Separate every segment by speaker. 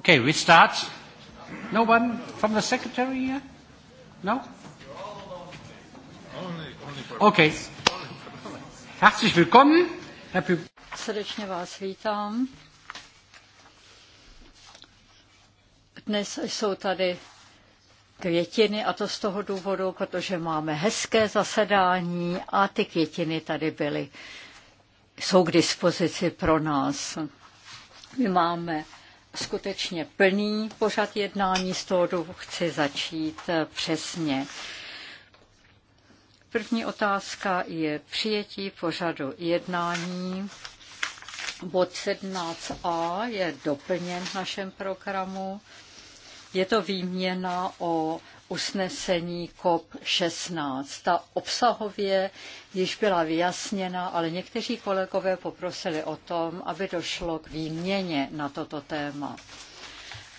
Speaker 1: Okay, we start.
Speaker 2: No one from the secretary here? No? Okay. Herzlich willkommen. Happy...
Speaker 3: Srdečně vás vítám. Dnes jsou tady květiny a to z toho důvodu, protože máme hezké zasedání a ty květiny tady byly, jsou k dispozici pro nás. My máme skutečně plný pořad jednání, z toho chci začít eh, přesně. První otázka je přijetí pořadu jednání. Bod 17a je doplněn v našem programu. Je to výměna o usnesení COP16. Ta obsahově již byla vyjasněna, ale někteří kolegové poprosili o tom, aby došlo k výměně na toto téma.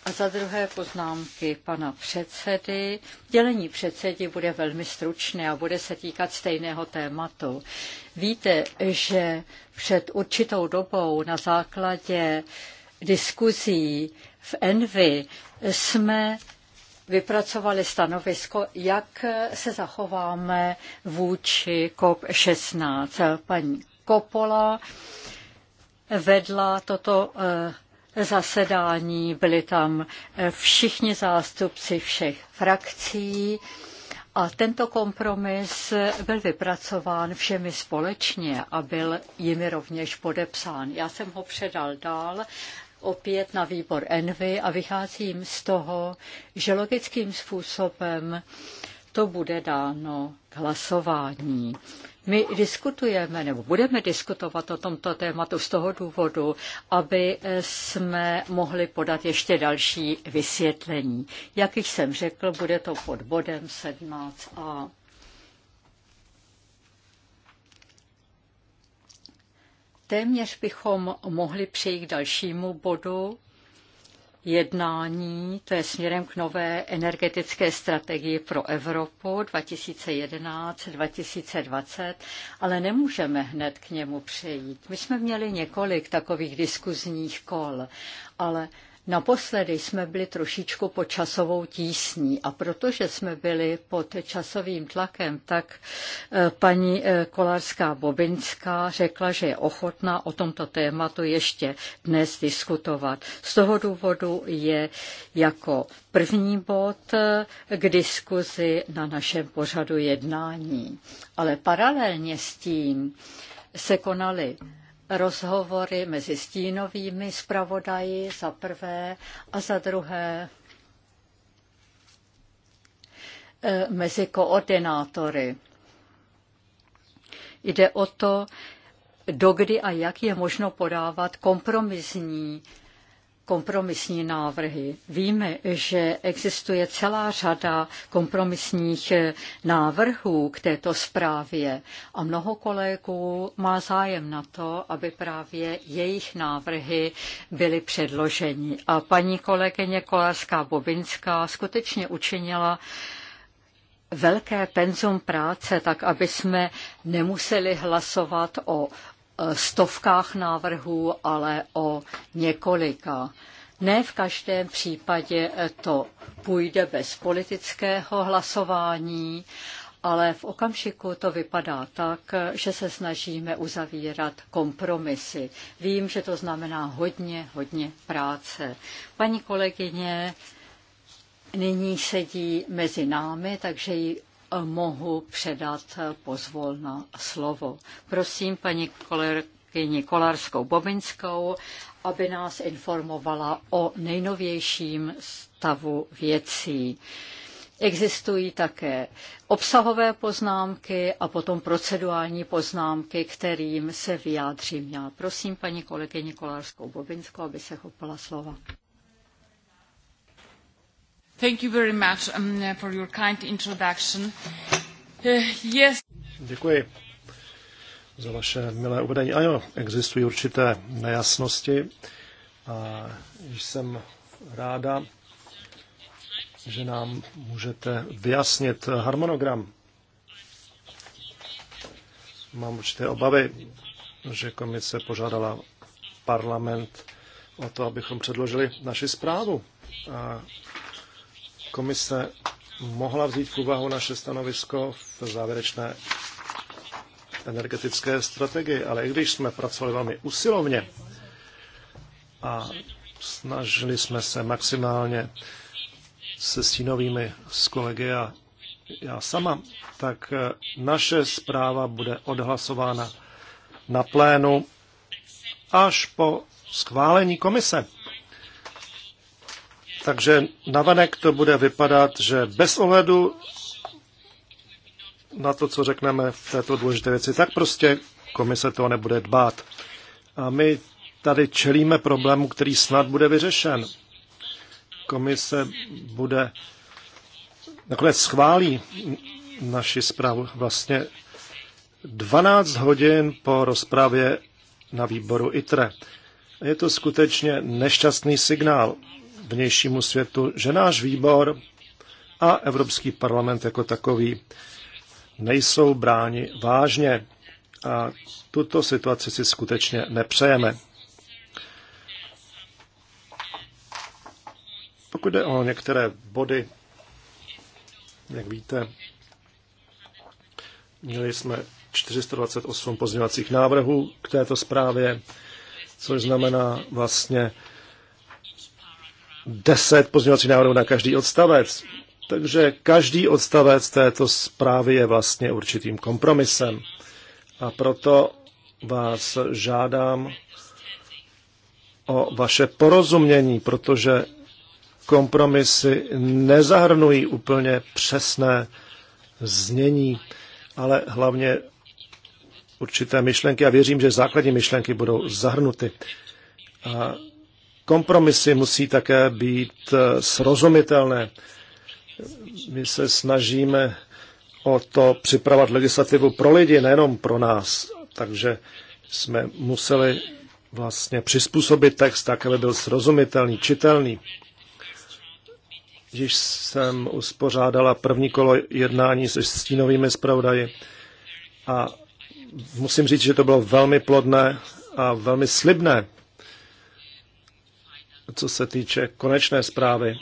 Speaker 3: A za druhé poznámky pana předsedy. Dělení předsedy bude velmi stručné a bude se týkat stejného tématu. Víte, že před určitou dobou na základě diskuzí v Envy jsme vypracovali stanovisko, jak se zachováme vůči COP16. Paní Kopola vedla toto eh, zasedání, byli tam eh, všichni zástupci všech frakcí a tento kompromis byl vypracován všemi společně a byl jimi rovněž podepsán. Já jsem ho předal dál opět na výbor Envy a vycházím z toho, že logickým způsobem to bude dáno k hlasování. My diskutujeme nebo budeme diskutovat o tomto tématu z toho důvodu, aby jsme mohli podat ještě další vysvětlení. Jak již jsem řekl, bude to pod bodem 17a. Téměř bychom mohli přejít k dalšímu bodu jednání, to je směrem k nové energetické strategii pro Evropu 2011-2020, ale nemůžeme hned k němu přejít. My jsme měli několik takových diskuzních kol, ale Naposledy jsme byli trošičku pod časovou tísní a protože jsme byli pod časovým tlakem, tak eh, paní eh, Kolářská Bobinská řekla, že je ochotná o tomto tématu ještě dnes diskutovat. Z toho důvodu je jako první bod eh, k diskuzi na našem pořadu jednání. Ale paralelně s tím se konaly rozhovory mezi stínovými zpravodaji za prvé a za druhé e, mezi koordinátory. Jde o to, dokdy a jak je možno podávat kompromisní kompromisní návrhy. Víme, že existuje celá řada kompromisních eh, návrhů k této zprávě a mnoho kolegů má zájem na to, aby právě jejich návrhy byly předloženi. A paní kolegyně Kolářská Bobinská skutečně učinila velké penzum práce, tak aby jsme nemuseli hlasovat o Eh, stovkách návrhů, ale o několika. Ne v každém případě eh, to půjde bez politického hlasování, ale v okamžiku to vypadá tak, že se snažíme uzavírat kompromisy. Vím, že to znamená hodně, hodně práce. Paní kolegyně nyní sedí mezi námi, takže ji mohu předat pozvolna slovo. Prosím paní kolegyni Kolarskou Bobinskou, aby nás informovala o nejnovějším stavu věcí. Existují také obsahové poznámky a potom procedurální poznámky, kterým se vyjádřím já. Prosím paní kolegyni Kolářskou Bobinskou, aby se chopila slova.
Speaker 1: Děkuji za vaše milé uvedení. Ano, existují určité nejasnosti. A jsem ráda, že nám můžete vyjasnit harmonogram. Mám určité obavy, že komise požádala parlament o to, abychom předložili naši zprávu. A komise mohla vzít v úvahu naše stanovisko v závěrečné energetické strategii, ale i když jsme pracovali velmi usilovně a snažili jsme se maximálně se stínovými s kolegy a já sama, tak eh, naše zpráva bude odhlasována na plénu až po schválení komise. Takže navenek to bude vypadat, že bez ohledu na to, co řekneme v této důležité věci, tak prostě komise to nebude dbát. A my tady čelíme problému, který snad bude vyřešen. Komise bude nakonec schválí naši zprávu vlastně 12 hodin po rozpravě na výboru ITRE. Je to skutečně nešťastný signál, vnějšímu světu, že náš výbor a Evropský parlament jako takový nejsou bráni vážně a tuto situaci si skutečně nepřejeme. Pokud jde o některé body, jak víte, měli jsme 428 pozměňovacích návrhů k této zprávě, což znamená vlastně Deset pozměňovacích návrhů na každý odstavec. Takže každý odstavec této zprávy je vlastně určitým kompromisem. A proto vás žádám o vaše porozumění, protože kompromisy nezahrnují úplně přesné znění, ale hlavně určité myšlenky a věřím, že základní myšlenky budou zahrnuty. A Kompromisy musí také být eh, srozumitelné. My se snažíme o to připravovat legislativu pro lidi, nejenom pro nás. Takže jsme museli vlastně přizpůsobit text tak, aby byl srozumitelný, čitelný. Když jsem uspořádala první kolo jednání se stínovými zpravodaji a musím říct, že to bylo velmi plodné a velmi slibné co se týče konečné zprávy.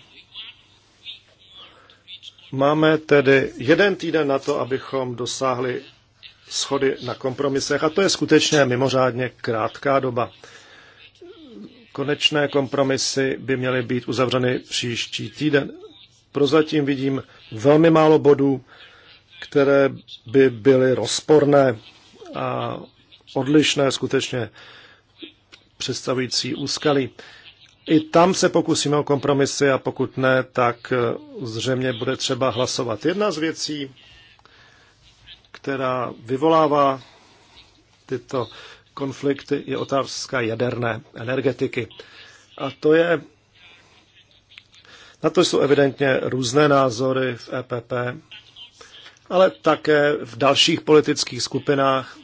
Speaker 1: Máme tedy jeden týden na to, abychom dosáhli schody na kompromisech a to je skutečně mimořádně krátká doba. Konečné kompromisy by měly být uzavřeny příští týden. Prozatím vidím velmi málo bodů, které by byly rozporné a odlišné skutečně představující úskalí. I tam se pokusíme o kompromisy a pokud ne, tak eh, zřejmě bude třeba hlasovat. Jedna z věcí, která vyvolává tyto konflikty, je otázka jaderné energetiky. A to je, na to jsou evidentně různé názory v EPP, ale také v dalších politických skupinách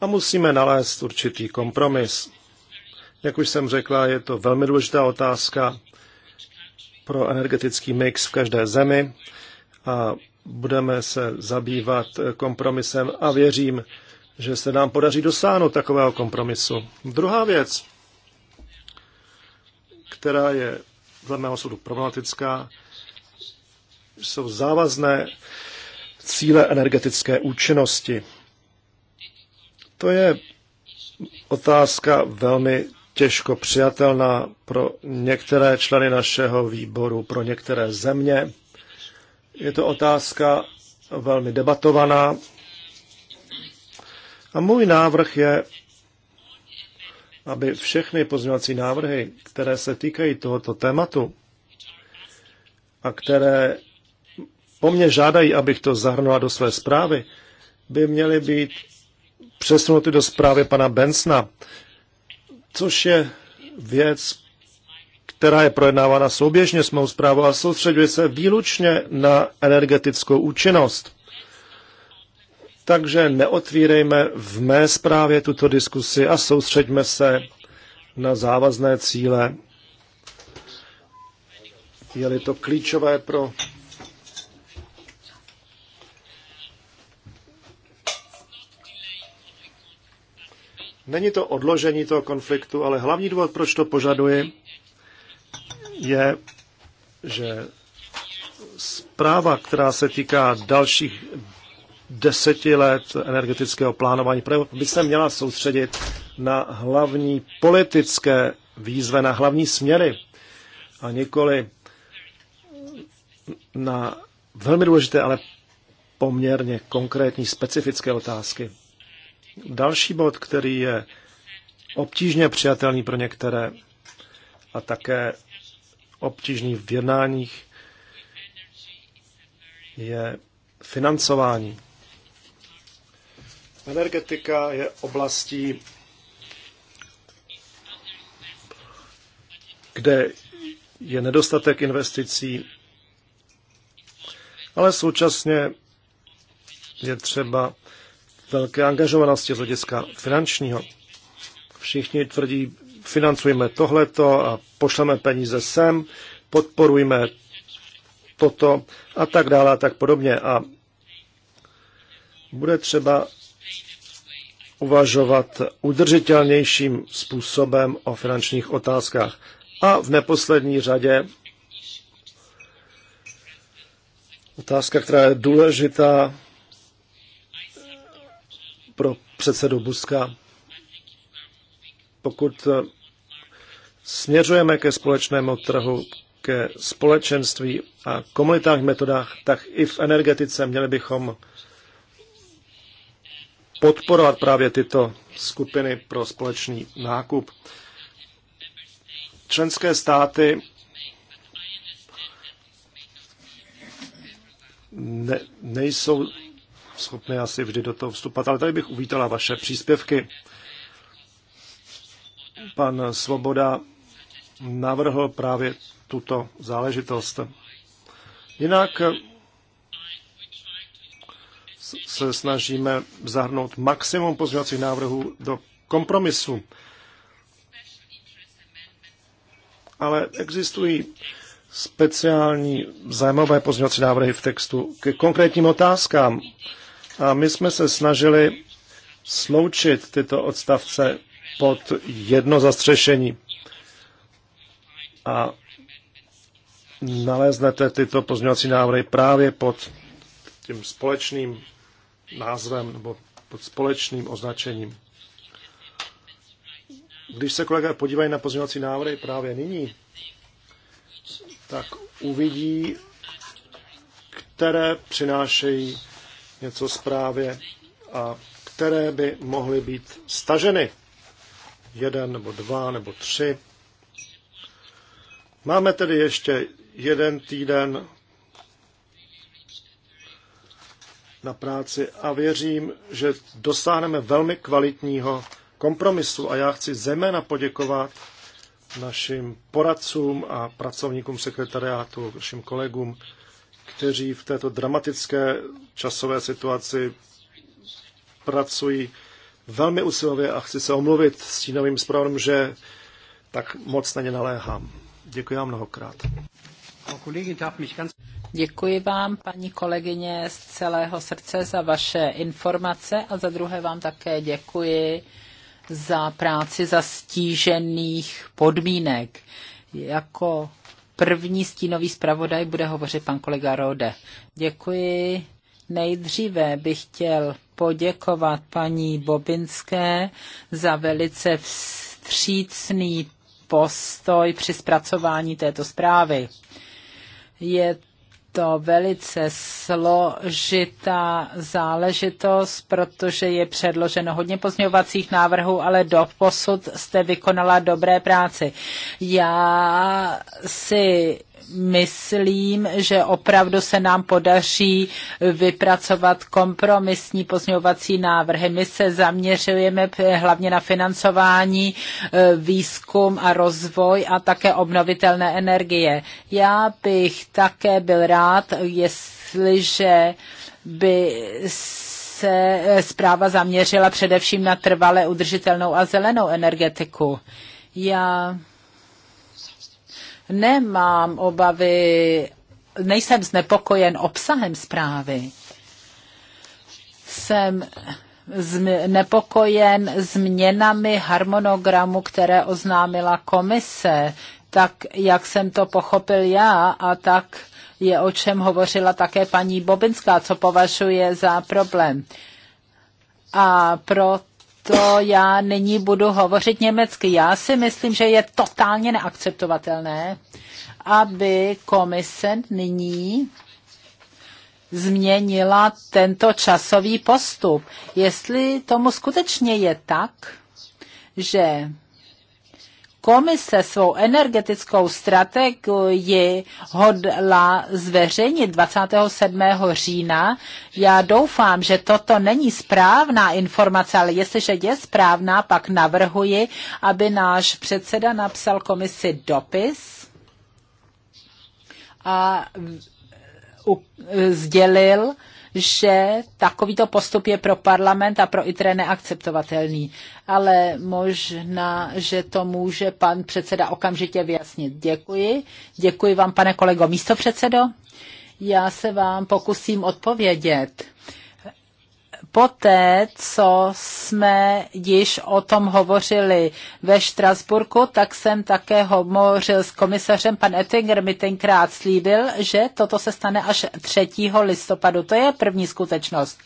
Speaker 1: a musíme nalézt určitý kompromis. Jak už jsem řekla, je to velmi důležitá otázka pro energetický mix v každé zemi a budeme se zabývat kompromisem a věřím, že se nám podaří dosáhnout takového kompromisu. Druhá věc, která je dle mého soudu problematická, jsou závazné cíle energetické účinnosti. To je otázka velmi těžko přijatelná pro některé členy našeho výboru, pro některé země. Je to otázka velmi debatovaná. A můj návrh je, aby všechny pozměňovací návrhy, které se týkají tohoto tématu a které po mně žádají, abych to zahrnula do své zprávy, by měly být přesunuty do zprávy pana Bensna, což je věc, která je projednávána souběžně s mou zprávou a soustředuje se výlučně na energetickou účinnost. Takže neotvírejme v mé zprávě tuto diskusi a soustředíme se na závazné cíle. Je-li to klíčové pro Není to odložení toho konfliktu, ale hlavní důvod, proč to požaduji, je, že zpráva, která se týká dalších deseti let energetického plánování, by se měla soustředit na hlavní politické výzve, na hlavní směry a nikoli na velmi důležité, ale poměrně konkrétní specifické otázky. Další bod, který je obtížně přijatelný pro některé a také obtížný v jednáních, je financování. Energetika je oblastí, kde je nedostatek investicí, ale současně je třeba velké angažovanosti z hlediska finančního. Všichni tvrdí, financujeme tohleto a pošleme peníze sem, podporujme toto a tak dále a tak podobně. A bude třeba uvažovat udržitelnějším způsobem o finančních otázkách. A v neposlední řadě otázka, která je důležitá pro předsedu Buska. Pokud eh, směřujeme ke společnému trhu, ke společenství a komunitách metodách, tak i v energetice měli bychom podporovat právě tyto skupiny pro společný nákup. Členské státy ne, nejsou schopni asi vždy do toho vstupat, ale tady bych uvítala vaše příspěvky. Pan Svoboda navrhl právě tuto záležitost. Jinak se snažíme zahrnout maximum pozměňovacích návrhů do kompromisu. Ale existují speciální zájmové pozměňovací návrhy v textu k konkrétním otázkám, a my jsme se snažili sloučit tyto odstavce pod jedno zastřešení. A naleznete tyto pozměňovací návrhy právě pod tím společným názvem nebo pod společným označením. Když se kolegové podívají na pozměňovací návrhy právě nyní, tak uvidí, které přinášejí něco zprávě a které by mohly být staženy. Jeden nebo dva nebo tři. Máme tedy ještě jeden týden na práci a věřím, že dosáhneme velmi kvalitního kompromisu a já chci zejména poděkovat našim poradcům a pracovníkům sekretariátu, našim kolegům kteří v této dramatické časové situaci pracují velmi usilově a chci se omluvit s tím správem, že tak moc na ně naléhám. Děkuji vám mnohokrát.
Speaker 2: Děkuji vám, paní kolegyně, z celého srdce za vaše informace a za druhé vám také děkuji za práci za stížených podmínek. Jako první stínový zpravodaj bude hovořit pan kolega Rode. Děkuji. Nejdříve bych chtěl poděkovat paní Bobinské za velice vstřícný postoj při zpracování této zprávy. Je to velice složitá záležitost, protože je předloženo hodně pozměňovacích návrhů, ale do posud jste vykonala dobré práci. Já si myslím, že opravdu se nám podaří vypracovat kompromisní pozměňovací návrhy. My se zaměřujeme hlavně na financování, e, výzkum a rozvoj a také obnovitelné energie. Já bych také byl rád, jestliže by se e, zpráva zaměřila především na trvale udržitelnou a zelenou energetiku. Já nemám obavy, nejsem znepokojen obsahem zprávy. Jsem znepokojen změnami harmonogramu, které oznámila komise, tak jak jsem to pochopil já a tak je o čem hovořila také paní Bobinská, co považuje za problém. A proto to já nyní budu hovořit německy. Já si myslím, že je totálně neakceptovatelné, aby komise nyní změnila tento časový postup. Jestli tomu skutečně je tak, že komise svou energetickou strategii hodla zveřejnit 27. října. Já doufám, že toto není správná informace, ale jestliže je správná, pak navrhuji, aby náš předseda napsal komisi dopis a sdělil, že takovýto postup je pro parlament a pro ITRE neakceptovatelný. Ale možná, že to může pan předseda okamžitě vyjasnit. Děkuji. Děkuji vám, pane kolego místopředsedo. Já se vám pokusím odpovědět poté, co jsme již o tom hovořili ve Štrasburku, tak jsem také hovořil s komisařem. Pan Ettinger mi tenkrát slíbil, že toto se stane až 3. listopadu. To je první skutečnost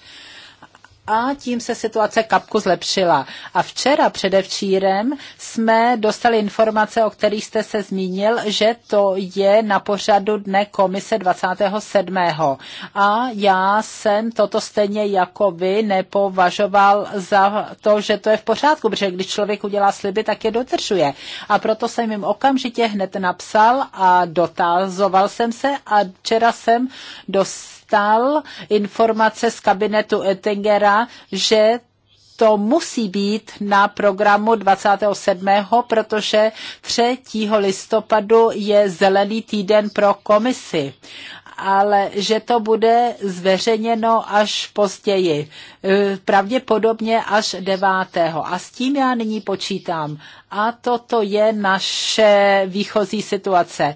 Speaker 2: a tím se situace kapku zlepšila. A včera předevčírem jsme dostali informace, o kterých jste se zmínil, že to je na pořadu dne komise 27. A já jsem toto stejně jako vy nepovažoval za to, že to je v pořádku, protože když člověk udělá sliby, tak je dotržuje. A proto jsem jim okamžitě hned napsal a dotazoval jsem se a včera jsem dos dostal informace z kabinetu Ettingera, že to musí být na programu 27., protože 3. listopadu je zelený týden pro komisi ale že to bude zveřejněno až později, e, pravděpodobně až 9. A s tím já nyní počítám. A toto je naše výchozí situace.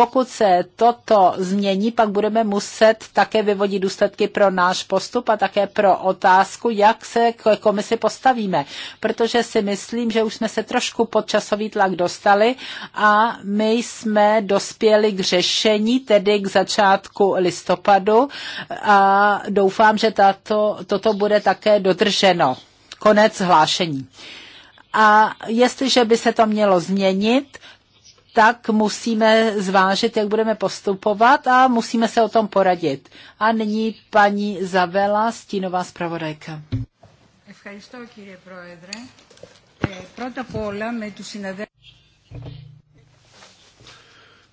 Speaker 2: Pokud se toto změní, pak budeme muset také vyvodit důsledky pro náš postup a také pro otázku, jak se k komisi postavíme, protože si myslím, že už jsme se trošku pod časový tlak dostali a my jsme dospěli k řešení, tedy k začátku listopadu a doufám, že tato, toto bude také dodrženo. Konec hlášení. A jestliže by se to mělo změnit, tak musíme zvážit, jak budeme postupovat a musíme se o tom poradit. A nyní paní Zavela, stínová zpravodajka.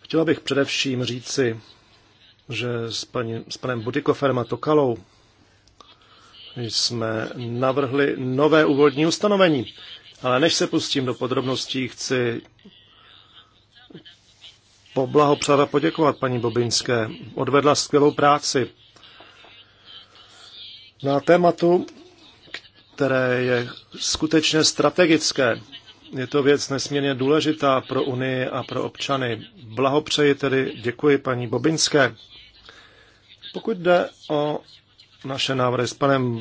Speaker 1: Chtěla bych především říci, že s, paní, s panem Budikoferem a Tokalou jsme navrhli nové úvodní ustanovení. Ale než se pustím do podrobností, chci poblahopřát a poděkovat paní Bobinské. Odvedla skvělou práci na tématu, které je skutečně strategické. Je to věc nesmírně důležitá pro Unii a pro občany. Blahopřeji tedy, děkuji paní Bobinské. Pokud jde o naše návrhy s panem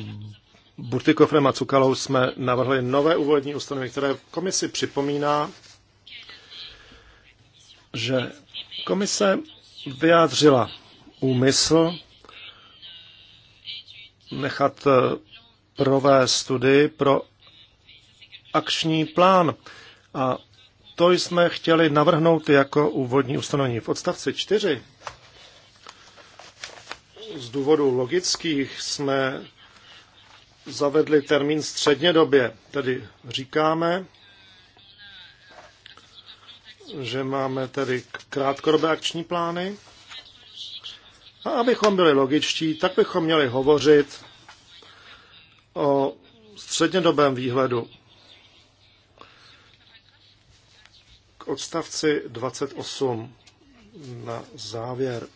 Speaker 1: Burtikofrem a Cukalou jsme navrhli nové úvodní ustanovení, které komisi připomíná že komise vyjádřila úmysl nechat eh, provést studii pro akční plán. A to jsme chtěli navrhnout jako úvodní ustanovení. V odstavci 4 z důvodů logických jsme zavedli termín střednědobě, tedy říkáme, že máme tedy krátkodobé akční plány. A abychom byli logičtí, tak bychom měli hovořit o střednědobém výhledu. K odstavci 28 na závěr.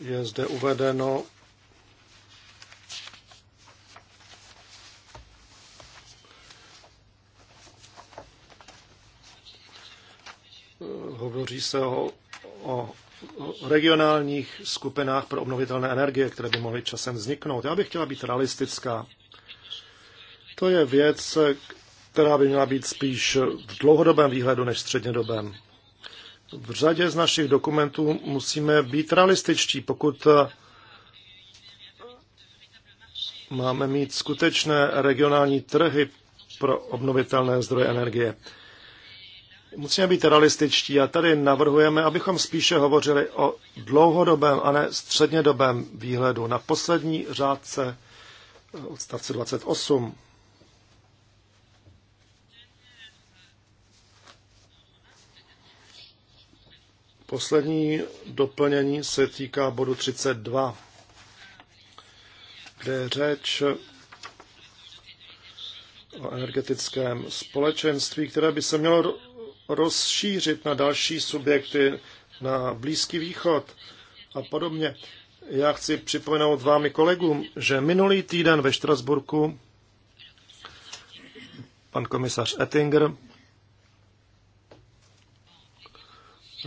Speaker 1: Je zde uvedeno, Hovoří se o, o regionálních skupinách pro obnovitelné energie, které by mohly časem vzniknout. Já bych chtěla být realistická. To je věc, která by měla být spíš v dlouhodobém výhledu než střednědobém. V řadě z našich dokumentů musíme být realističtí, pokud máme mít skutečné regionální trhy pro obnovitelné zdroje energie. Musíme být realističtí a tady navrhujeme, abychom spíše hovořili o dlouhodobém a ne střednědobém výhledu. Na poslední řádce eh, odstavce 28. Poslední doplnění se týká bodu 32, kde je řeč o energetickém společenství, které by se mělo rozšířit na další subjekty, na Blízký východ a podobně. Já chci připomenout vámi kolegům, že minulý týden ve Štrasburku pan komisař Ettinger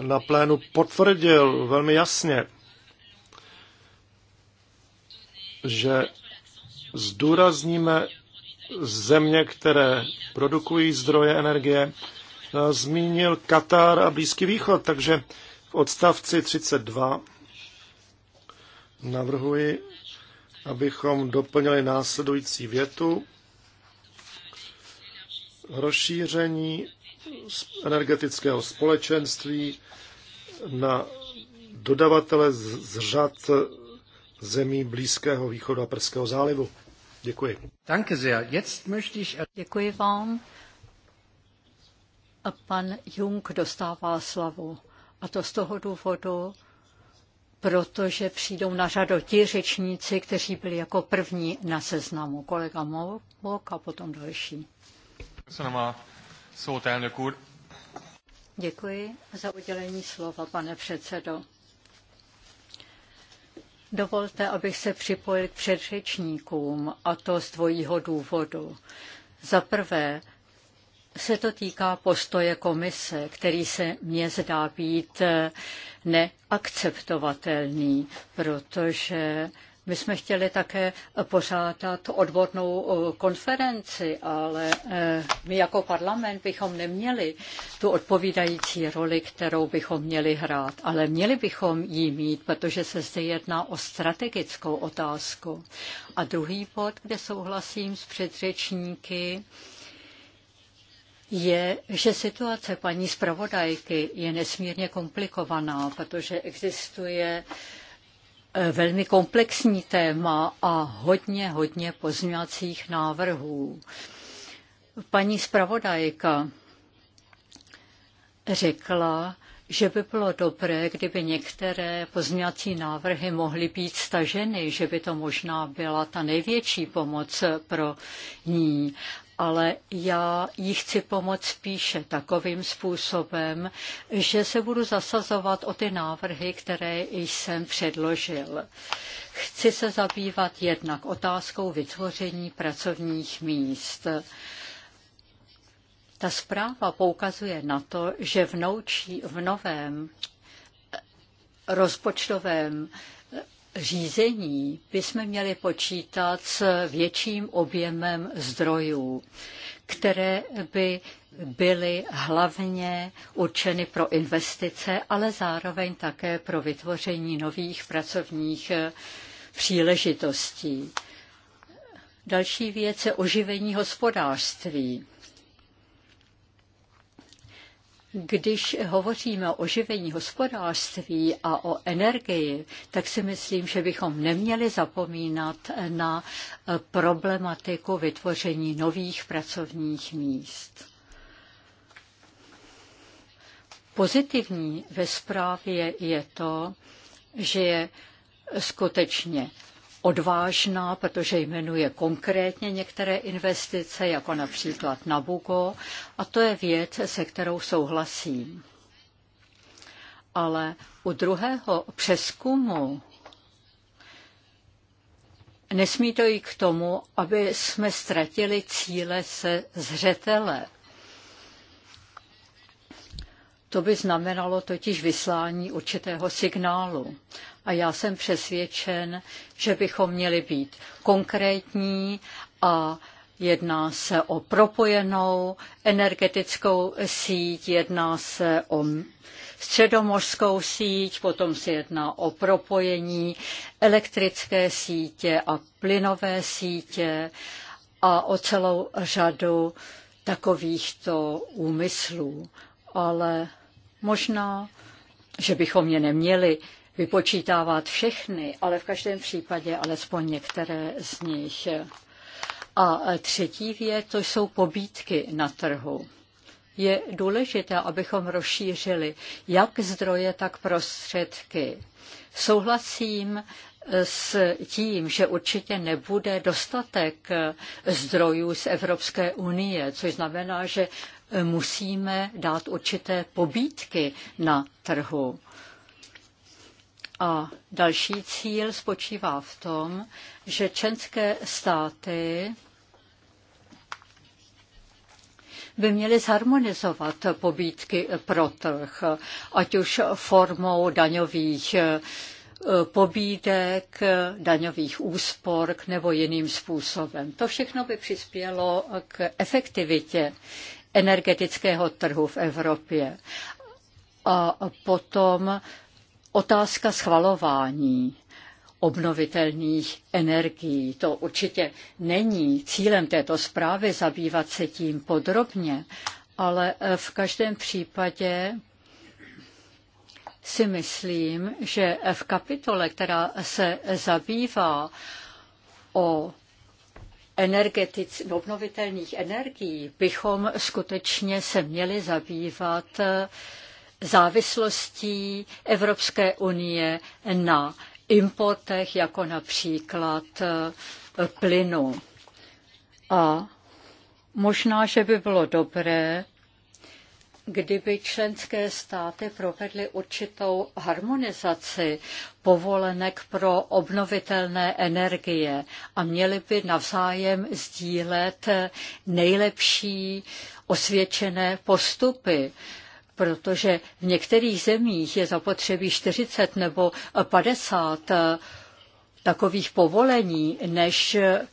Speaker 1: na plénu potvrdil velmi jasně, že zdůrazníme země, které produkují zdroje energie zmínil Katar a Blízký východ, takže v odstavci 32 navrhuji, abychom doplnili následující větu. Rozšíření energetického společenství na dodavatele z řad zemí Blízkého východu a Perského zálivu. Děkuji.
Speaker 3: Děkuji vám pan Jung dostává slavu. A to z toho důvodu, protože přijdou na řadu ti řečníci, kteří byli jako první na seznamu. Kolega Mok a potom další. Děkuji za udělení slova, pane předsedo. Dovolte, abych se připojil k předřečníkům, a to z dvojího důvodu. Za prvé, se to týká postoje komise, který se mně zdá být eh, neakceptovatelný, protože my jsme chtěli také pořádat odbornou eh, konferenci, ale eh, my jako parlament bychom neměli tu odpovídající roli, kterou bychom měli hrát, ale měli bychom ji mít, protože se zde jedná o strategickou otázku. A druhý bod, kde souhlasím s předřečníky, je, že situace paní zpravodajky je nesmírně komplikovaná, protože existuje eh, velmi komplexní téma a hodně, hodně pozměňovacích návrhů. Paní zpravodajka řekla, že by bylo dobré, kdyby některé pozměňovací návrhy mohly být staženy, že by to možná byla ta největší pomoc pro ní ale já jí chci pomoct spíše takovým způsobem, že se budu zasazovat o ty návrhy, které jsem předložil. Chci se zabývat jednak otázkou vytvoření pracovních míst. Ta zpráva poukazuje na to, že v, noučí, v novém rozpočtovém řízení bychom měli počítat s větším objemem zdrojů, které by byly hlavně určeny pro investice, ale zároveň také pro vytvoření nových pracovních eh, příležitostí. Další věc je oživení hospodářství. Když hovoříme o oživení hospodářství a o energii, tak si myslím, že bychom neměli zapomínat na eh, problematiku vytvoření nových pracovních míst. Pozitivní ve zprávě je to, že je skutečně odvážná, protože jmenuje konkrétně některé investice, jako například Nabuko, a to je věc, se kterou souhlasím. Ale u druhého přeskumu nesmí to jít k tomu, aby jsme ztratili cíle se zřetele. To by znamenalo totiž vyslání určitého signálu a já jsem přesvědčen, že bychom měli být konkrétní a Jedná se o propojenou energetickou síť, jedná se o středomořskou síť, potom se jedná o propojení elektrické sítě a plynové sítě a o celou řadu takovýchto úmyslů. Ale možná, že bychom je neměli vypočítávat všechny, ale v každém případě alespoň některé z nich. A třetí věc, to jsou pobídky na trhu. Je důležité, abychom rozšířili jak zdroje, tak prostředky. Souhlasím s tím, že určitě nebude dostatek zdrojů z Evropské unie, což znamená, že musíme dát určité pobídky na trhu. A další cíl spočívá v tom, že členské státy by měly zharmonizovat pobídky pro trh, ať už formou daňových eh, pobídek, daňových úspor nebo jiným způsobem. To všechno by přispělo k efektivitě energetického trhu v Evropě. A potom Otázka schvalování obnovitelných energií. To určitě není cílem této zprávy zabývat se tím podrobně, ale e, v každém případě si myslím, že e, v kapitole, která se zabývá o energetic, obnovitelných energií, bychom skutečně se měli zabývat e, závislostí Evropské unie na importech, jako například eh, plynu. A možná, že by bylo dobré, kdyby členské státy provedly určitou harmonizaci povolenek pro obnovitelné energie a měly by navzájem sdílet nejlepší osvědčené postupy protože v některých zemích je zapotřebí 40 nebo 50 eh, takových povolení, než eh,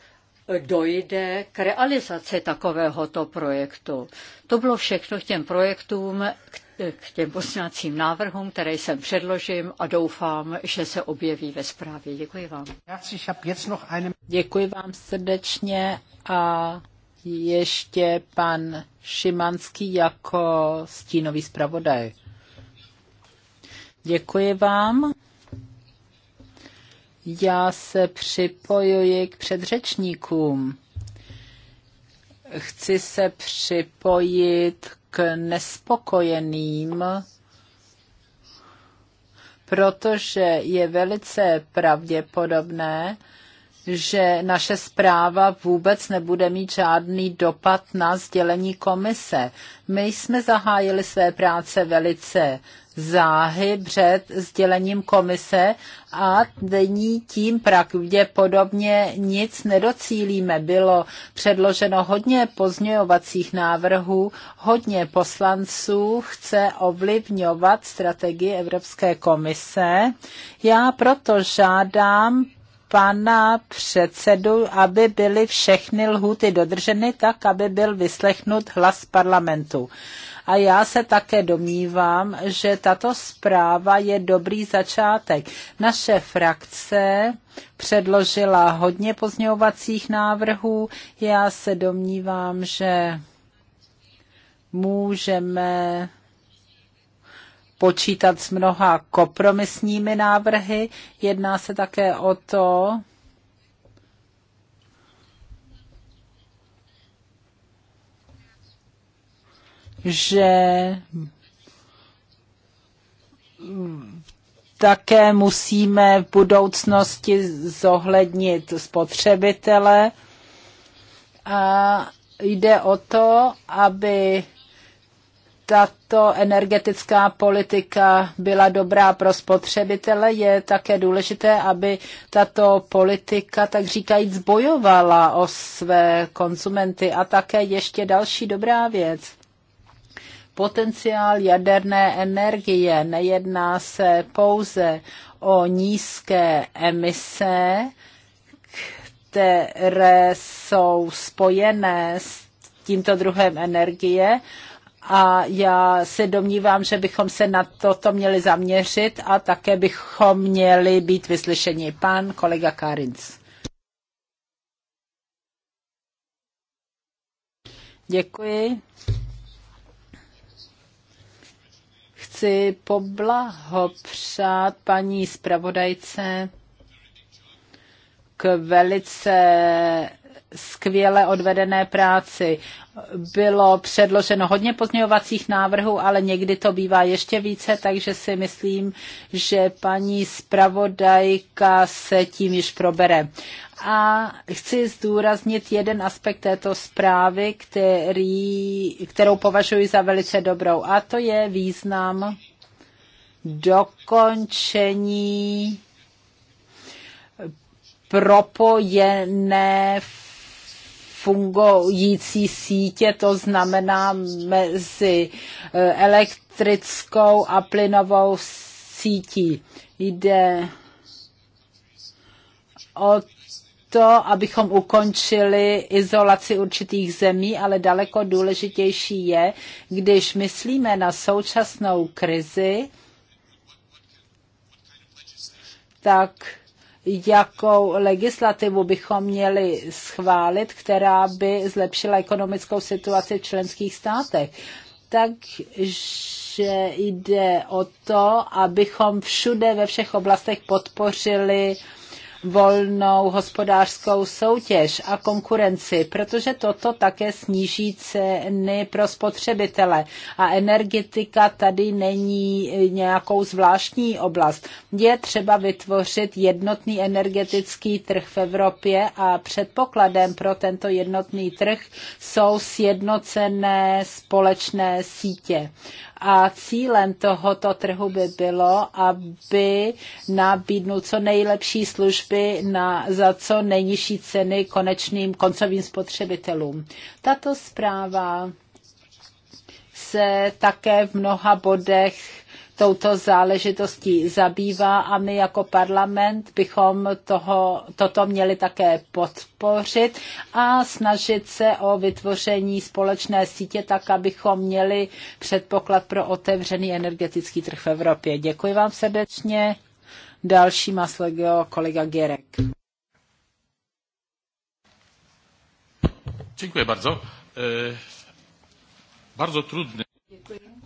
Speaker 3: dojde k realizaci takovéhoto projektu. To bylo všechno k těm projektům, k eh, těm poslancím návrhům, které jsem předložím a doufám, že se objeví ve zprávě. Děkuji vám.
Speaker 2: Děkuji vám srdečně a ještě pan Šimanský jako stínový zpravodaj. Děkuji vám. Já se připojuji k předřečníkům. Chci se připojit k nespokojeným, protože je velice pravděpodobné, že naše zpráva vůbec nebude mít žádný dopad na sdělení komise. My jsme zahájili své práce velice záhy před sdělením komise a denní tím pravděpodobně nic nedocílíme. Bylo předloženo hodně pozňovacích návrhů, hodně poslanců chce ovlivňovat strategii Evropské komise. Já proto žádám pana předsedu, aby byly všechny lhuty dodrženy tak, aby byl vyslechnut hlas parlamentu. A já se také domnívám, že tato zpráva je dobrý začátek. Naše frakce předložila hodně pozňovacích návrhů. Já se domnívám, že můžeme počítat s mnoha kompromisními návrhy. Jedná se také o to, že také musíme v budoucnosti zohlednit spotřebitele a jde o to, aby tato energetická politika byla dobrá pro spotřebitele, je také důležité, aby tato politika, tak říkajíc, bojovala o své konzumenty. A také ještě další dobrá věc. Potenciál jaderné energie nejedná se pouze o nízké emise, které jsou spojené s tímto druhem energie, a já se domnívám, že bychom se na toto měli zaměřit a také bychom měli být vyslyšeni. Pan kolega Karinc. Děkuji. Chci poblahopřát paní zpravodajce k velice skvěle odvedené práci. Bylo předloženo hodně pozměňovacích návrhů, ale někdy to bývá ještě více, takže si myslím, že paní zpravodajka se tím již probere. A chci zdůraznit jeden aspekt této zprávy, který, kterou považuji za velice dobrou, a to je význam dokončení propojené v fungující sítě, to znamená mezi eh, elektrickou a plynovou sítí. Jde o to, abychom ukončili izolaci určitých zemí, ale daleko důležitější je, když myslíme na současnou krizi, tak jakou legislativu bychom měli schválit, která by zlepšila ekonomickou situaci v členských státech. Takže jde o to, abychom všude ve všech oblastech podpořili uh, volnou hospodářskou soutěž a konkurenci, protože toto také sníží ceny pro spotřebitele. A energetika tady není nějakou zvláštní oblast. Je třeba vytvořit jednotný energetický trh v Evropě a předpokladem pro tento jednotný trh jsou sjednocené společné sítě. A cílem tohoto trhu by bylo, aby nabídnul co nejlepší služby na, za co nejnižší ceny konečným koncovým spotřebitelům. Tato zpráva se také v mnoha bodech touto záležitostí zabývá a my jako parlament bychom toho, toto měli také podpořit a snažit se o vytvoření společné sítě tak, abychom měli předpoklad pro otevřený energetický trh v Evropě. Děkuji vám srdečně. Další má svého kolega Gerek.
Speaker 1: Dziękuję bardzo. E, bardzo trudny.
Speaker 3: Děkuji.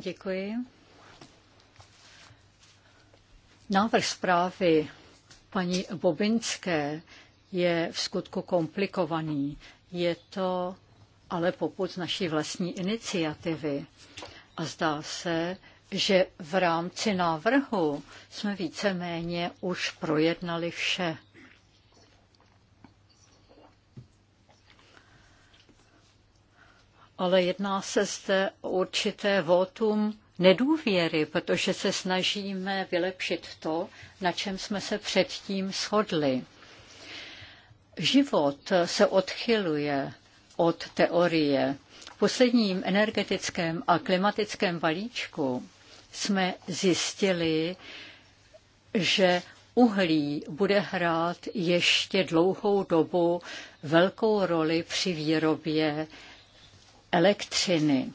Speaker 3: Děkuji. Návrh zprávy paní Bobinské je v skutku komplikovaný. Je to ale poput z naší vlastní iniciativy. A zdá se, že v rámci návrhu jsme víceméně už projednali vše. ale jedná se zde o určité votum nedůvěry, protože se snažíme vylepšit to, na čem jsme se předtím shodli. Život se odchyluje od teorie. V posledním energetickém a klimatickém balíčku jsme zjistili, že uhlí bude hrát ještě dlouhou dobu velkou roli při výrobě elektřiny.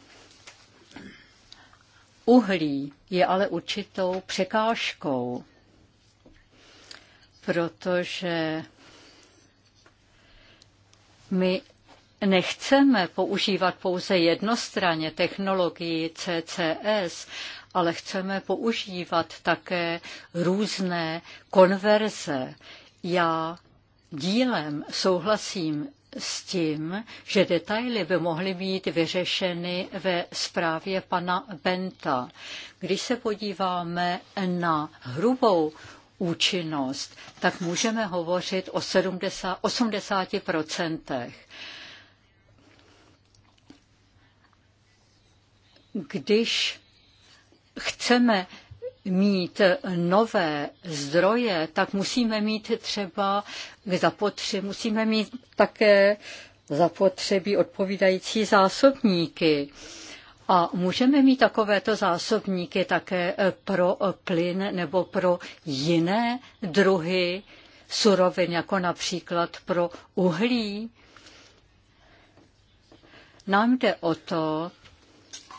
Speaker 3: Uhlí je ale určitou překážkou, protože my nechceme používat pouze jednostranně technologii CCS, ale chceme používat také různé konverze. Já dílem souhlasím s tím, že detaily by mohly být vyřešeny ve zprávě pana Benta. Když se podíváme na hrubou účinnost, tak můžeme hovořit o 70, 80%. Když chceme mít nové zdroje, tak musíme mít třeba k zapotřebí, musíme mít také zapotřebí odpovídající zásobníky. A můžeme mít takovéto zásobníky také pro plyn nebo pro jiné druhy surovin, jako například pro uhlí. Nám jde o to,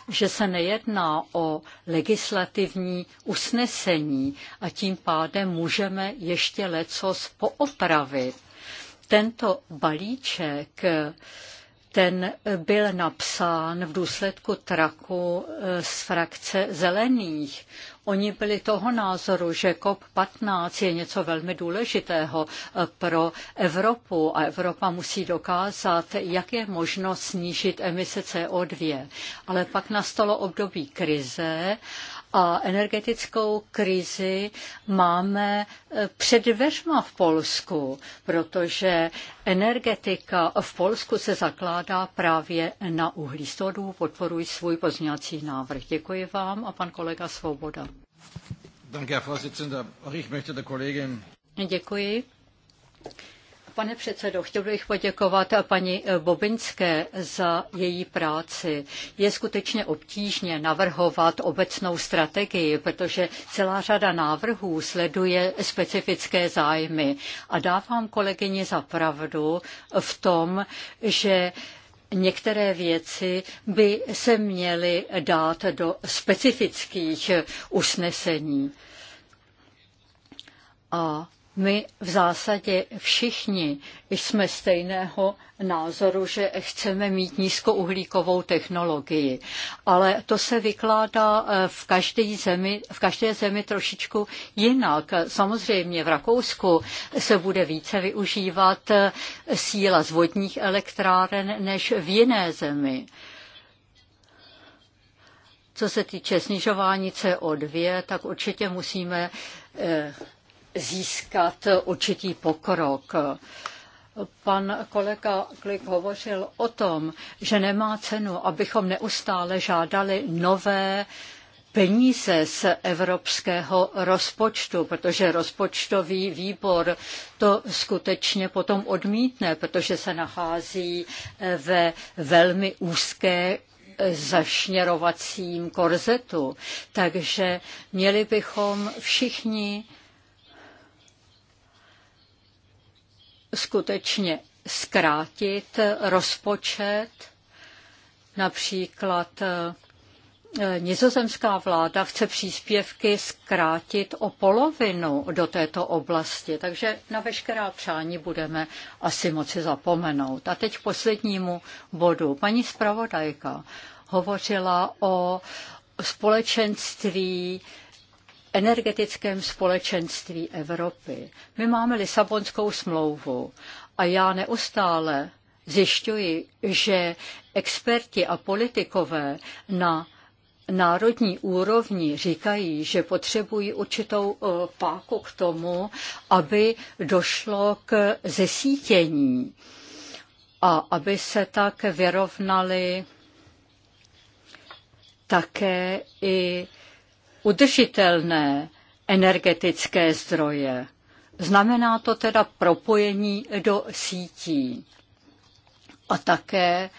Speaker 3: že se nejedná o legislativní usnesení a tím pádem můžeme ještě lecos poopravit. Tento balíček ten byl napsán v důsledku traku e, z frakce zelených. Oni byli toho názoru, že COP15 je něco velmi důležitého e, pro Evropu a Evropa musí dokázat, jak je možno snížit emise CO2. Ale pak nastalo období krize a energetickou krizi máme e, před dveřma v Polsku, protože energetika v Polsku se zakládá právě na uhlí. Z toho podporuji svůj pozměňovací návrh. Děkuji vám a pan kolega Svoboda. Děkuji. Pane předsedo, chtěl bych poděkovat paní Bobinské za její práci. Je skutečně obtížně navrhovat obecnou strategii, protože celá řada návrhů sleduje specifické zájmy. A dávám kolegyni za pravdu v tom, že některé věci by se měly dát do specifických usnesení. A my v zásadě všichni jsme stejného názoru, že chceme mít nízkouhlíkovou technologii, ale to se vykládá eh, v každé zemi, v každé zemi trošičku jinak. Samozřejmě v Rakousku se bude více využívat eh, síla z vodních elektráren než v jiné zemi. Co se týče snižování CO2, tak určitě musíme eh, získat určitý pokrok. Pan kolega Klik hovořil o tom, že nemá cenu, abychom neustále žádali nové peníze z evropského rozpočtu, protože rozpočtový výbor to skutečně potom odmítne, protože se nachází ve velmi úzké zašněrovacím korzetu. Takže měli bychom všichni skutečně zkrátit rozpočet. Například eh, nizozemská vláda chce příspěvky zkrátit o polovinu do této oblasti, takže na veškerá přání budeme asi moci zapomenout. A teď k poslednímu bodu. Paní zpravodajka hovořila o společenství energetickém společenství Evropy. My máme Lisabonskou smlouvu a já neustále zjišťuji, že experti a politikové na národní úrovni říkají, že potřebují určitou eh, páku k tomu, aby došlo k zesítění a aby se tak vyrovnali také i udržitelné energetické zdroje. Znamená to teda propojení do sítí a také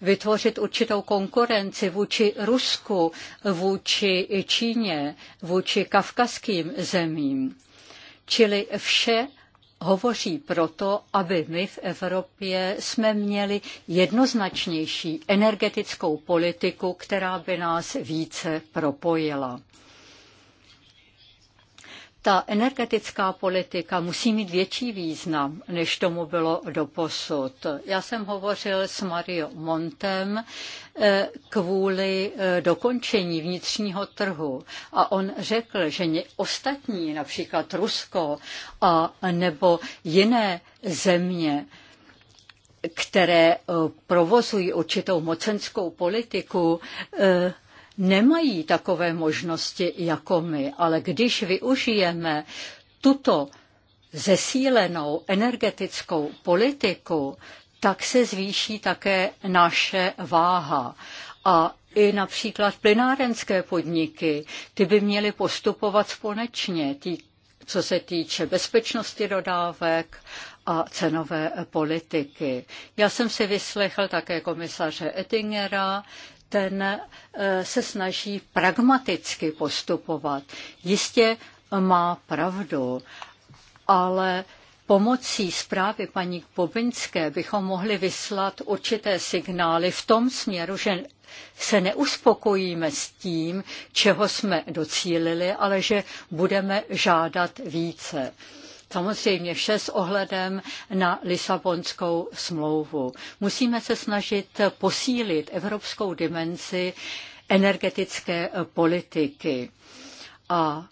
Speaker 3: vytvořit určitou konkurenci vůči Rusku, vůči Číně, vůči kavkazským zemím. Čili vše hovoří proto, aby my v Evropě jsme měli jednoznačnější energetickou politiku, která by nás více propojila ta energetická politika musí mít větší význam, než tomu bylo doposud. Já jsem hovořil s Mario Montem eh, kvůli eh, dokončení vnitřního trhu a on řekl, že ostatní, například Rusko a nebo jiné země, které eh, provozují určitou mocenskou politiku, nemají takové možnosti jako my, ale když využijeme tuto zesílenou energetickou politiku, tak se zvýší také naše váha. A i například plynárenské podniky, ty by měly postupovat společně, tý, co se týče bezpečnosti dodávek a cenové politiky. Já jsem si vyslechl také komisaře Ettingera, ten eh, se snaží pragmaticky postupovat. Jistě má pravdu, ale Pomocí zprávy paní Bobinské bychom mohli vyslat určité signály v tom směru, že se neuspokojíme s tím, čeho jsme docílili, ale že budeme žádat více samozřejmě vše s ohledem na Lisabonskou smlouvu. Musíme se snažit posílit evropskou dimenzi energetické politiky. A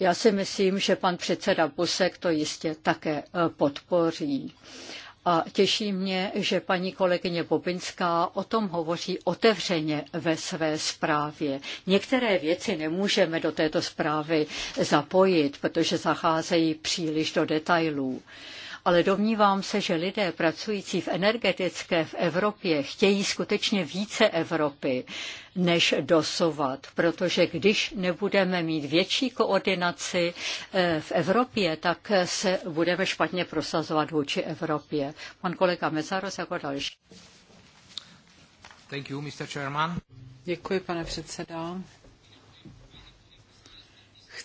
Speaker 3: já si myslím, že pan předseda Busek to jistě také podpoří. A těší mě, že paní kolegyně Bobinská o tom hovoří otevřeně ve své zprávě. Některé věci nemůžeme do této zprávy zapojit, protože zacházejí příliš do detailů ale domnívám se, že lidé pracující v energetické v Evropě chtějí skutečně více Evropy než dosovat, protože když nebudeme mít větší koordinaci eh, v Evropě, tak se budeme špatně prosazovat vůči Evropě. Pan kolega Mezaros jako další.
Speaker 2: Thank you, Mr. Chairman. Děkuji, pane předsedo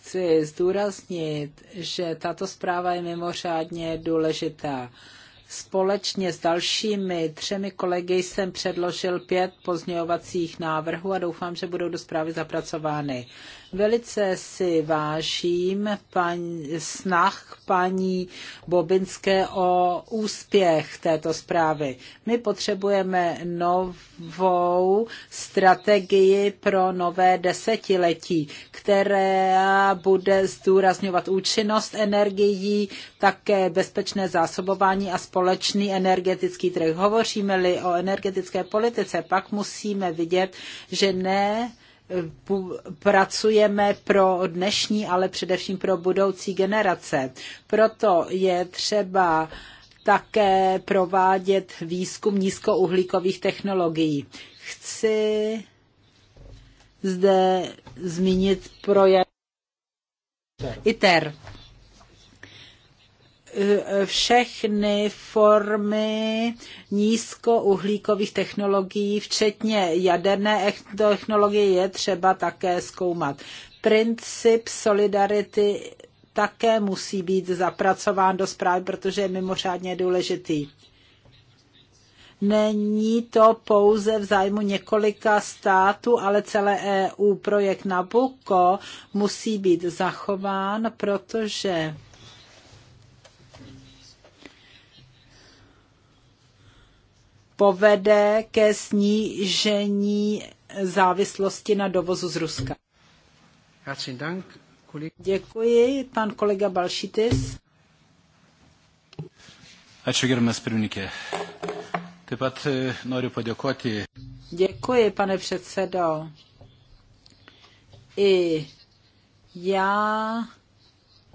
Speaker 2: chci zdůraznit, že tato zpráva je mimořádně důležitá. Společně s dalšími třemi kolegy jsem předložil pět pozměňovacích návrhů a doufám, že budou do zprávy zapracovány. Velice si vážím pan, snah paní Bobinské o úspěch této zprávy. My potřebujeme novou strategii pro nové desetiletí, která bude zdůrazňovat účinnost energií, také bezpečné zásobování a společný energetický trh. Hovoříme-li o energetické politice, pak musíme vidět, že ne pracujeme pro dnešní, ale především pro budoucí generace. Proto je třeba také provádět výzkum nízkouhlíkových technologií. Chci zde zmínit projekt ITER všechny formy nízkouhlíkových technologií, včetně jaderné technologie, je třeba také zkoumat. Princip solidarity také musí být zapracován do zprávy, protože je mimořádně důležitý. Není to pouze v zájmu několika států, ale celé EU. Projekt Nabucco musí být zachován, protože povede ke snížení závislosti na dovozu z Ruska. Děkuji, pan kolega Balšitis. Ačiū, gerbiamas pirmininkė. Taip pat e, noriu padėkoti. Děkuji, pane předsedo. I já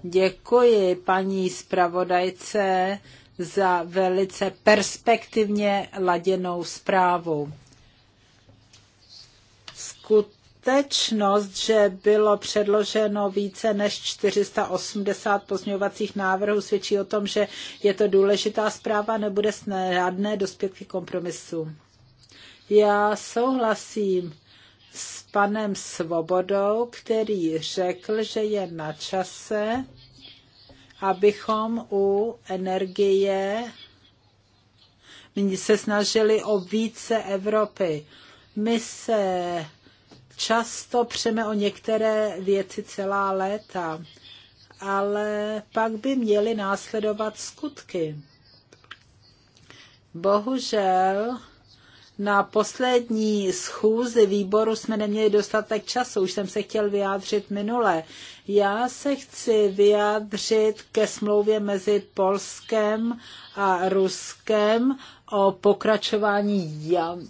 Speaker 2: děkuji paní zpravodajce za velice perspektivně laděnou zprávu. Skutečnost, že bylo předloženo více než 480 pozměňovacích návrhů, svědčí o tom, že je to důležitá zpráva, nebude snadné dospět k kompromisu. Já souhlasím s panem Svobodou, který řekl, že je na čase, abychom u energie se snažili o více Evropy. My se často přeme o některé věci celá léta, ale pak by měly následovat skutky. Bohužel na poslední schůzi výboru jsme neměli dostatek času, už jsem se chtěl vyjádřit minule. Já se chci vyjádřit ke smlouvě mezi Polskem a Ruskem o pokračování ja-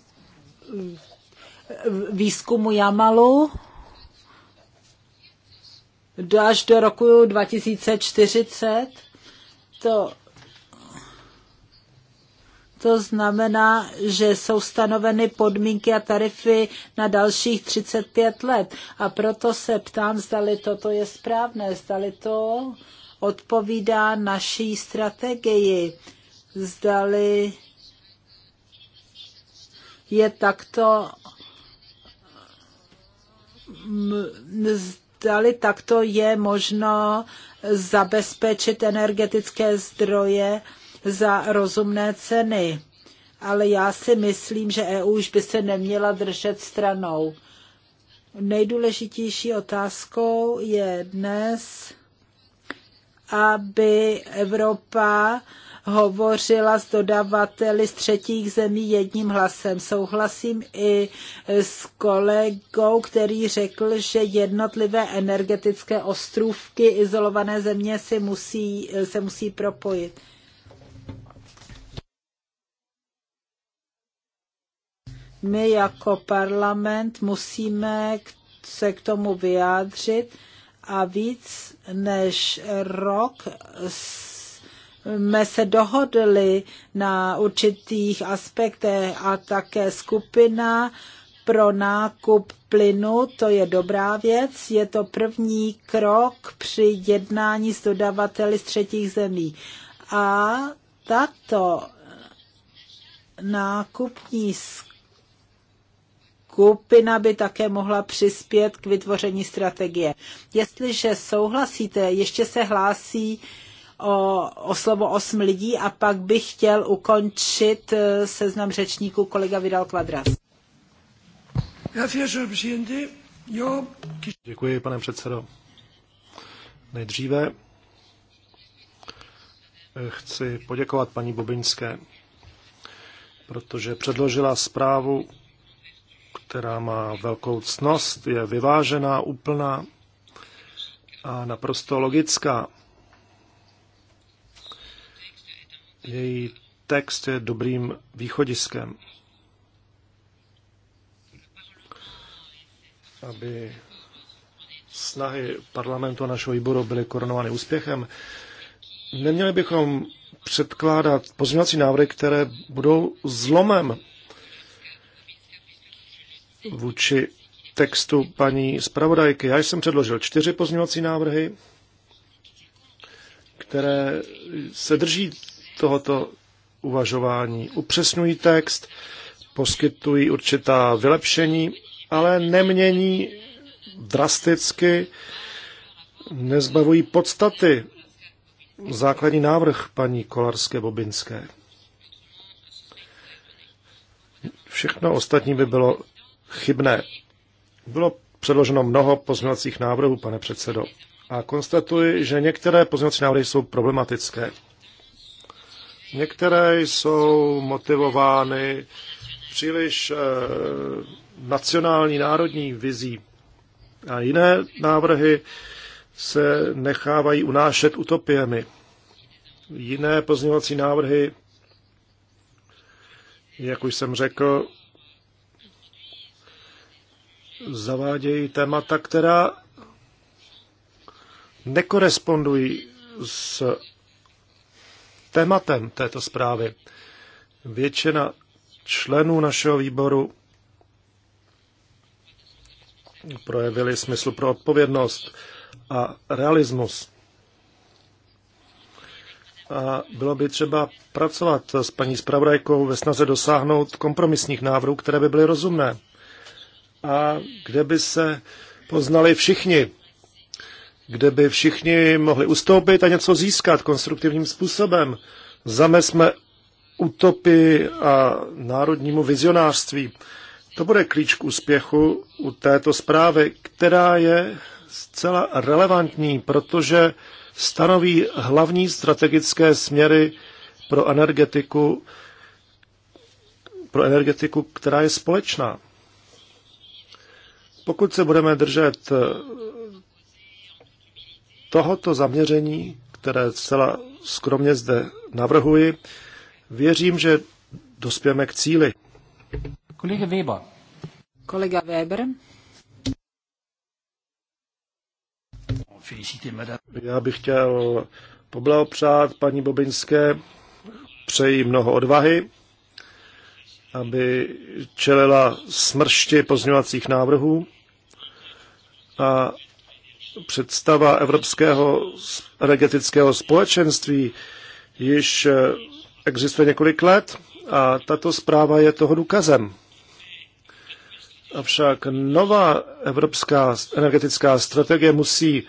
Speaker 2: výzkumu Jamalu až do roku 2040. To to znamená, že jsou stanoveny podmínky a tarify na dalších 35 let. A proto se ptám, zdali toto je správné, zdali to odpovídá naší strategii, zdali je takto zdali takto je možno zabezpečit energetické zdroje za rozumné ceny. Ale já si myslím, že EU už by se neměla držet stranou. Nejdůležitější otázkou je dnes, aby Evropa hovořila s dodavateli z třetích zemí jedním hlasem. Souhlasím i s kolegou, který řekl, že jednotlivé energetické ostrůvky izolované země si musí, se musí propojit. My jako parlament musíme se k tomu vyjádřit a víc než rok jsme se dohodli na určitých aspektech a také skupina pro nákup plynu, to je dobrá věc, je to první krok při jednání s dodavateli z třetích zemí. A tato nákupní skupina skupina by také mohla přispět k vytvoření strategie. Jestliže souhlasíte, ještě se hlásí o, o slovo osm lidí a pak bych chtěl ukončit eh, seznam řečníků kolega Vidal Kvadras.
Speaker 1: Děkuji, pane předsedo. Nejdříve chci poděkovat paní Bobiňské, protože předložila zprávu, která má velkou cnost, je vyvážená, úplná a naprosto logická. Její text je dobrým východiskem, aby snahy parlamentu a našeho výboru byly koronovány úspěchem. Neměli bychom předkládat pozměňovací návrhy, které budou zlomem vůči textu paní zpravodajky. Já jsem předložil čtyři pozměňovací návrhy, které se drží tohoto uvažování. Upřesňují text, poskytují určitá vylepšení, ale nemění drasticky, nezbavují podstaty základní návrh paní Kolarské Bobinské. Všechno ostatní by bylo chybné. Bylo předloženo mnoho pozměňovacích návrhů, pane předsedo, a konstatuji, že některé pozměňovací návrhy jsou problematické. Některé jsou motivovány příliš eh, nacionální, národní vizí. A jiné návrhy se nechávají unášet utopiemi. Jiné pozměňovací návrhy, jak už jsem řekl, zavádějí témata, která nekorespondují s tématem této zprávy. Většina členů našeho výboru projevili smysl pro odpovědnost a realismus. A bylo by třeba pracovat s paní zpravodajkou ve snaze dosáhnout kompromisních návrhů, které by byly rozumné a kde by se poznali všichni, kde by všichni mohli ustoupit a něco získat konstruktivním způsobem. Zamesme utopy a národnímu vizionářství. To bude klíč k úspěchu u této zprávy, která je zcela relevantní, protože stanoví hlavní strategické směry pro energetiku, pro energetiku, která je společná. Pokud se budeme držet eh, tohoto zaměření, které zcela skromně zde navrhuji, věřím, že dospěme k cíli. Kolega Weber. Kolega Weber. Já bych chtěl poblahopřát paní Bobinské, přeji mnoho odvahy, aby čelila smršti pozňovacích návrhů a představa Evropského energetického společenství již eh, existuje několik let a tato zpráva je toho důkazem. Avšak nová evropská energetická strategie musí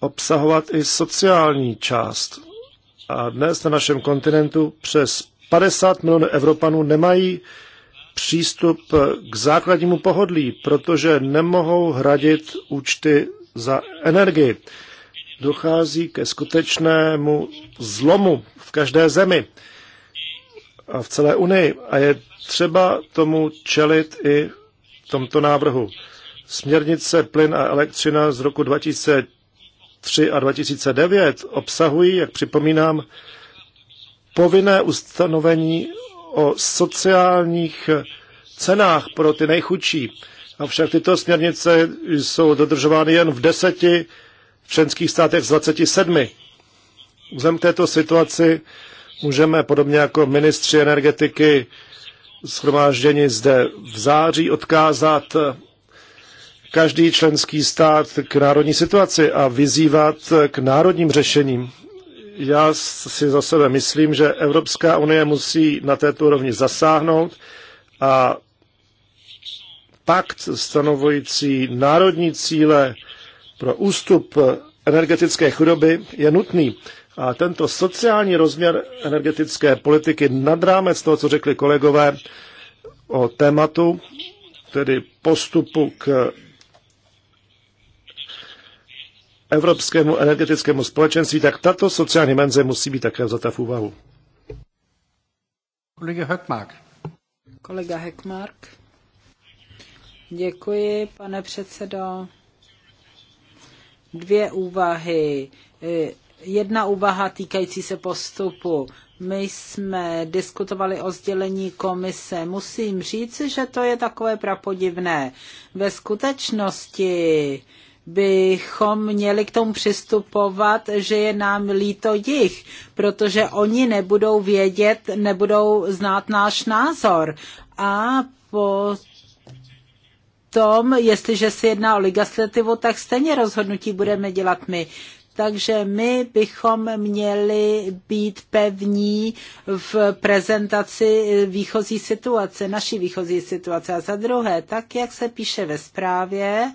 Speaker 1: obsahovat i sociální část. A dnes na našem kontinentu přes 50 milionů Evropanů nemají přístup k základnímu pohodlí, protože nemohou hradit účty za energii. Dochází ke skutečnému zlomu v každé zemi a v celé Unii a je třeba tomu čelit i v tomto návrhu. Směrnice plyn a elektřina z roku 2003 a 2009 obsahují, jak připomínám, povinné ustanovení o sociálních cenách pro ty nejchudší. Avšak tyto směrnice jsou dodržovány jen v deseti členských státech z 27. Vzhledem k této situaci můžeme, podobně jako ministři energetiky schromáždění zde v září, odkázat každý členský stát k národní situaci a vyzývat k národním řešením já si za sebe myslím, že Evropská unie musí na této úrovni zasáhnout a pakt stanovující národní cíle pro ústup energetické chudoby je nutný. A tento sociální rozměr energetické politiky nad rámec toho, co řekli kolegové o tématu, tedy postupu k Evropskému energetickému společenství, tak tato sociální menze musí být také vzata v úvahu. Kolega Heckmark.
Speaker 2: Kolega Heckmark. Děkuji, pane předsedo. Dvě úvahy. Eh, jedna úvaha týkající se postupu. My jsme diskutovali o sdělení komise. Musím říct, že to je takové prapodivné. Ve skutečnosti bychom měli k tomu přistupovat, že je nám líto jich, protože oni nebudou vědět, nebudou znát náš názor. A po tom, jestliže se jedná o legislativu, tak stejně rozhodnutí budeme dělat my. Takže my bychom měli být pevní v prezentaci výchozí situace, naší výchozí situace. A za druhé, tak jak se píše ve zprávě,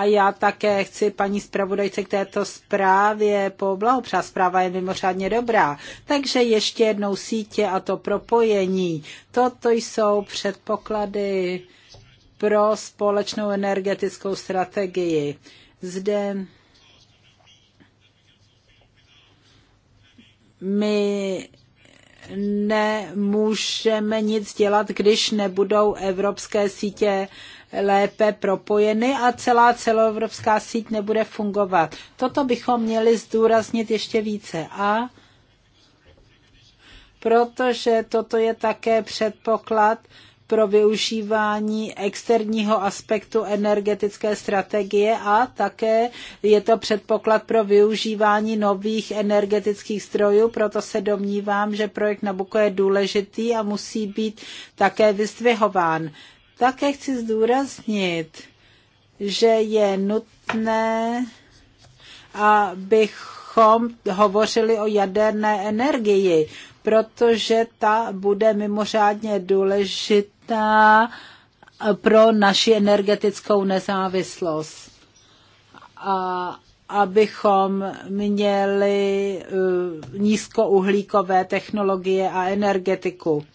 Speaker 2: a já také chci paní zpravodajce k této zprávě poblahopřát. Zpráva je mimořádně dobrá. Takže ještě jednou sítě a to propojení. Toto jsou předpoklady pro společnou energetickou strategii. Zde my nemůžeme nic dělat, když nebudou evropské sítě lépe propojeny a celá celoevropská síť nebude fungovat. Toto bychom měli zdůraznit ještě více. A protože toto je také předpoklad pro využívání externího aspektu energetické strategie a také je to předpoklad pro využívání nových energetických strojů, proto se domnívám, že projekt Nabuko je důležitý a musí být také vyzdvihován. Také chci zdůraznit, že je nutné, abychom hovořili o jaderné energii, protože ta bude mimořádně důležitá pro naši energetickou nezávislost. A abychom měli eh, nízkouhlíkové technologie a energetiku.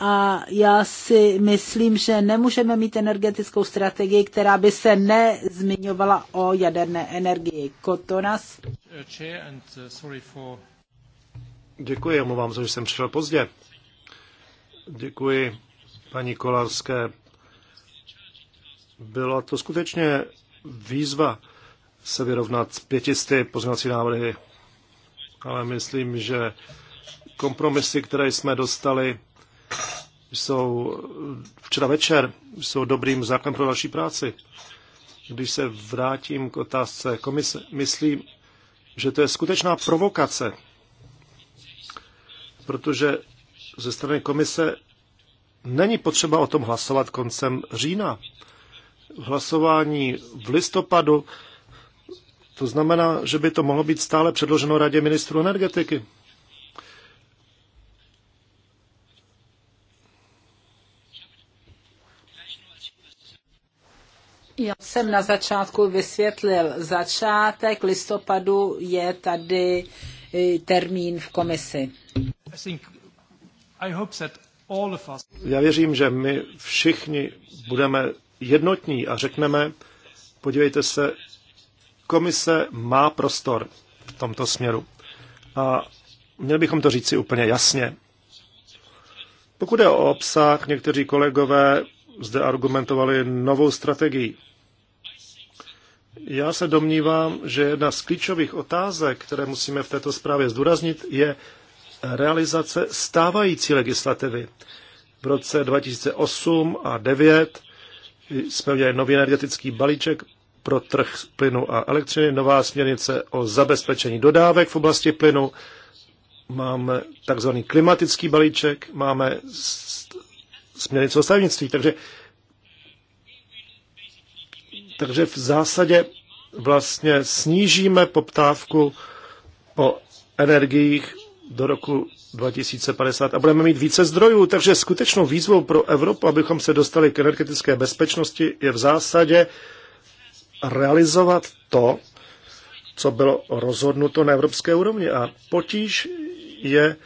Speaker 2: A já si myslím, že nemůžeme mít energetickou strategii, která by se nezmiňovala o jaderné energii. Kotonas.
Speaker 1: Děkuji, omlouvám se, že jsem přišel pozdě. Děkuji paní Kolarské. Byla to skutečně výzva se vyrovnat s pětisty pozměňovací návrhy, ale myslím, že kompromisy, které jsme dostali, jsou včera večer, jsou dobrým základem pro další práci. Když se vrátím k otázce komise, myslím, že to je skutečná provokace, protože ze strany komise není potřeba o tom hlasovat koncem října. Hlasování v listopadu, to znamená, že by to mohlo být stále předloženo Radě ministrů energetiky.
Speaker 2: Já jsem na začátku vysvětlil, začátek listopadu je tady eh, termín v komisi.
Speaker 1: Já věřím, že my všichni budeme jednotní a řekneme, podívejte se, komise má prostor v tomto směru. A měli bychom to říci úplně jasně. Pokud je o obsah, někteří kolegové zde argumentovali novou strategii. Já se domnívám, že jedna z klíčových otázek, které musíme v této zprávě zdůraznit, je realizace stávající legislativy. V roce 2008 a 2009 jsme měli nový energetický balíček pro trh plynu a elektřiny, nová směrnice o zabezpečení dodávek v oblasti plynu, máme takzvaný klimatický balíček, máme směrnice o stavnictví. Takže takže v zásadě vlastně snížíme poptávku po energiích do roku 2050 a budeme mít více zdrojů. Takže skutečnou výzvou pro Evropu, abychom se dostali k energetické bezpečnosti, je v zásadě realizovat to, co bylo rozhodnuto na evropské úrovni. A potíž je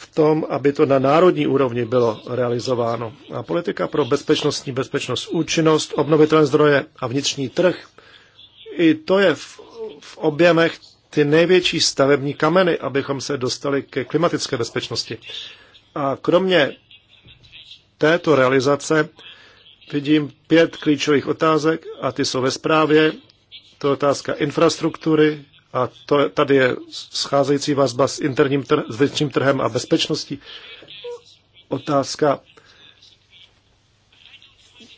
Speaker 1: v tom, aby to na národní úrovni bylo realizováno. A politika pro bezpečnostní bezpečnost, účinnost, obnovitelné zdroje a vnitřní trh, i to je v, v objemech ty největší stavební kameny, abychom se dostali ke klimatické bezpečnosti. A kromě této realizace vidím pět klíčových otázek a ty jsou ve zprávě. To je otázka infrastruktury, a to, tady je scházející vazba s interním trh, s větším trhem a bezpečností. Otázka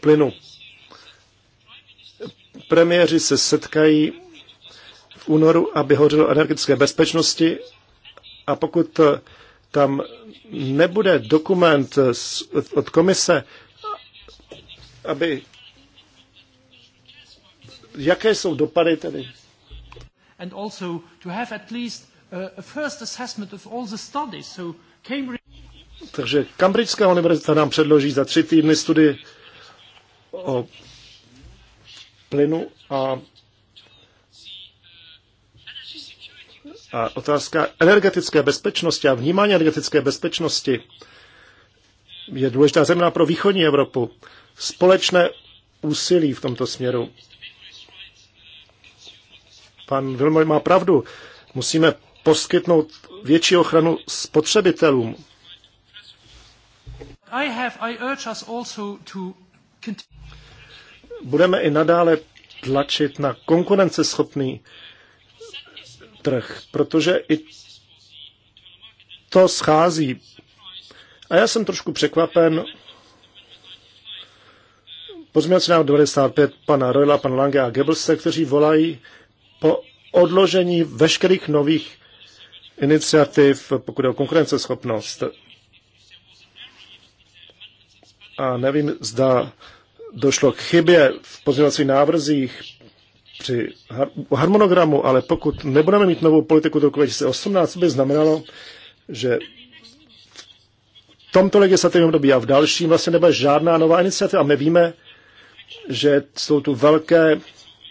Speaker 1: plynu. Premiéři se setkají v únoru, aby hořilo o energetické bezpečnosti a pokud tam nebude dokument od komise, aby jaké jsou dopady tedy and also to have at least a first assessment of all the studies. So Cambridge... Takže Cambridgeská univerzita nám předloží za tři týdny studii o plynu a, a otázka energetické bezpečnosti a vnímání energetické bezpečnosti je důležitá země pro východní Evropu. Společné úsilí v tomto směru pan Vilmoj má pravdu. Musíme poskytnout větší ochranu spotřebitelům. Budeme i nadále tlačit na konkurenceschopný trh, protože i to schází. A já jsem trošku překvapen pozměňovací návrh 95 pana Royla, pana Lange a Goebbelse, kteří volají po odložení veškerých nových iniciativ, pokud je o konkurenceschopnost. A nevím, zda došlo k chybě v pozměňovacích návrzích při harmonogramu, ale pokud nebudeme mít novou politiku do roku 2018, by znamenalo, že v tomto legislativním období a v dalším vlastně nebude žádná nová iniciativa. A My víme, že jsou tu velké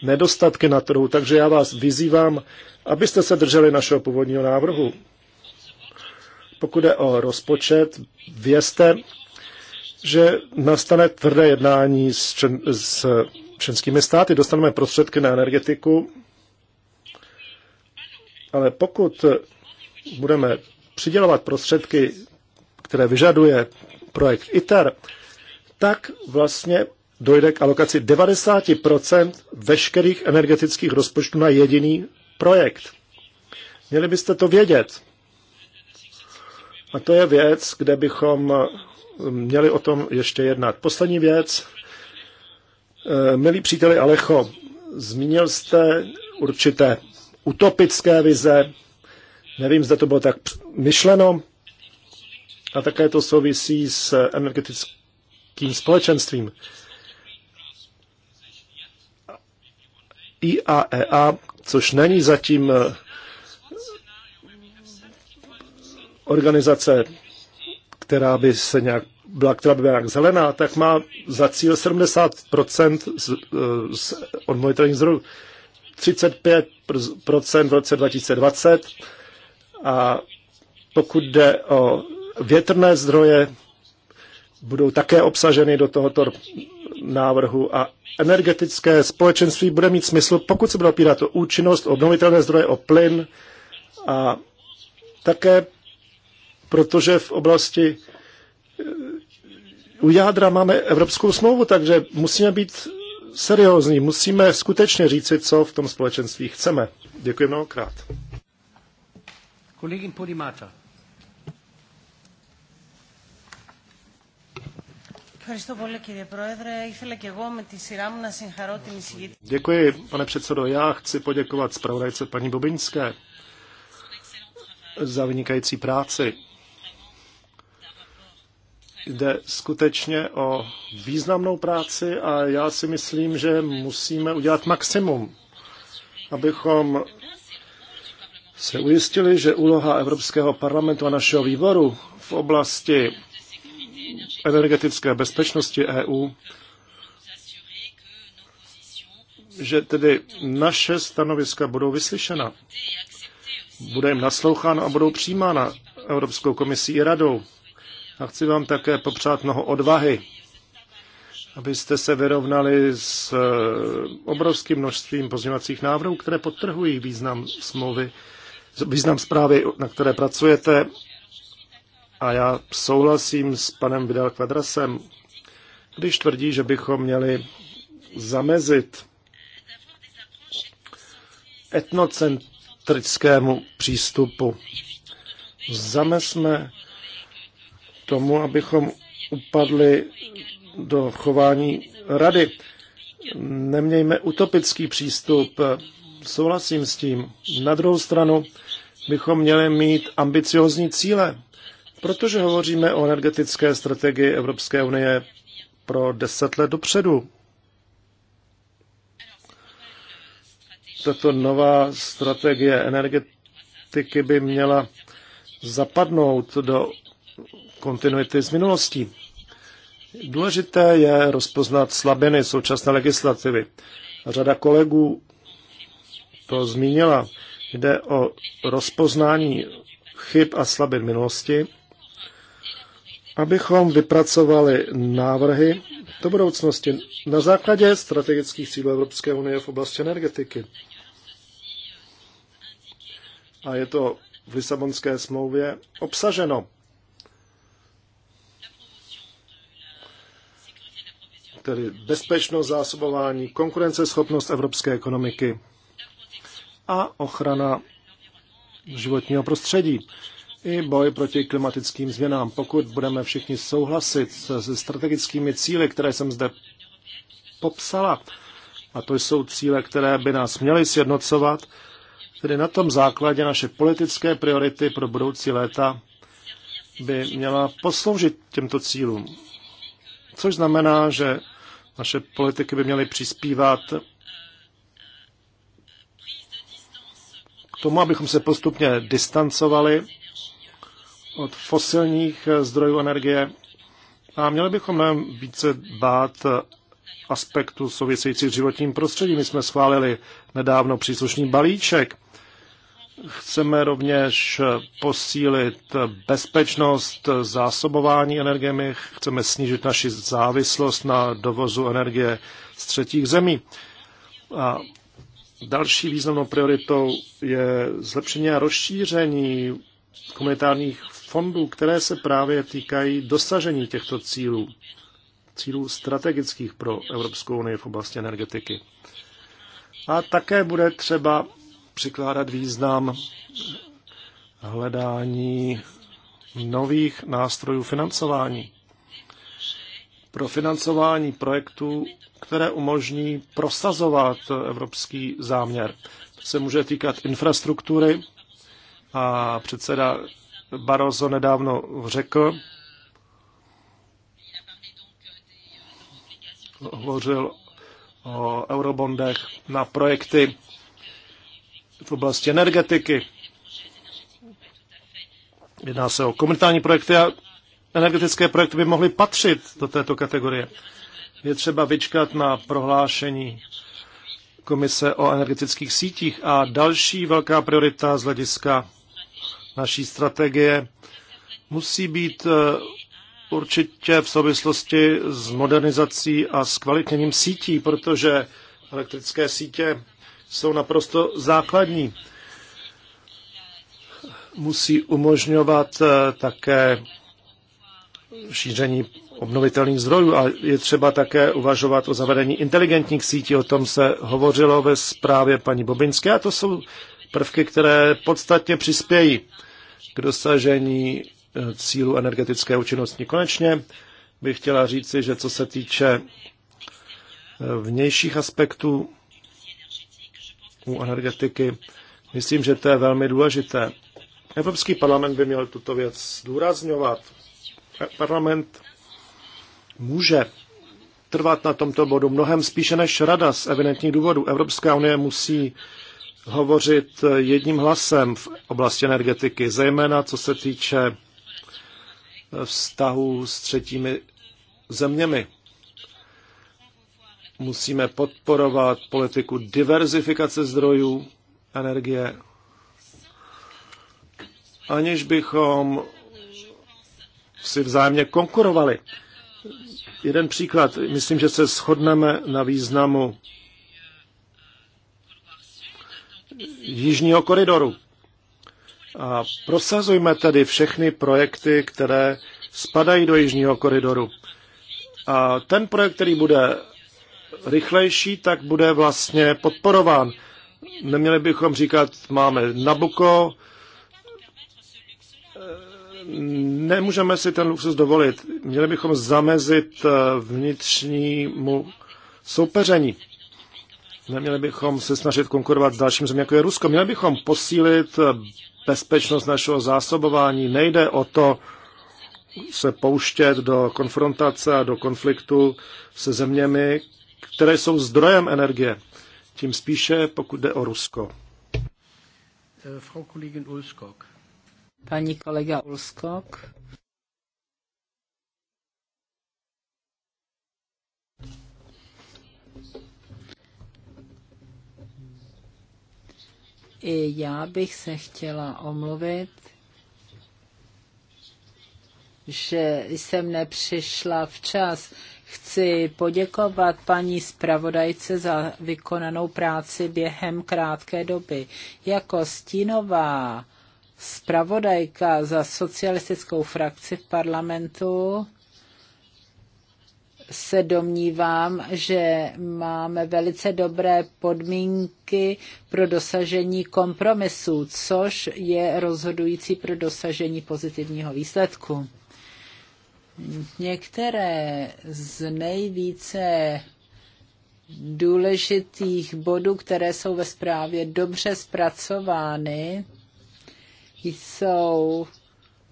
Speaker 1: nedostatky na trhu, takže já vás vyzývám, abyste se drželi našeho původního návrhu. Pokud je o rozpočet, vězte, že nastane tvrdé jednání s, čen, s členskými státy, dostaneme prostředky na energetiku, ale pokud budeme přidělovat prostředky, které vyžaduje projekt ITER, tak vlastně dojde k alokaci 90% veškerých energetických rozpočtů na jediný projekt. Měli byste to vědět. A to je věc, kde bychom eh, měli o tom ještě jednat. Poslední věc. Eh, milí příteli Alecho, zmínil jste určité utopické vize. Nevím, zda to bylo tak myšleno. A také to souvisí s energetickým společenstvím. IAEA, e což není zatím eh, organizace, která by se nějak byla, která by byla nějak zelená, tak má za cíl 70% z, eh, z, od monitoring zdrojů, 35% v roce 2020 a pokud jde o větrné zdroje, budou také obsaženy do tohoto návrhu a energetické společenství bude mít smysl, pokud se bude opírat o účinnost, o obnovitelné zdroje, o plyn a také protože v oblasti eh, u jádra máme Evropskou smlouvu, takže musíme být seriózní, musíme skutečně říci, co v tom společenství chceme. Děkuji mnohokrát. Kolegin Podimata. Děkuji, pane předsedo. Já chci poděkovat zpravodajce paní Bobinské za vynikající práci. Jde skutečně o významnou práci a já si myslím, že musíme udělat maximum, abychom se ujistili, že úloha Evropského parlamentu a našeho výboru v oblasti energetické bezpečnosti EU, že tedy naše stanoviska budou vyslyšena, bude jim nasloucháno a budou přijímána Evropskou komisí i radou. A chci vám také popřát mnoho odvahy, abyste se vyrovnali s eh, obrovským množstvím pozměňovacích návrhů, které podtrhují význam smlouvy, význam zprávy, na které pracujete a já souhlasím s panem Vidal Kvadrasem, když tvrdí, že bychom měli zamezit etnocentrickému přístupu. Zamezme tomu, abychom upadli do chování rady. Nemějme utopický přístup. Souhlasím s tím. Na druhou stranu bychom měli mít ambiciozní cíle protože hovoříme o energetické strategii Evropské unie pro deset let dopředu. Tato nová strategie energetiky by měla zapadnout do kontinuity z minulostí. Důležité je rozpoznat slabiny současné legislativy. Řada kolegů to zmínila. Jde o rozpoznání chyb a slabin minulosti abychom vypracovali návrhy do budoucnosti na základě strategických cílů Evropské unie v oblasti energetiky. A je to v Lisabonské smlouvě obsaženo. Tedy bezpečnost zásobování, konkurenceschopnost evropské ekonomiky a ochrana životního prostředí i boj proti klimatickým změnám. Pokud budeme všichni souhlasit se strategickými cíly, které jsem zde popsala, a to jsou cíle, které by nás měly sjednocovat, tedy na tom základě naše politické priority pro budoucí léta by měla posloužit těmto cílům. Což znamená, že naše politiky by měly přispívat k tomu, abychom se postupně distancovali od fosilních eh, zdrojů energie a měli bychom nám více bát eh, aspektu související s životním prostředím. My jsme schválili nedávno příslušný balíček. Chceme rovněž eh, posílit bezpečnost zásobování energiemi, chceme snížit naši závislost na dovozu energie z třetích zemí. A další významnou prioritou je zlepšení a rozšíření komunitárních fondů, které se právě týkají dosažení těchto cílů, cílů strategických pro Evropskou unii v oblasti energetiky. A také bude třeba přikládat význam hledání nových nástrojů financování. Pro financování projektů, které umožní prosazovat evropský záměr. To se může týkat infrastruktury a předseda Barroso nedávno řekl. Hovořil o eurobondech na projekty v oblasti energetiky. Jedná se o komunitární projekty a energetické projekty by mohly patřit do této kategorie. Je třeba vyčkat na prohlášení Komise o energetických sítích a další velká priorita z hlediska naší strategie musí být eh, určitě v souvislosti s modernizací a s kvalitněním sítí, protože elektrické sítě jsou naprosto základní. Musí umožňovat eh, také šíření obnovitelných zdrojů a je třeba také uvažovat o zavedení inteligentních sítí. O tom se hovořilo ve zprávě paní Bobinské a to jsou prvky, které podstatně přispějí k dosažení eh, cílu energetické účinnosti. Konečně bych chtěla říci, že co se týče eh, vnějších aspektů u energetiky, myslím, že to je velmi důležité. Evropský parlament by měl tuto věc zdůrazňovat. Eh, parlament může trvat na tomto bodu mnohem spíše než Rada z evidentních důvodů. Evropská unie musí hovořit jedním hlasem v oblasti energetiky, zejména co se týče vztahu s třetími zeměmi. Musíme podporovat politiku diverzifikace zdrojů energie, aniž bychom si vzájemně konkurovali. Jeden příklad, myslím, že se shodneme na významu jižního koridoru. A prosazujme tedy všechny projekty, které spadají do jižního koridoru. A ten projekt, který bude rychlejší, tak bude vlastně podporován. Neměli bychom říkat, máme Nabuko, nemůžeme si ten luxus dovolit. Měli bychom zamezit vnitřnímu soupeření. Neměli bychom se snažit konkurovat s dalším zemím, jako je Rusko. Měli bychom posílit bezpečnost našeho zásobování. Nejde o to se pouštět do konfrontace a do konfliktu se zeměmi, které jsou zdrojem energie. Tím spíše, pokud jde o Rusko.
Speaker 2: Paní kolega Ulskok. I já bych se chtěla omluvit, že jsem nepřišla včas. Chci poděkovat paní zpravodajce za vykonanou práci během krátké doby. Jako stínová zpravodajka za socialistickou frakci v parlamentu se domnívám, že máme velice dobré podmínky pro dosažení kompromisu, což je rozhodující pro dosažení pozitivního výsledku. Některé z nejvíce důležitých bodů, které jsou ve zprávě dobře zpracovány, jsou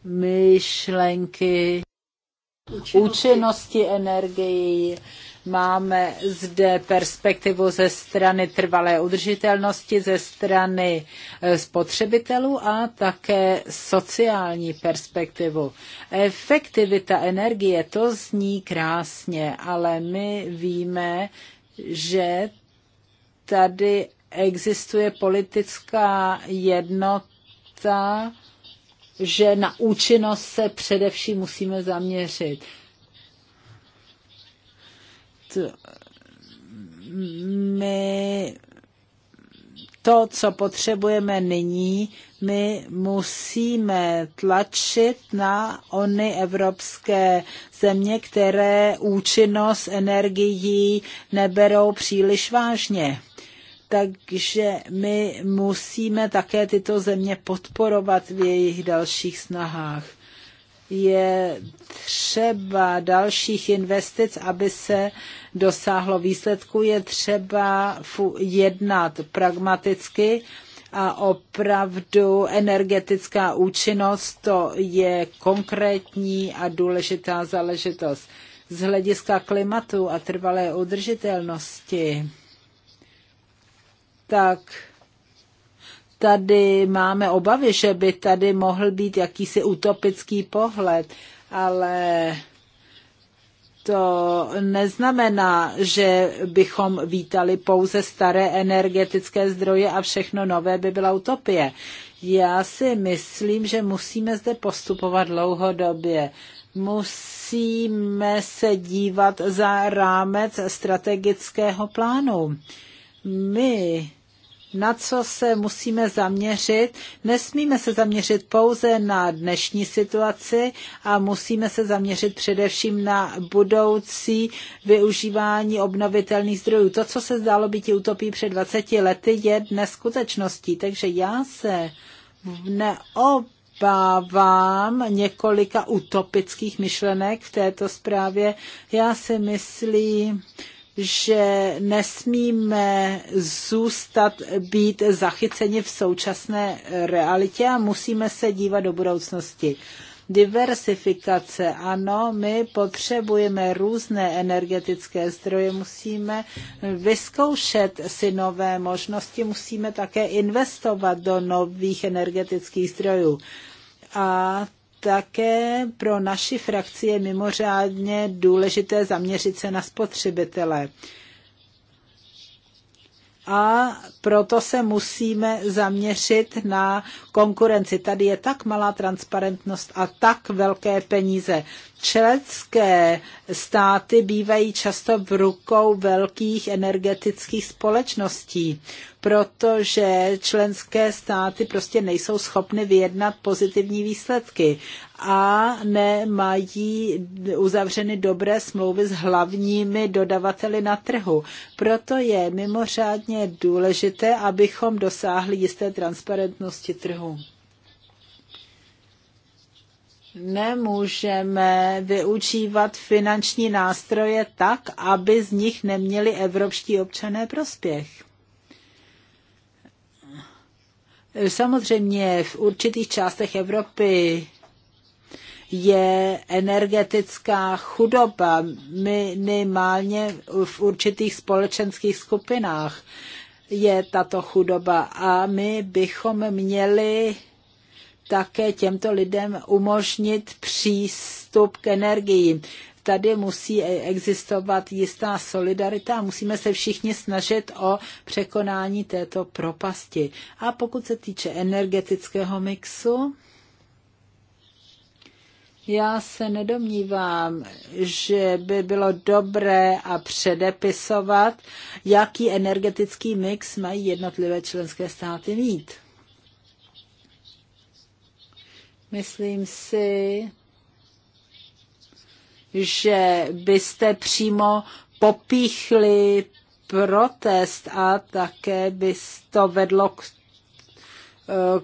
Speaker 2: myšlenky účinnosti energii, Máme zde perspektivu ze strany trvalé udržitelnosti, ze strany eh, spotřebitelů a také sociální perspektivu. Efektivita energie, to zní krásně, ale my víme, že tady existuje politická jednota, že na účinnost se především musíme zaměřit. To, my to, co potřebujeme nyní, my musíme tlačit na ony evropské země, které účinnost energií neberou příliš vážně takže my musíme také tyto země podporovat v jejich dalších snahách. Je třeba dalších investic, aby se dosáhlo výsledku. Je třeba jednat pragmaticky a opravdu energetická účinnost to je konkrétní a důležitá záležitost. Z hlediska klimatu a trvalé udržitelnosti tak tady máme obavy, že by tady mohl být jakýsi utopický pohled, ale to neznamená, že bychom vítali pouze staré energetické zdroje a všechno nové by byla utopie. Já si myslím, že musíme zde postupovat dlouhodobě. Musíme se dívat za rámec strategického plánu. My na co se musíme zaměřit. Nesmíme se zaměřit pouze na dnešní situaci a musíme se zaměřit především na budoucí využívání obnovitelných zdrojů. To, co se zdálo být utopí před 20 lety, je dnes skutečností. Takže já se neobávám několika utopických myšlenek v této zprávě. Já si myslím, že nesmíme zůstat být zachyceni v současné realitě a musíme se dívat do budoucnosti. Diversifikace, ano, my potřebujeme různé energetické zdroje, musíme vyzkoušet si nové možnosti, musíme také investovat do nových energetických zdrojů. A také pro naši frakci je mimořádně důležité zaměřit se na spotřebitele. A proto se musíme zaměřit na konkurenci. Tady je tak malá transparentnost a tak velké peníze. Členské státy bývají často v rukou velkých energetických společností, protože členské státy prostě nejsou schopny vyjednat pozitivní výsledky a nemají uzavřeny dobré smlouvy s hlavními dodavateli na trhu. Proto je mimořádně důležité, abychom dosáhli jisté transparentnosti trhu nemůžeme využívat finanční nástroje tak, aby z nich neměli evropští občané prospěch. Samozřejmě v určitých částech Evropy je energetická chudoba minimálně v určitých společenských skupinách je tato chudoba a my bychom měli také těmto lidem umožnit přístup k energii. Tady musí existovat jistá solidarita a musíme se všichni snažit o překonání této propasti. A pokud se týče energetického mixu, já se nedomnívám, že by bylo dobré a předepisovat, jaký energetický mix mají jednotlivé členské státy mít. Myslím si, že byste přímo popíchli protest a také by to vedlo k,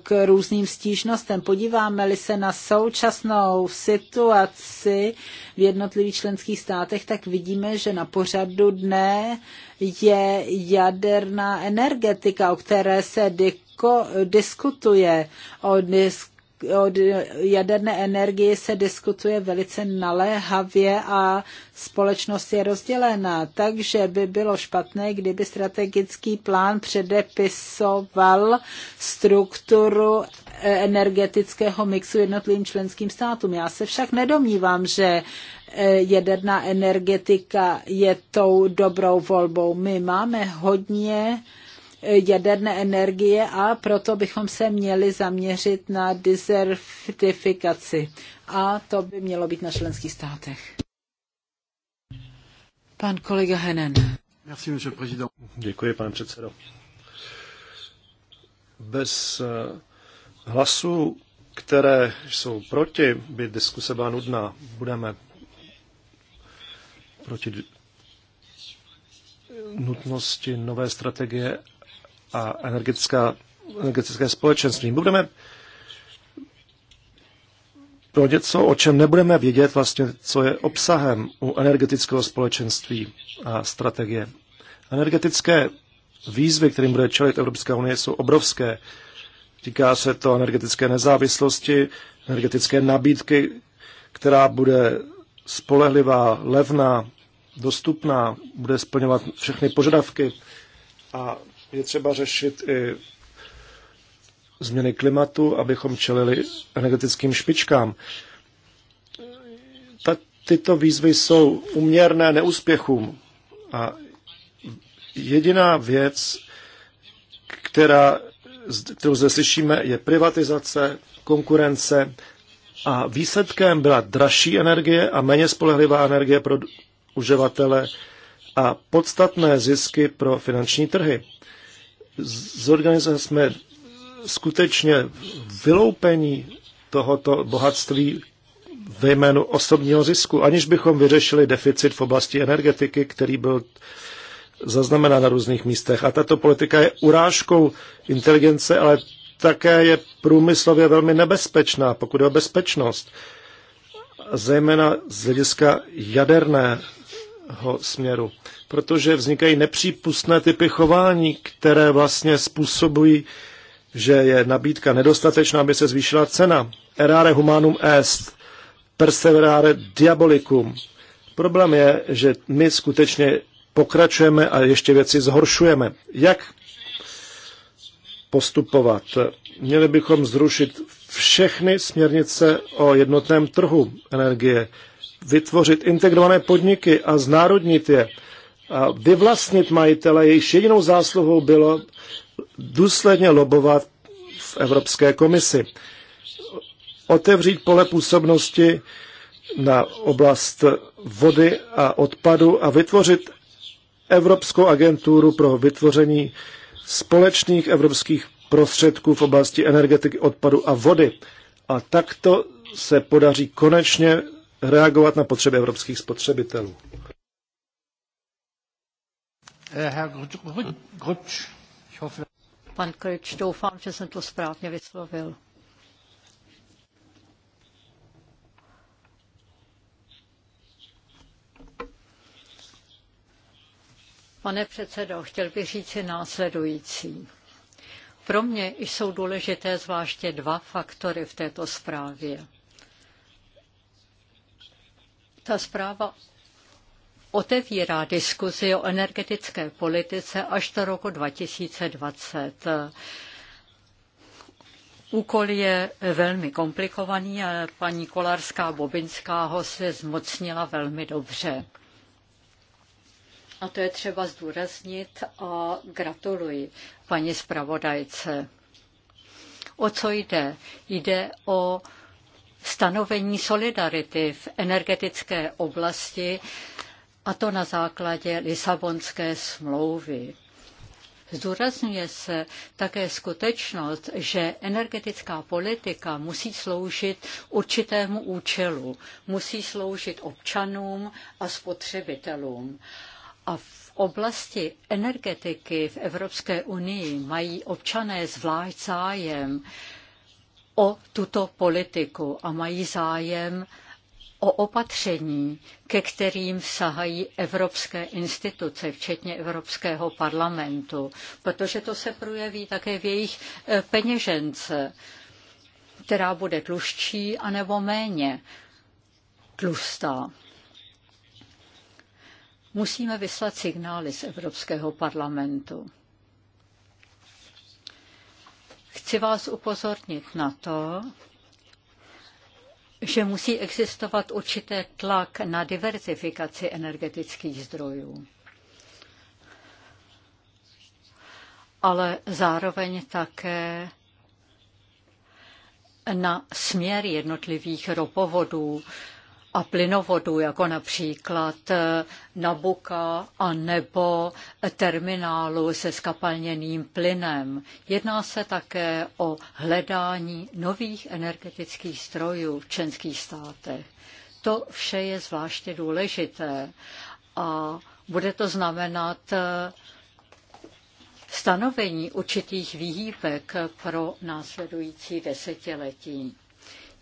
Speaker 2: k různým stížnostem. Podíváme-li se na současnou situaci v jednotlivých členských státech, tak vidíme, že na pořadu dne je jaderná energetika, o které se diko, diskutuje o disk o jaderné energii se diskutuje velice naléhavě a společnost je rozdělená, takže by bylo špatné, kdyby strategický plán předepisoval strukturu energetického mixu jednotlivým členským státům. Já se však nedomnívám, že eh, jaderná energetika je tou dobrou volbou. My máme hodně jaderné energie a proto bychom se měli zaměřit na dezertifikaci. A to by mělo být na členských státech. Pan kolega Henen.
Speaker 1: Merci, Děkuji, pane předsedo. Bez eh, hlasů, které jsou proti, by diskuse byla nudná. Budeme proti nutnosti nové strategie a energetická, energetické společenství. Budeme pro něco, o čem nebudeme vědět vlastně, co je obsahem u energetického společenství a strategie. Energetické výzvy, kterým bude čelit Evropská unie, jsou obrovské. Týká se to energetické nezávislosti, energetické nabídky, která bude spolehlivá, levná, dostupná, bude splňovat všechny požadavky a je třeba řešit i změny klimatu, abychom čelili energetickým špičkám. Ta, tyto výzvy jsou uměrné neúspěchům a jediná věc, která, kterou zde slyšíme, je privatizace, konkurence a výsledkem byla dražší energie a méně spolehlivá energie pro uživatele a podstatné zisky pro finanční trhy zorganizovali jsme skutečně vyloupení tohoto bohatství ve jménu osobního zisku, aniž bychom vyřešili deficit v oblasti energetiky, který byl zaznamenán na různých místech. A tato politika je urážkou inteligence, ale také je průmyslově velmi nebezpečná, pokud je o bezpečnost. Zejména z hlediska jaderné směru, protože vznikají nepřípustné typy chování, které vlastně způsobují, že je nabídka nedostatečná, aby se zvýšila cena. Erare humanum est, perseverare diabolicum. Problém je, že my skutečně pokračujeme a ještě věci zhoršujeme. Jak postupovat? Měli bychom zrušit všechny směrnice o jednotném trhu energie vytvořit integrované podniky a znárodnit je a vyvlastnit majitele, jejichž jedinou zásluhou bylo důsledně lobovat v Evropské komisi. Otevřít pole působnosti na oblast vody a odpadu a vytvořit Evropskou agenturu pro vytvoření společných evropských prostředků v oblasti energetiky, odpadu a vody. A takto se podaří konečně reagovat na potřeby evropských spotřebitelů. Eh,
Speaker 3: Pan Kryč, doufám, že jsem to správně vyslovil. Pane předsedo, chtěl bych říci následující. Pro mě jsou důležité zvláště dva faktory v této zprávě. Ta zpráva otevírá diskuzi o energetické politice až do roku 2020. Úkol je velmi komplikovaný, a paní Kolarská Bobinská ho se zmocnila velmi dobře. A to je třeba zdůraznit a gratuluji paní zpravodajce. O co jde? Jde o stanovení solidarity v energetické oblasti, a to na základě Lisabonské smlouvy. Zdůrazňuje se také skutečnost, že energetická politika musí sloužit určitému účelu, musí sloužit občanům a spotřebitelům. A v oblasti energetiky v Evropské unii mají občané zvlášť zájem, o tuto politiku a mají zájem o opatření, ke kterým sahají evropské instituce, včetně Evropského parlamentu, protože to se projeví také v jejich eh, peněžence, která bude tluščí anebo méně tlustá. Musíme vyslat signály z Evropského parlamentu. Chci vás upozornit na to, že musí existovat určité tlak na diverzifikaci energetických zdrojů. Ale zároveň také na směr jednotlivých ropovodů, a plynovodů, jako například eh, Nabuka a nebo terminálu se skapalněným plynem. Jedná se také o hledání nových energetických strojů v členských státech. To vše je zvláště důležité a bude to znamenat eh, stanovení určitých výhýbek pro následující desetiletí.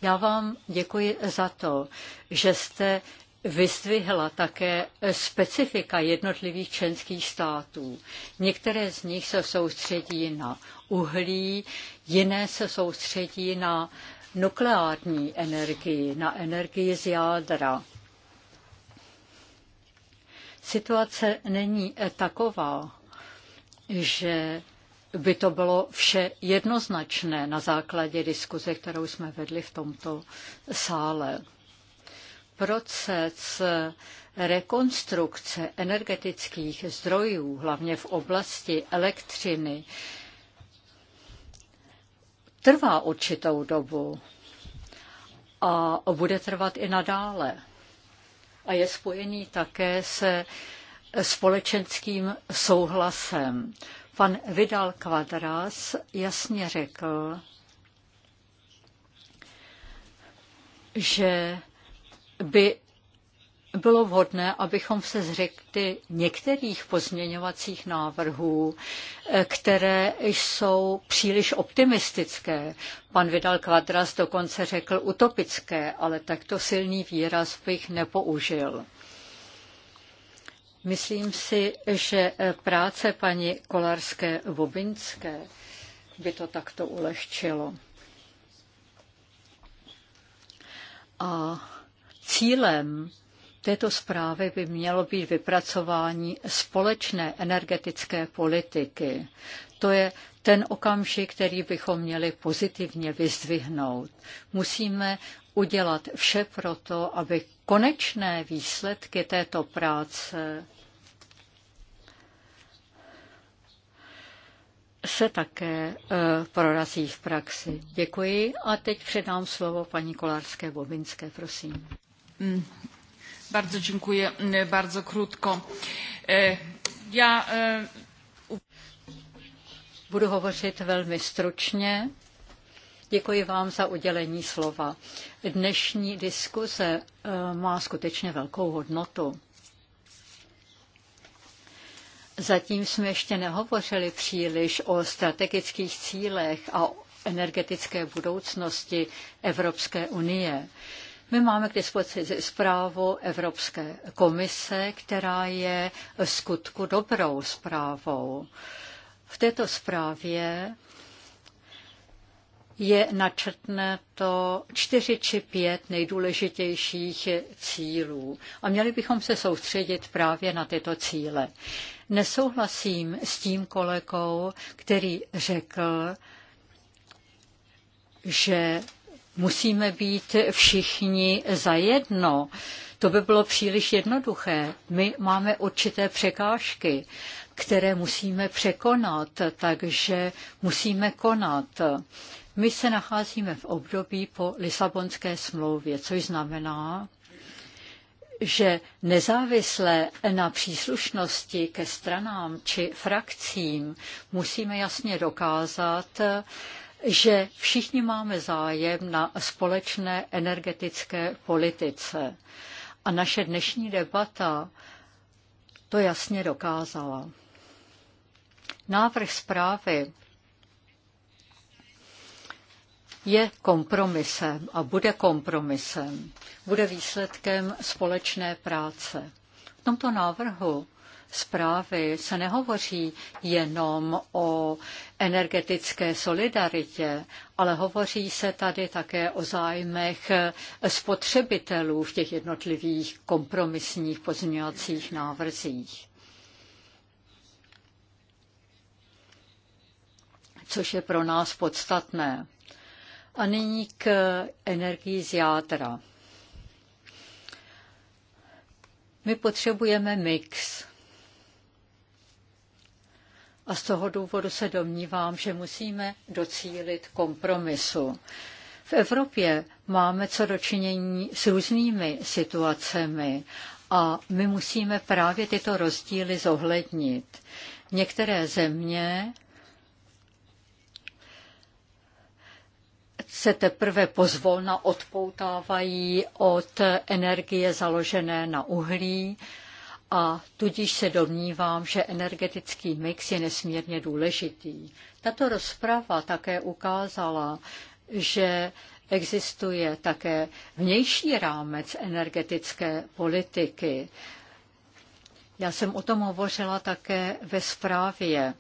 Speaker 3: Já vám děkuji za to, že jste vyzdvihla také specifika jednotlivých členských států. Některé z nich se soustředí na uhlí, jiné se soustředí na nukleární energii, na energii z jádra. Situace není taková, že by to bylo vše jednoznačné na základě diskuze, kterou jsme vedli v tomto sále. Proces rekonstrukce energetických zdrojů, hlavně v oblasti elektřiny, trvá určitou dobu a bude trvat i nadále. A je spojený také se společenským souhlasem. Pan Vidal Quadras jasně řekl, že by bylo vhodné, abychom se zřekli některých pozměňovacích návrhů, které jsou příliš optimistické. Pan Vidal Quadras dokonce řekl utopické, ale takto silný výraz bych nepoužil. Myslím si, že práce paní Kolarské Vobinské by to takto ulehčilo. A cílem této zprávy by mělo být vypracování společné energetické politiky. To je ten okamžik, který bychom měli pozitivně vyzdvihnout. Musíme udělat vše pro to, aby konečné výsledky této práce se také e, prorazí v praxi. Děkuji a teď předám slovo paní Kolárské Bobinské, prosím. Mm. Bardzo dziękuję, e, bardzo krótko. E, já e, budu hovořit velmi stručně. Děkuji vám za udělení slova. Dnešní diskuze eh, má skutečně velkou hodnotu. Zatím jsme ještě nehovořili příliš o strategických cílech a energetické budoucnosti Evropské unie. My máme k dispozici zprávu Evropské komise, která je v skutku dobrou zprávou. V této zprávě je načrtne to čtyři či pět nejdůležitějších cílů. A měli bychom se soustředit právě na tyto cíle. Nesouhlasím s tím kolegou, který řekl, že musíme být všichni zajedno. To by bylo příliš jednoduché. My máme určité překážky, které musíme překonat, takže musíme konat. My se nacházíme v období po Lisabonské smlouvě, což znamená, že nezávisle na příslušnosti ke stranám či frakcím musíme jasně dokázat, že všichni máme zájem na společné energetické politice. A naše dnešní debata to jasně dokázala. Návrh zprávy je kompromisem a bude kompromisem. Bude výsledkem společné práce. V tomto návrhu zprávy se nehovoří jenom o energetické solidaritě, ale hovoří se tady také o zájmech spotřebitelů v těch jednotlivých kompromisních pozměňovacích návrzích. Což je pro nás podstatné. A nyní k energii z jádra. My potřebujeme mix. A z toho důvodu se domnívám, že musíme docílit kompromisu. V Evropě máme co dočinění s různými situacemi a my musíme právě tyto rozdíly zohlednit. Některé země se teprve pozvolna odpoutávají od energie založené na uhlí a tudíž se domnívám, že energetický mix je nesmírně důležitý. Tato rozprava také ukázala, že existuje také vnější rámec energetické politiky. Já jsem o tom hovořila také ve zprávě.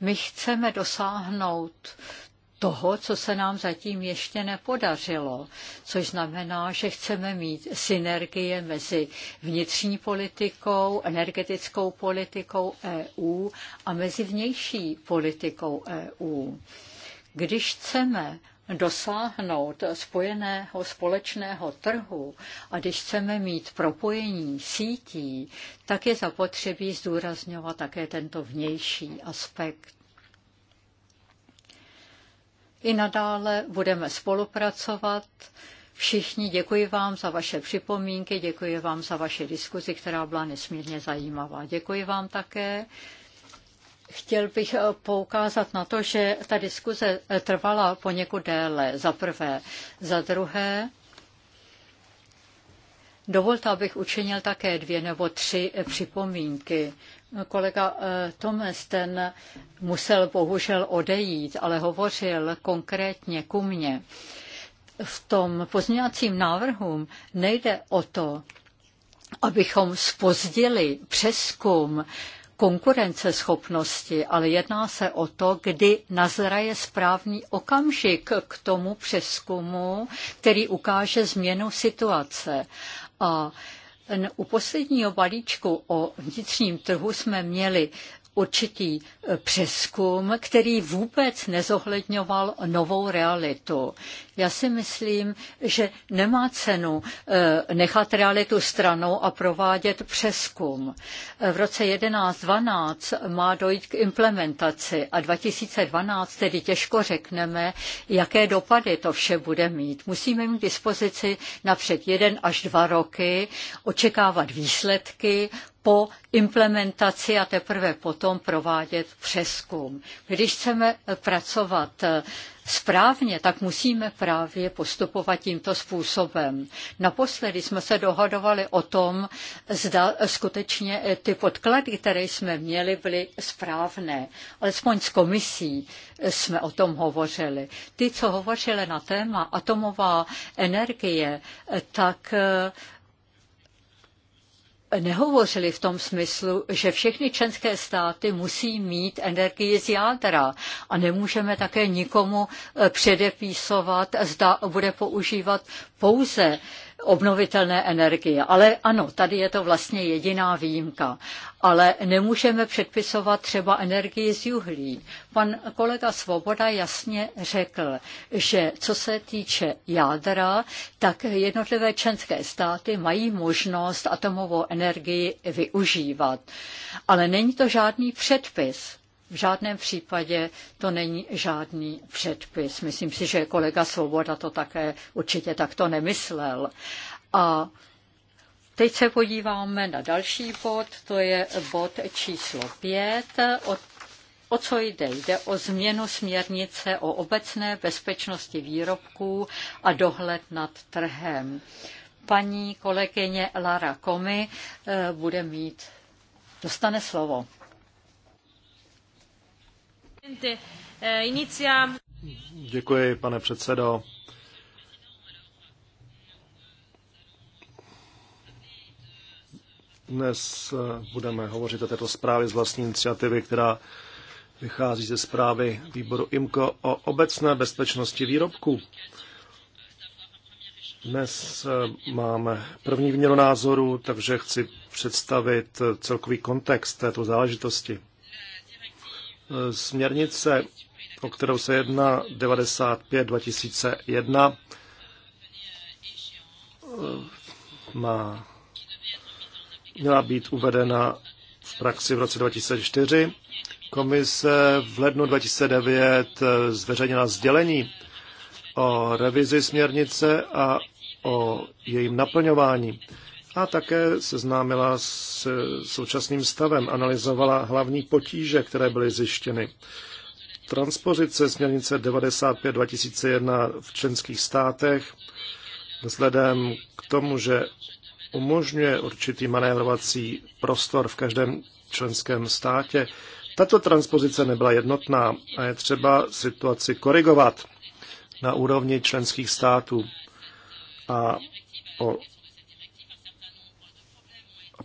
Speaker 3: My chceme dosáhnout toho, co se nám zatím ještě nepodařilo, což znamená, že chceme mít synergie mezi vnitřní politikou, energetickou politikou EU a mezi vnější politikou EU. Když chceme dosáhnout spojeného společného trhu a když chceme mít propojení sítí, tak je zapotřebí zdůrazňovat také tento vnější aspekt. I nadále budeme spolupracovat. Všichni děkuji vám za vaše připomínky, děkuji vám za vaše diskuzi, která byla nesmírně zajímavá. Děkuji vám také. Chtěl bych eh, poukázat na to, že ta diskuze eh, trvala poněkud déle, za prvé. Za druhé, Dovolte, abych učinil také dvě nebo tři eh, připomínky. Kolega eh, Tomes ten musel bohužel odejít, ale hovořil konkrétně ku mně. V tom pozměňovacím návrhu nejde o to, abychom spozdili přeskum konkurenceschopnosti, ale jedná se o to, kdy nazraje správný okamžik k tomu přeskumu, který ukáže změnu situace. A u posledního balíčku o vnitřním trhu jsme měli určitý e, přeskum, který vůbec nezohledňoval novou realitu. Já si myslím, že nemá cenu e, nechat realitu stranou a provádět přeskum. E, v roce 1112 má dojít k implementaci a 2012 tedy těžko řekneme, jaké dopady to vše bude mít. Musíme mít dispozici napřed jeden až dva roky, očekávat výsledky, po implementaci a teprve potom provádět přeskum. Když chceme pracovat správně, tak musíme právě postupovat tímto způsobem. Naposledy jsme se dohadovali o tom, zda skutečně ty podklady, které jsme měli, byly správné. Alespoň s komisí jsme o tom hovořili. Ty, co hovořili na téma atomová energie, tak nehovořili v tom smyslu, že všechny členské státy musí mít energii z jádra a nemůžeme také nikomu eh, předepísovat, zda bude používat pouze obnovitelné energie. Ale ano, tady je to vlastně jediná výjimka. Ale nemůžeme předpisovat třeba energii z juhlí. Pan kolega Svoboda jasně řekl, že co se týče jádra, tak jednotlivé členské státy mají možnost atomovou energii využívat. Ale není to žádný předpis. V žádném případě to není žádný předpis. Myslím si, že kolega Svoboda to také určitě takto nemyslel. A Teď se podíváme na další bod, to je bod číslo 5. O, o co jde? Jde o změnu směrnice o obecné bezpečnosti výrobků a dohled nad trhem. Paní kolegyně Lara Komi eh, bude mít, dostane slovo.
Speaker 2: Eh,
Speaker 1: Děkuji, pane předsedo. Dnes eh, budeme hovořit o této zprávě z vlastní iniciativy, která vychází ze zprávy výboru IMCO o obecné bezpečnosti výrobků. Dnes eh, máme první výměnu názoru, takže chci představit celkový kontext této záležitosti. Směrnice, o kterou se jedná 95-2001, eh, má, měla být uvedena v praxi v roce 2004. Komise v lednu 2009 eh, zveřejnila sdělení o revizi směrnice a o jejím naplňování a také seznámila s současným stavem, analyzovala hlavní potíže, které byly zjištěny. Transpozice směrnice 95-2001 v členských státech vzhledem k tomu, že umožňuje určitý manévrovací prostor v každém členském státě, tato transpozice nebyla jednotná a je třeba situaci korigovat na úrovni členských států. A o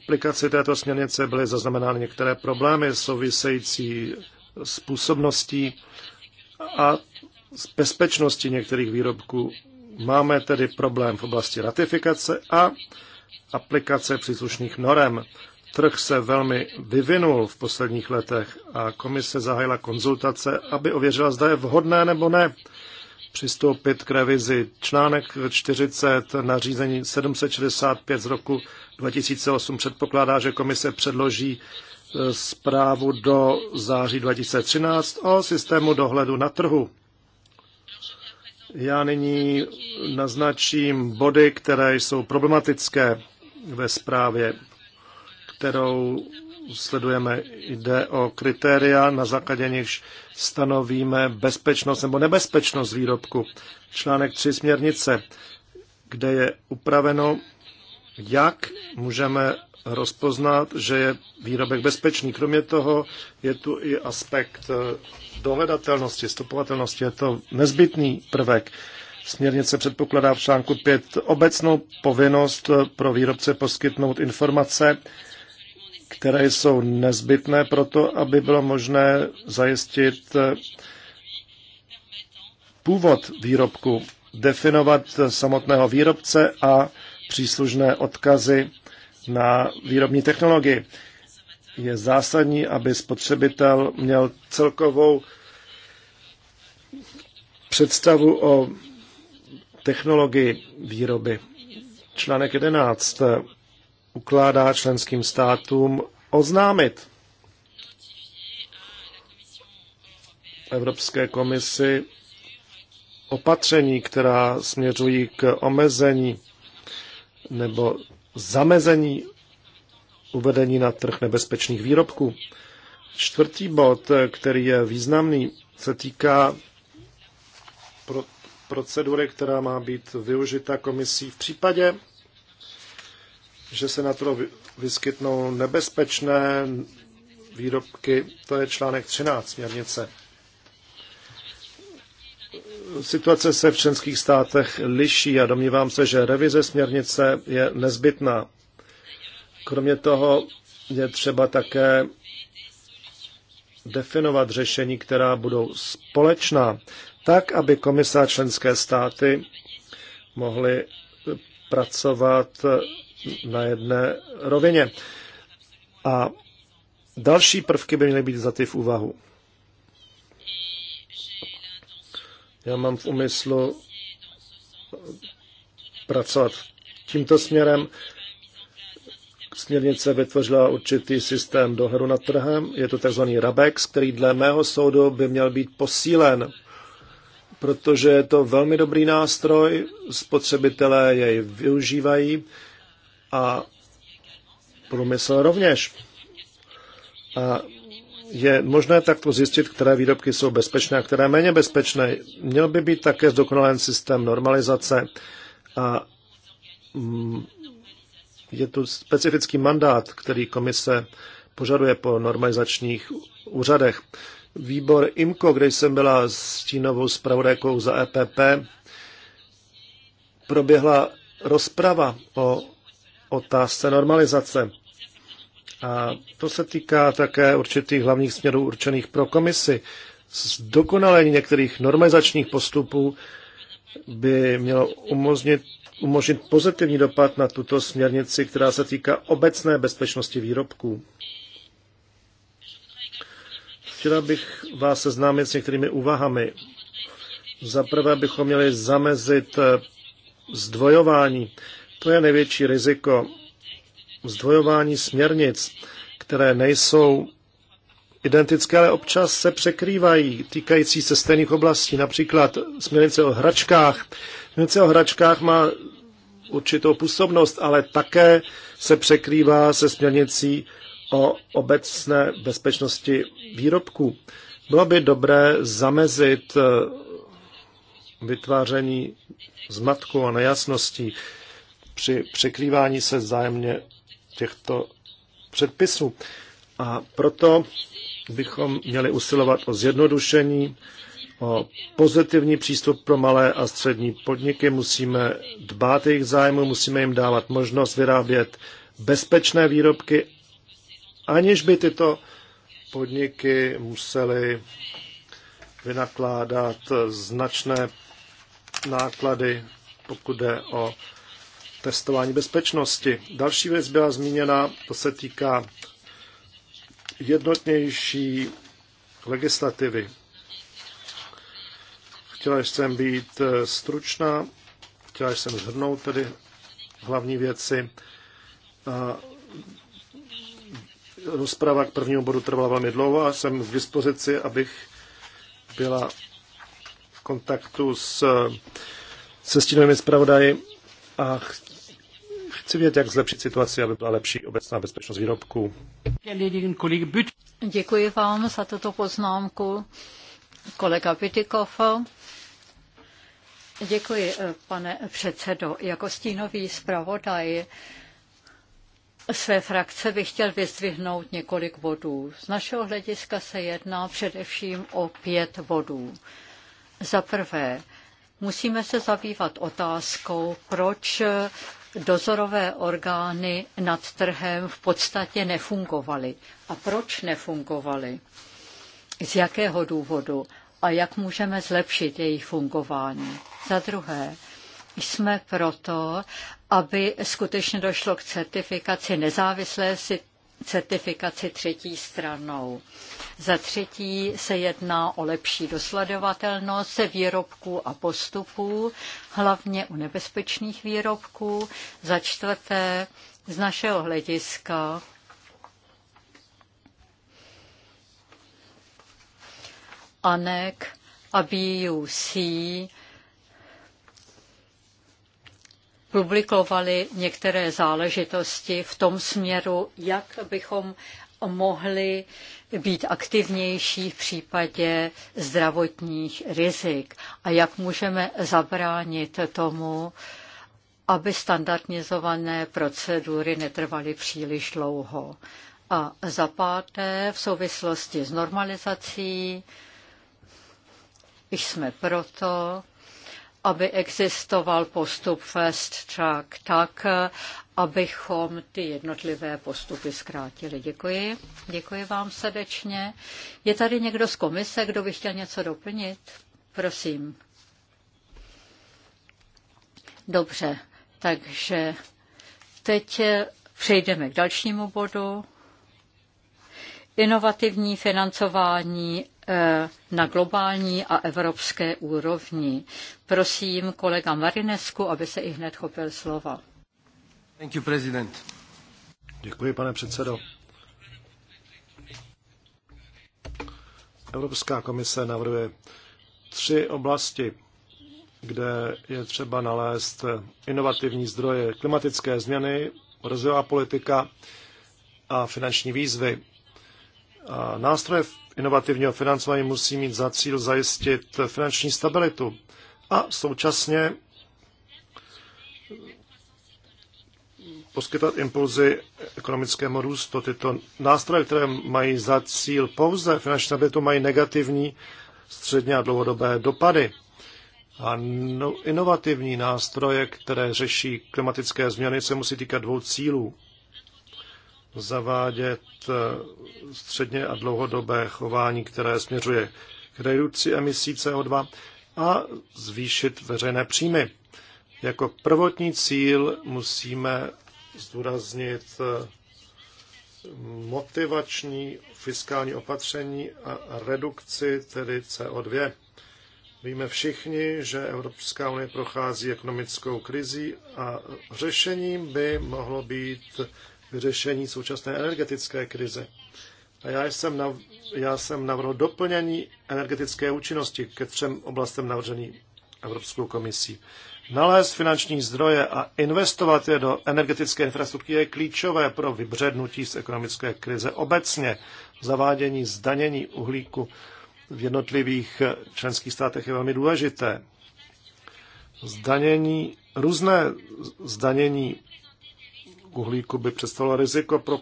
Speaker 1: aplikaci této směrnice byly zaznamenány některé problémy související s působností a s bezpečností některých výrobků. Máme tedy problém v oblasti ratifikace a aplikace příslušných norem. Trh se velmi vyvinul v posledních letech a komise zahájila konzultace, aby ověřila, zda je vhodné nebo ne přistoupit k revizi. Článek 40 nařízení 765 z roku 2008 předpokládá, že komise předloží e, zprávu do září 2013 o systému dohledu na trhu. Já nyní naznačím body, které jsou problematické ve zprávě, kterou sledujeme. Jde o kritéria, na základě nichž stanovíme bezpečnost nebo nebezpečnost výrobku. Článek 3 směrnice, kde je upraveno, jak můžeme rozpoznat, že je výrobek bezpečný. Kromě toho je tu i aspekt eh, dohledatelnosti, stopovatelnosti. Je to nezbytný prvek. Směrnice předpokládá v článku 5 obecnou povinnost eh, pro výrobce poskytnout informace, které jsou nezbytné pro to, aby bylo možné zajistit eh, původ výrobku, definovat samotného výrobce a příslušné odkazy na výrobní technologii. Je zásadní, aby spotřebitel měl celkovou představu o technologii výroby. Článek 11 ukládá členským státům oznámit Evropské komisi opatření, která směřují k omezení nebo zamezení uvedení na trh nebezpečných výrobků. Čtvrtý bod, který je významný, se týká pro procedury, která má být využita komisí v případě že se na to vyskytnou nebezpečné výrobky, to je článek 13 směrnice. Situace se v členských státech liší a domnívám se, že revize směrnice je nezbytná. Kromě toho je třeba také definovat řešení, která budou společná, tak, aby komise členské státy mohly pracovat na jedné rovině. A další prvky by měly být ty v úvahu. Já mám v úmyslu pracovat tímto směrem. Směrnice vytvořila určitý systém dohledu nad trhem. Je to tzv. RABEX, který dle mého soudu by měl být posílen, protože je to velmi dobrý nástroj, spotřebitelé jej využívají a průmysl rovněž. A je možné takto zjistit, které výrobky jsou bezpečné a které méně bezpečné. Měl by být také zdokonalen systém normalizace a mm, je tu specifický mandát, který komise požaduje po normalizačních úřadech. Výbor IMCO, kde jsem byla s Čínovou zpravodajkou za EPP, proběhla rozprava o otázce normalizace. A to se týká také určitých hlavních směrů určených pro komisi. Zdokonalení některých normalizačních postupů by mělo umožnit, umožnit pozitivní dopad na tuto směrnici, která se týká obecné bezpečnosti výrobků. Chtěla bych vás seznámit s některými úvahami. Za prvé bychom měli zamezit eh, zdvojování to je největší riziko zdvojování směrnic, které nejsou identické, ale občas se překrývají, týkající se stejných oblastí, například směrnice o hračkách. Směrnice o hračkách má určitou působnost, ale také se překrývá se směrnicí o obecné bezpečnosti výrobků. Bylo by dobré zamezit eh, vytváření zmatku a nejasností při překrývání se vzájemně těchto předpisů. A proto bychom měli usilovat o zjednodušení, o pozitivní přístup pro malé a střední podniky. Musíme dbát jejich zájmu, musíme jim dávat možnost vyrábět bezpečné výrobky, aniž by tyto podniky musely vynakládat značné náklady, pokud jde o testování bezpečnosti. Další věc byla zmíněna, to se týká jednotnější legislativy. Chtěla jsem být eh, stručná, chtěla jsem zhrnout tedy hlavní věci. rozprava k prvnímu bodu trvala velmi dlouho a jsem v dispozici, abych byla v kontaktu s, se stínovými zpravodaji a Chci vědět, jak zlepšit situaci, aby byla lepší obecná bezpečnost výrobků.
Speaker 3: Děkuji vám za tuto poznámku, kolega Pitikov. Děkuji, eh, pane předsedo. Jako stínový zpravodaj své frakce bych chtěl vyzdvihnout několik bodů. Z našeho hlediska se jedná především o pět bodů. Za prvé, musíme se zabývat otázkou, proč dozorové orgány nad trhem v podstatě nefungovaly. A proč nefungovaly? Z jakého důvodu? A jak můžeme zlepšit jejich fungování? Za druhé, jsme proto, aby skutečně došlo k certifikaci nezávislé certifikaci třetí stranou. Za třetí se jedná o lepší dosledovatelnost výrobků a postupů, hlavně u nebezpečných výrobků. Za čtvrté, z našeho hlediska ANEK a BUC publikovali některé záležitosti v tom směru, jak bychom mohli být aktivnější v případě zdravotních rizik a jak můžeme zabránit tomu, aby standardizované procedury netrvaly příliš dlouho. A za páté, v souvislosti s normalizací, jsme proto, aby existoval postup fast track tak, abychom ty jednotlivé postupy zkrátili. Děkuji. Děkuji vám srdečně. Je tady někdo z komise, kdo by chtěl něco doplnit? Prosím. Dobře, takže teď přejdeme k dalšímu bodu. Inovativní financování na globální a evropské úrovni. Prosím kolega Marinesku, aby se i hned chopil slova.
Speaker 1: Thank you, president. Děkuji, pane předsedo. Evropská komise navrhuje tři oblasti, kde je třeba nalézt inovativní zdroje klimatické změny, rozvojová politika a finanční výzvy. A nástroje v inovativního financování musí mít za cíl zajistit finanční stabilitu a současně poskytovat impulzy ekonomickému růstu. Tyto nástroje, které mají za cíl pouze finanční stabilitu, mají negativní středně a dlouhodobé dopady. A no, inovativní nástroje, které řeší klimatické změny, se musí týkat dvou cílů zavádět eh, středně a dlouhodobé chování, které směřuje k redukci emisí CO2 a zvýšit veřejné příjmy. Jako prvotní cíl musíme zdůraznit eh, motivační fiskální opatření a redukci tedy CO2. Víme všichni, že Evropská unie prochází ekonomickou krizí a řešením by mohlo být vyřešení současné energetické krize. A já jsem, nav, já jsem navrhl doplnění energetické účinnosti ke třem oblastem navržený Evropskou komisí. Nalézt finanční zdroje a investovat je do energetické infrastruktury je klíčové pro vybřednutí z ekonomické krize obecně. Zavádění zdanění uhlíku v jednotlivých členských státech je velmi důležité. Zdanění, různé zdanění uhlíku by představilo riziko pro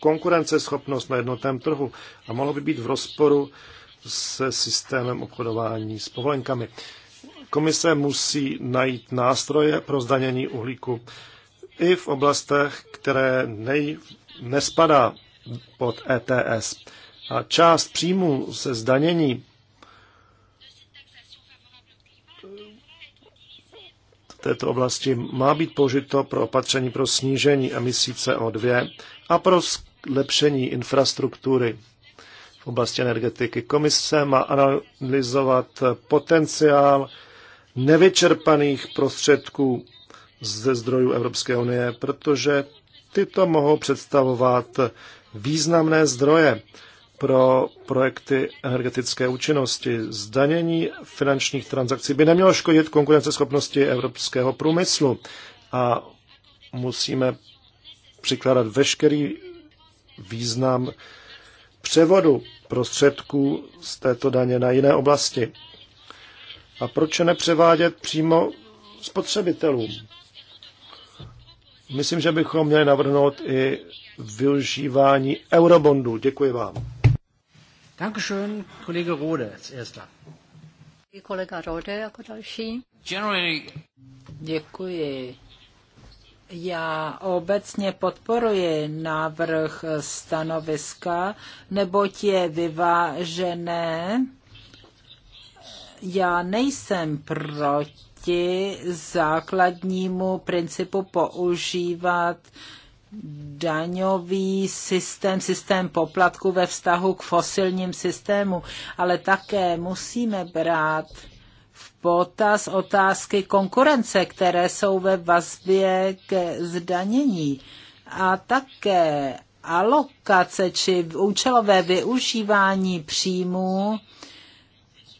Speaker 1: konkurenceschopnost na jednotném trhu a mohlo by být v rozporu se systémem obchodování s povolenkami. Komise musí najít nástroje pro zdanění uhlíku i v oblastech, které nej, nespadá pod ETS. A část příjmů se zdanění této oblasti má být použito pro opatření pro snížení emisí CO2 a pro zlepšení infrastruktury v oblasti energetiky. Komise má analyzovat potenciál nevyčerpaných prostředků ze zdrojů Evropské unie, protože tyto mohou představovat významné zdroje pro projekty energetické účinnosti. Zdanění finančních transakcí by nemělo škodit konkurenceschopnosti evropského průmyslu a musíme přikládat veškerý význam převodu prostředků z této daně na jiné oblasti. A proč nepřevádět přímo spotřebitelům? Myslím, že bychom měli navrhnout i využívání eurobondů. Děkuji vám.
Speaker 2: Dankeschön, Rode als erster.
Speaker 3: Rode jako další.
Speaker 2: Generally... Děkuji. Já obecně podporuji návrh stanoviska, neboť je vyvážené. Já nejsem proti základnímu principu používat daňový systém, systém poplatku ve vztahu k fosilním systému, ale také musíme brát v potaz otázky konkurence, které jsou ve vazbě k zdanění a také alokace či účelové využívání příjmů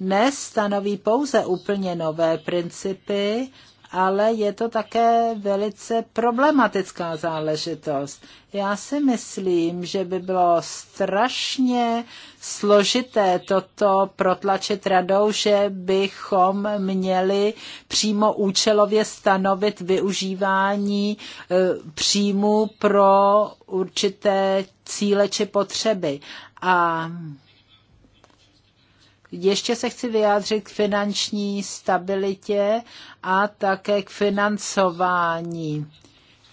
Speaker 2: nestanoví pouze úplně nové principy, ale je to také velice problematická záležitost. Já si myslím, že by bylo strašně složité toto protlačit radou, že bychom měli přímo účelově stanovit využívání e, příjmu pro určité cíle či potřeby. A ještě se chci vyjádřit k finanční stabilitě a také k financování.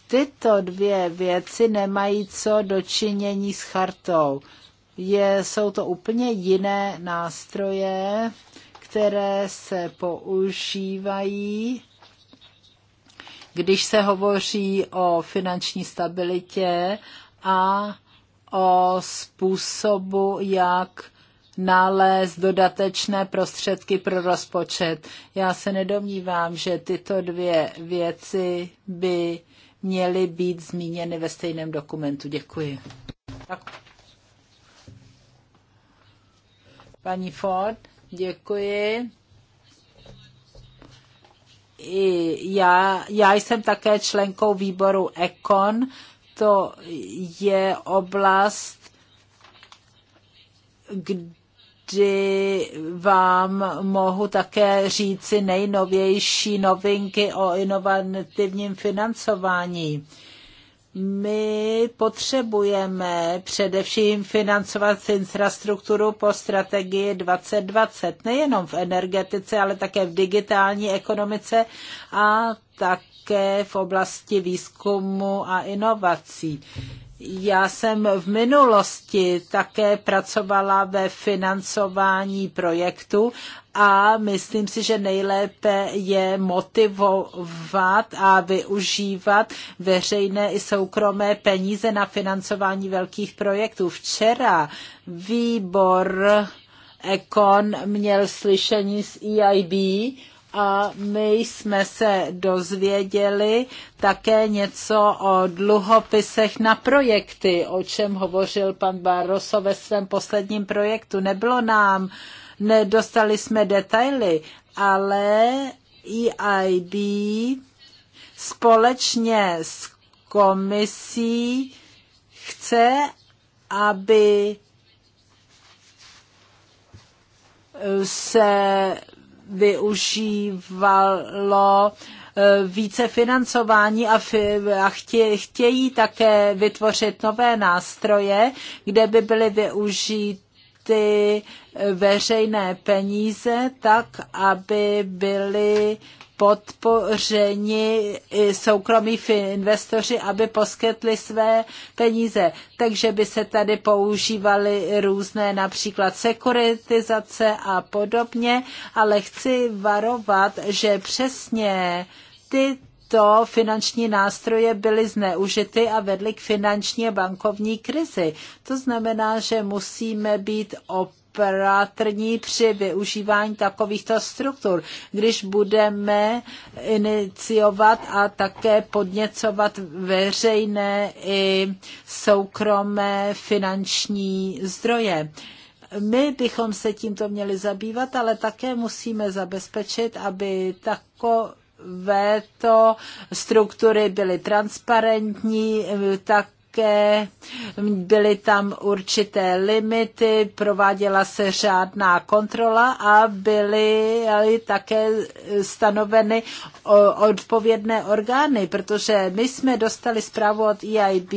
Speaker 2: Tyto dvě věci nemají co dočinění s chartou. Je, jsou to úplně jiné nástroje, které se používají, když se hovoří o finanční stabilitě a o způsobu, jak nalézt dodatečné prostředky pro rozpočet. Já se nedomnívám, že tyto dvě věci by měly být zmíněny ve stejném dokumentu. Děkuji. Tak. Paní Ford, děkuji. I já, já jsem také členkou výboru ECON. To je oblast, kde kdy vám mohu také říci nejnovější novinky o inovativním financování. My potřebujeme především financovat infrastrukturu po strategii 2020, nejenom v energetice, ale také v digitální ekonomice a také v oblasti výzkumu a inovací. Já jsem v minulosti také pracovala ve financování projektu a myslím si, že nejlépe je motivovat a využívat veřejné i soukromé peníze na financování velkých projektů. Včera výbor Econ měl slyšení s EIB a my jsme se dozvěděli také něco o dluhopisech na projekty, o čem hovořil pan Barroso ve svém posledním projektu. Nebylo nám, nedostali jsme detaily, ale EIB společně s komisí chce, aby se využívalo eh, více financování a, a chtě, chtějí také vytvořit nové nástroje, kde by byly využity eh, veřejné peníze tak, aby byly podpořeni soukromí investoři, aby poskytli své peníze. Takže by se tady používaly různé například sekuritizace a podobně, ale chci varovat, že přesně ty tyto finanční nástroje byly zneužity a vedly k finanční a bankovní krizi. To znamená, že musíme být op opatrní při využívání takovýchto struktur, když budeme iniciovat a také podněcovat veřejné i soukromé finanční zdroje. My bychom se tímto měli zabývat, ale také musíme zabezpečit, aby takovéto struktury byly transparentní, tak také byly tam určité limity, prováděla se řádná kontrola a byly také stanoveny odpovědné orgány, protože my jsme dostali zprávu od EIB,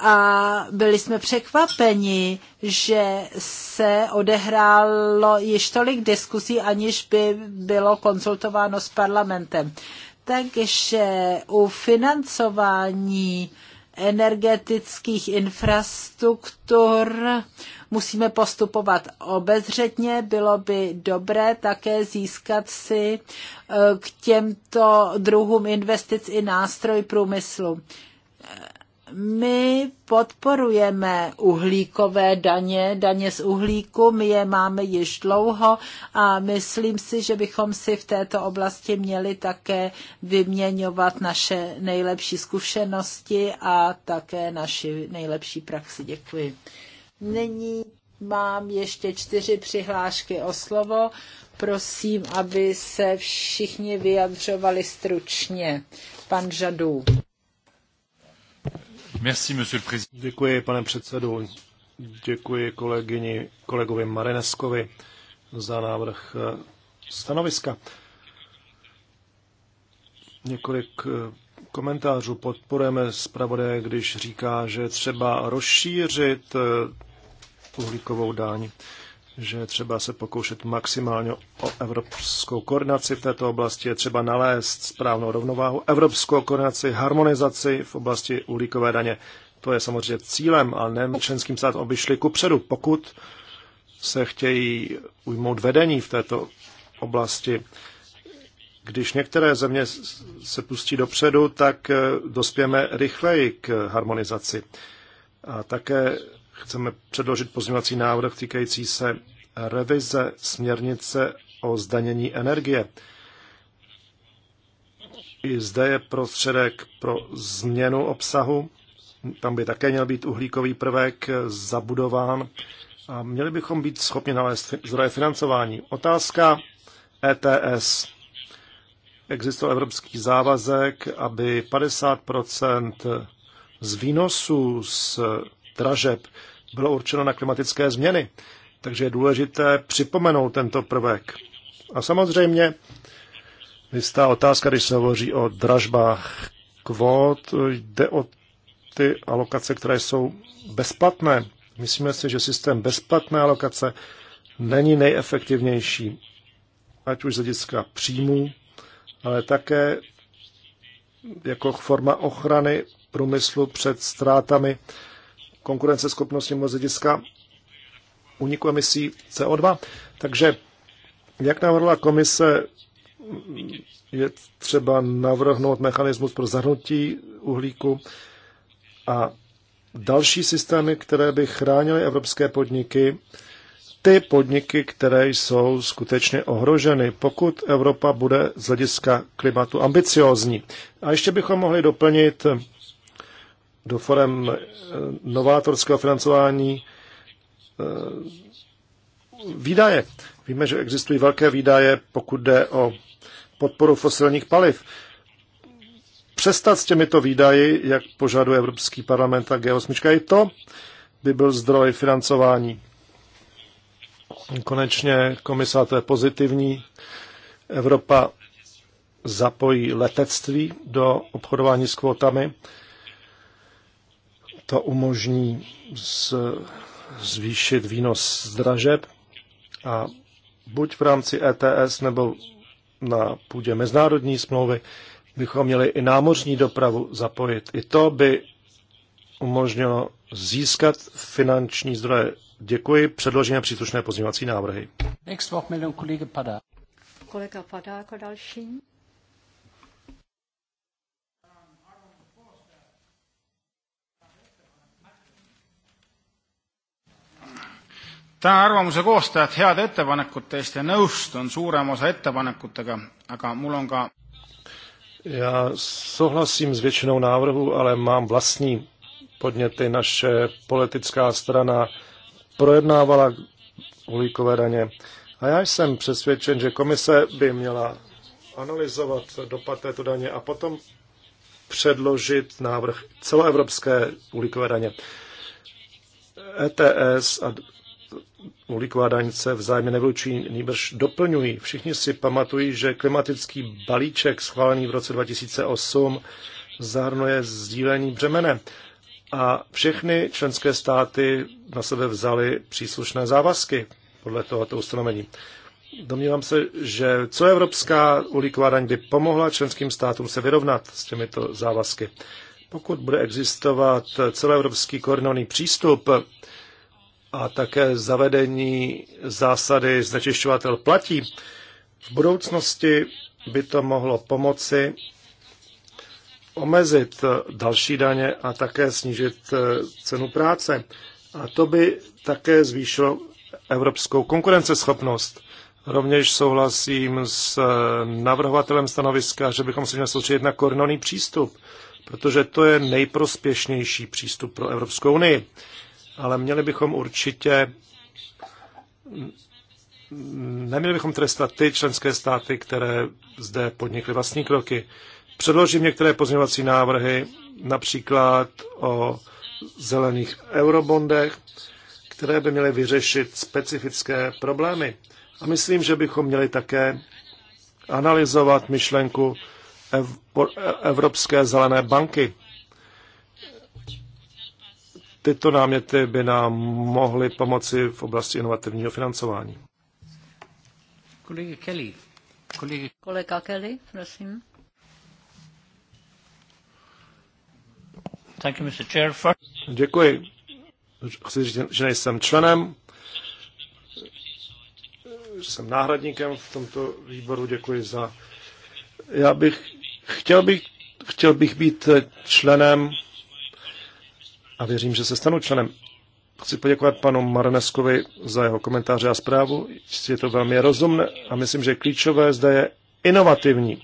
Speaker 2: a byli jsme překvapeni, že se odehrálo již tolik diskuzí, aniž by bylo konzultováno s parlamentem. Takže u financování energetických infrastruktur musíme postupovat obezřetně. Bylo by dobré také získat si eh, k těmto druhům investic i nástroj průmyslu my podporujeme uhlíkové daně, daně z uhlíku, my je máme již dlouho a myslím si, že bychom si v této oblasti měli také vyměňovat naše nejlepší zkušenosti a také naši nejlepší praxi. Děkuji. Nyní mám ještě čtyři přihlášky o slovo. Prosím, aby se všichni vyjadřovali stručně. Pan Žadů.
Speaker 1: Děkuji, pane předsedu. Děkuji kolegyni, kolegovi Marineskovi za návrh eh, stanoviska. Několik eh, komentářů. Podporujeme zpravodaje, když říká, že třeba rozšířit eh, uhlíkovou daň že je třeba se pokoušet maximálně o evropskou koordinaci v této oblasti, je třeba nalézt správnou rovnováhu, evropskou koordinaci, harmonizaci v oblasti uhlíkové daně. To je samozřejmě cílem, ale ne členským státům, aby šli předu pokud se chtějí ujmout vedení v této oblasti. Když některé země se pustí dopředu, tak eh, dospěme rychleji k harmonizaci. A také chceme předložit pozměňovací návrh týkající se revize směrnice o zdanění energie. I zde je prostředek pro změnu obsahu. Tam by také měl být uhlíkový prvek zabudován. A měli bychom být schopni nalézt zdroje financování. Otázka ETS. Existoval evropský závazek, aby 50 z výnosů z dražeb bylo určeno na klimatické změny. Takže je důležité připomenout tento prvek. A samozřejmě jistá otázka, když se hovoří o dražbách kvót, jde o ty alokace, které jsou bezplatné. Myslíme si, že systém bezplatné alokace není nejefektivnější, ať už z hlediska příjmů, ale také jako forma ochrany průmyslu před ztrátami konkurenceschopnosti z hlediska uniku emisí CO2. Takže, jak navrhla komise, je třeba navrhnout mechanismus pro zahrnutí uhlíku a další systémy, které by chránily evropské podniky, ty podniky, které jsou skutečně ohroženy, pokud Evropa bude z hlediska klimatu ambiciózní. A ještě bychom mohli doplnit do forem eh, novátorského financování eh, výdaje. Víme, že existují velké výdaje, pokud jde o podporu fosilních paliv. Přestat s těmito výdaji, jak požaduje Evropský parlament a G8, i to by byl zdroj financování. Konečně komisa, to je pozitivní. Evropa zapojí letectví do obchodování s kvotami. To umožní z, zvýšit výnos z dražeb a buď v rámci ETS nebo na půdě mezinárodní smlouvy bychom měli i námořní dopravu zapojit. I to by umožnilo získat finanční zdroje. Děkuji, předložené příslušné pozměňovací návrhy.
Speaker 3: Kolega Padá jako další.
Speaker 1: täna arvamuse koostajad heade ettepanekute eest ja nõustun suurema osa ettepanekutega, aga mul on ka Já souhlasím s většinou návrhu, ale mám vlastní podněty. Naše politická strana projednávala uhlíkové daně. A já jsem přesvědčen, že komise by měla analyzovat dopad této daně a potom předložit návrh celoevropské uhlíkové daně. ETS a uhlíková daň se vzájemně nevylučují, nýbrž doplňují. Všichni si pamatují, že klimatický balíček schválený v roce 2008 zahrnuje sdílení břemene a všechny členské státy na sebe vzaly příslušné závazky podle tohoto ustanovení. Domnívám se, že co evropská uhlíková daň by pomohla členským státům se vyrovnat s těmito závazky. Pokud bude existovat celoevropský koordinovaný přístup, a také zavedení zásady znečišťovatel platí, v budoucnosti by to mohlo pomoci omezit další daně a také snížit eh, cenu práce. A to by také zvýšilo evropskou konkurenceschopnost. Rovněž souhlasím s eh, navrhovatelem stanoviska, že bychom se měli soustředit na koordinovaný přístup, protože to je nejprospěšnější přístup pro Evropskou unii ale měli bychom určitě neměli bychom trestat ty členské státy, které zde podnikly vlastní kroky. Předložím některé pozměňovací návrhy, například o zelených eurobondech, které by měly vyřešit specifické problémy. A myslím, že bychom měli také analyzovat myšlenku Evropské zelené banky, tyto náměty by nám mohly pomoci v oblasti inovativního financování.
Speaker 3: Kolega Kelly. Kolega, Kolega Kelly, prosím.
Speaker 1: Thank you, Mr. Chair. Děkuji. Chci říct, že nejsem členem, jsem náhradníkem v tomto výboru, děkuji za... Já bych, chtěl bych, chtěl bych být členem a věřím, že se stanu členem. Chci poděkovat panu Marneskovi za jeho komentáře a zprávu. Je to velmi rozumné a myslím, že klíčové zde je inovativní.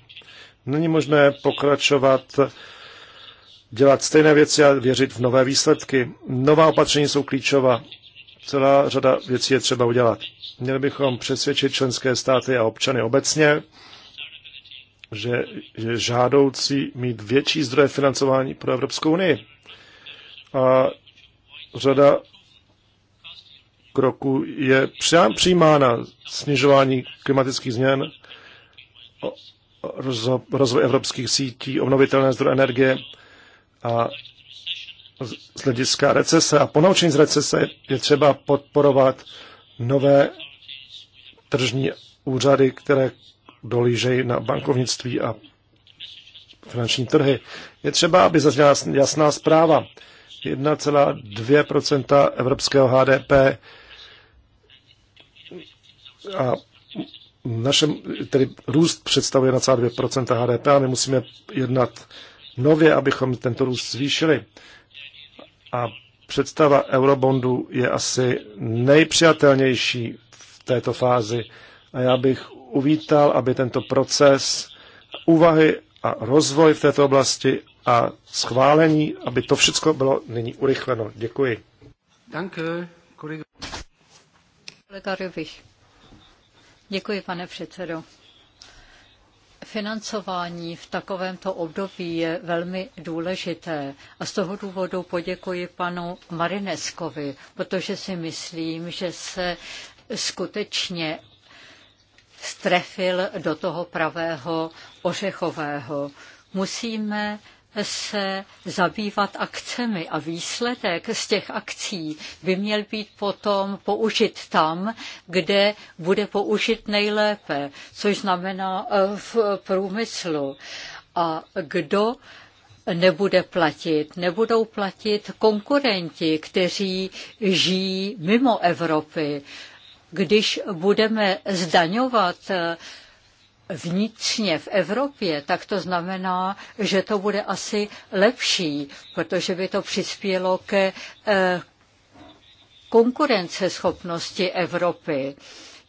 Speaker 1: Není možné pokračovat dělat stejné věci a věřit v nové výsledky. Nová opatření jsou klíčová. Celá řada věcí je třeba udělat. Měli bychom přesvědčit členské státy a občany obecně, že je žádoucí mít větší zdroje financování pro Evropskou unii a řada kroků je přijímána snižování klimatických změn, rozvoj evropských sítí, obnovitelné zdroje energie a z hlediska recese a ponaučení z recese je třeba podporovat nové tržní úřady, které dolížejí na bankovnictví a finanční trhy. Je třeba, aby zazněla jasná zpráva 1,2 evropského HDP. A našem, tedy růst představuje 1,2 HDP a my musíme jednat nově, abychom tento růst zvýšili. A představa eurobondu je asi nejpřijatelnější v této fázi. A já bych uvítal, aby tento proces úvahy a rozvoj v této oblasti a schválení, aby to všechno bylo nyní urychleno. Děkuji.
Speaker 3: Děkuji, pane předsedo. Financování v takovémto období je velmi důležité a z toho důvodu poděkuji panu Marineskovi, protože si myslím, že se skutečně strefil do toho pravého ořechového. Musíme se zabývat akcemi a výsledek z těch akcí by měl být potom použit tam, kde bude použit nejlépe, což znamená eh, v průmyslu. A kdo nebude platit, nebudou platit konkurenti, kteří žijí mimo Evropy. Když budeme zdaňovat eh, vnitřně v Evropě, tak to znamená, že to bude asi lepší, protože by to přispělo ke eh, konkurenceschopnosti Evropy.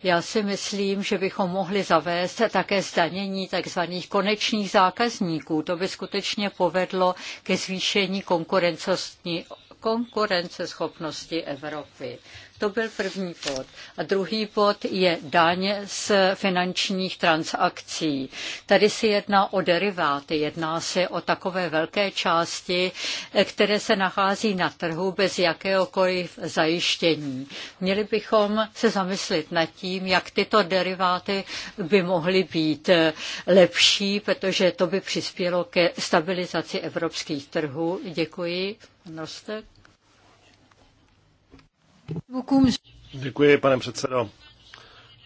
Speaker 3: Já si myslím, že bychom mohli zavést také zdanění tzv. konečných zákazníků. To by skutečně povedlo ke zvýšení konkurenceschopnosti Evropy. To byl první bod. A druhý bod je daň z finančních transakcí. Tady se jedná o deriváty, jedná se o takové velké části, eh, které se nachází na trhu bez jakéhokoliv zajištění. Měli bychom se zamyslet nad tím, jak tyto deriváty by mohly být eh, lepší, protože to by přispělo ke stabilizaci evropských trhů. Děkuji. Pan Rostek.
Speaker 1: Děkuji, pane předsedo.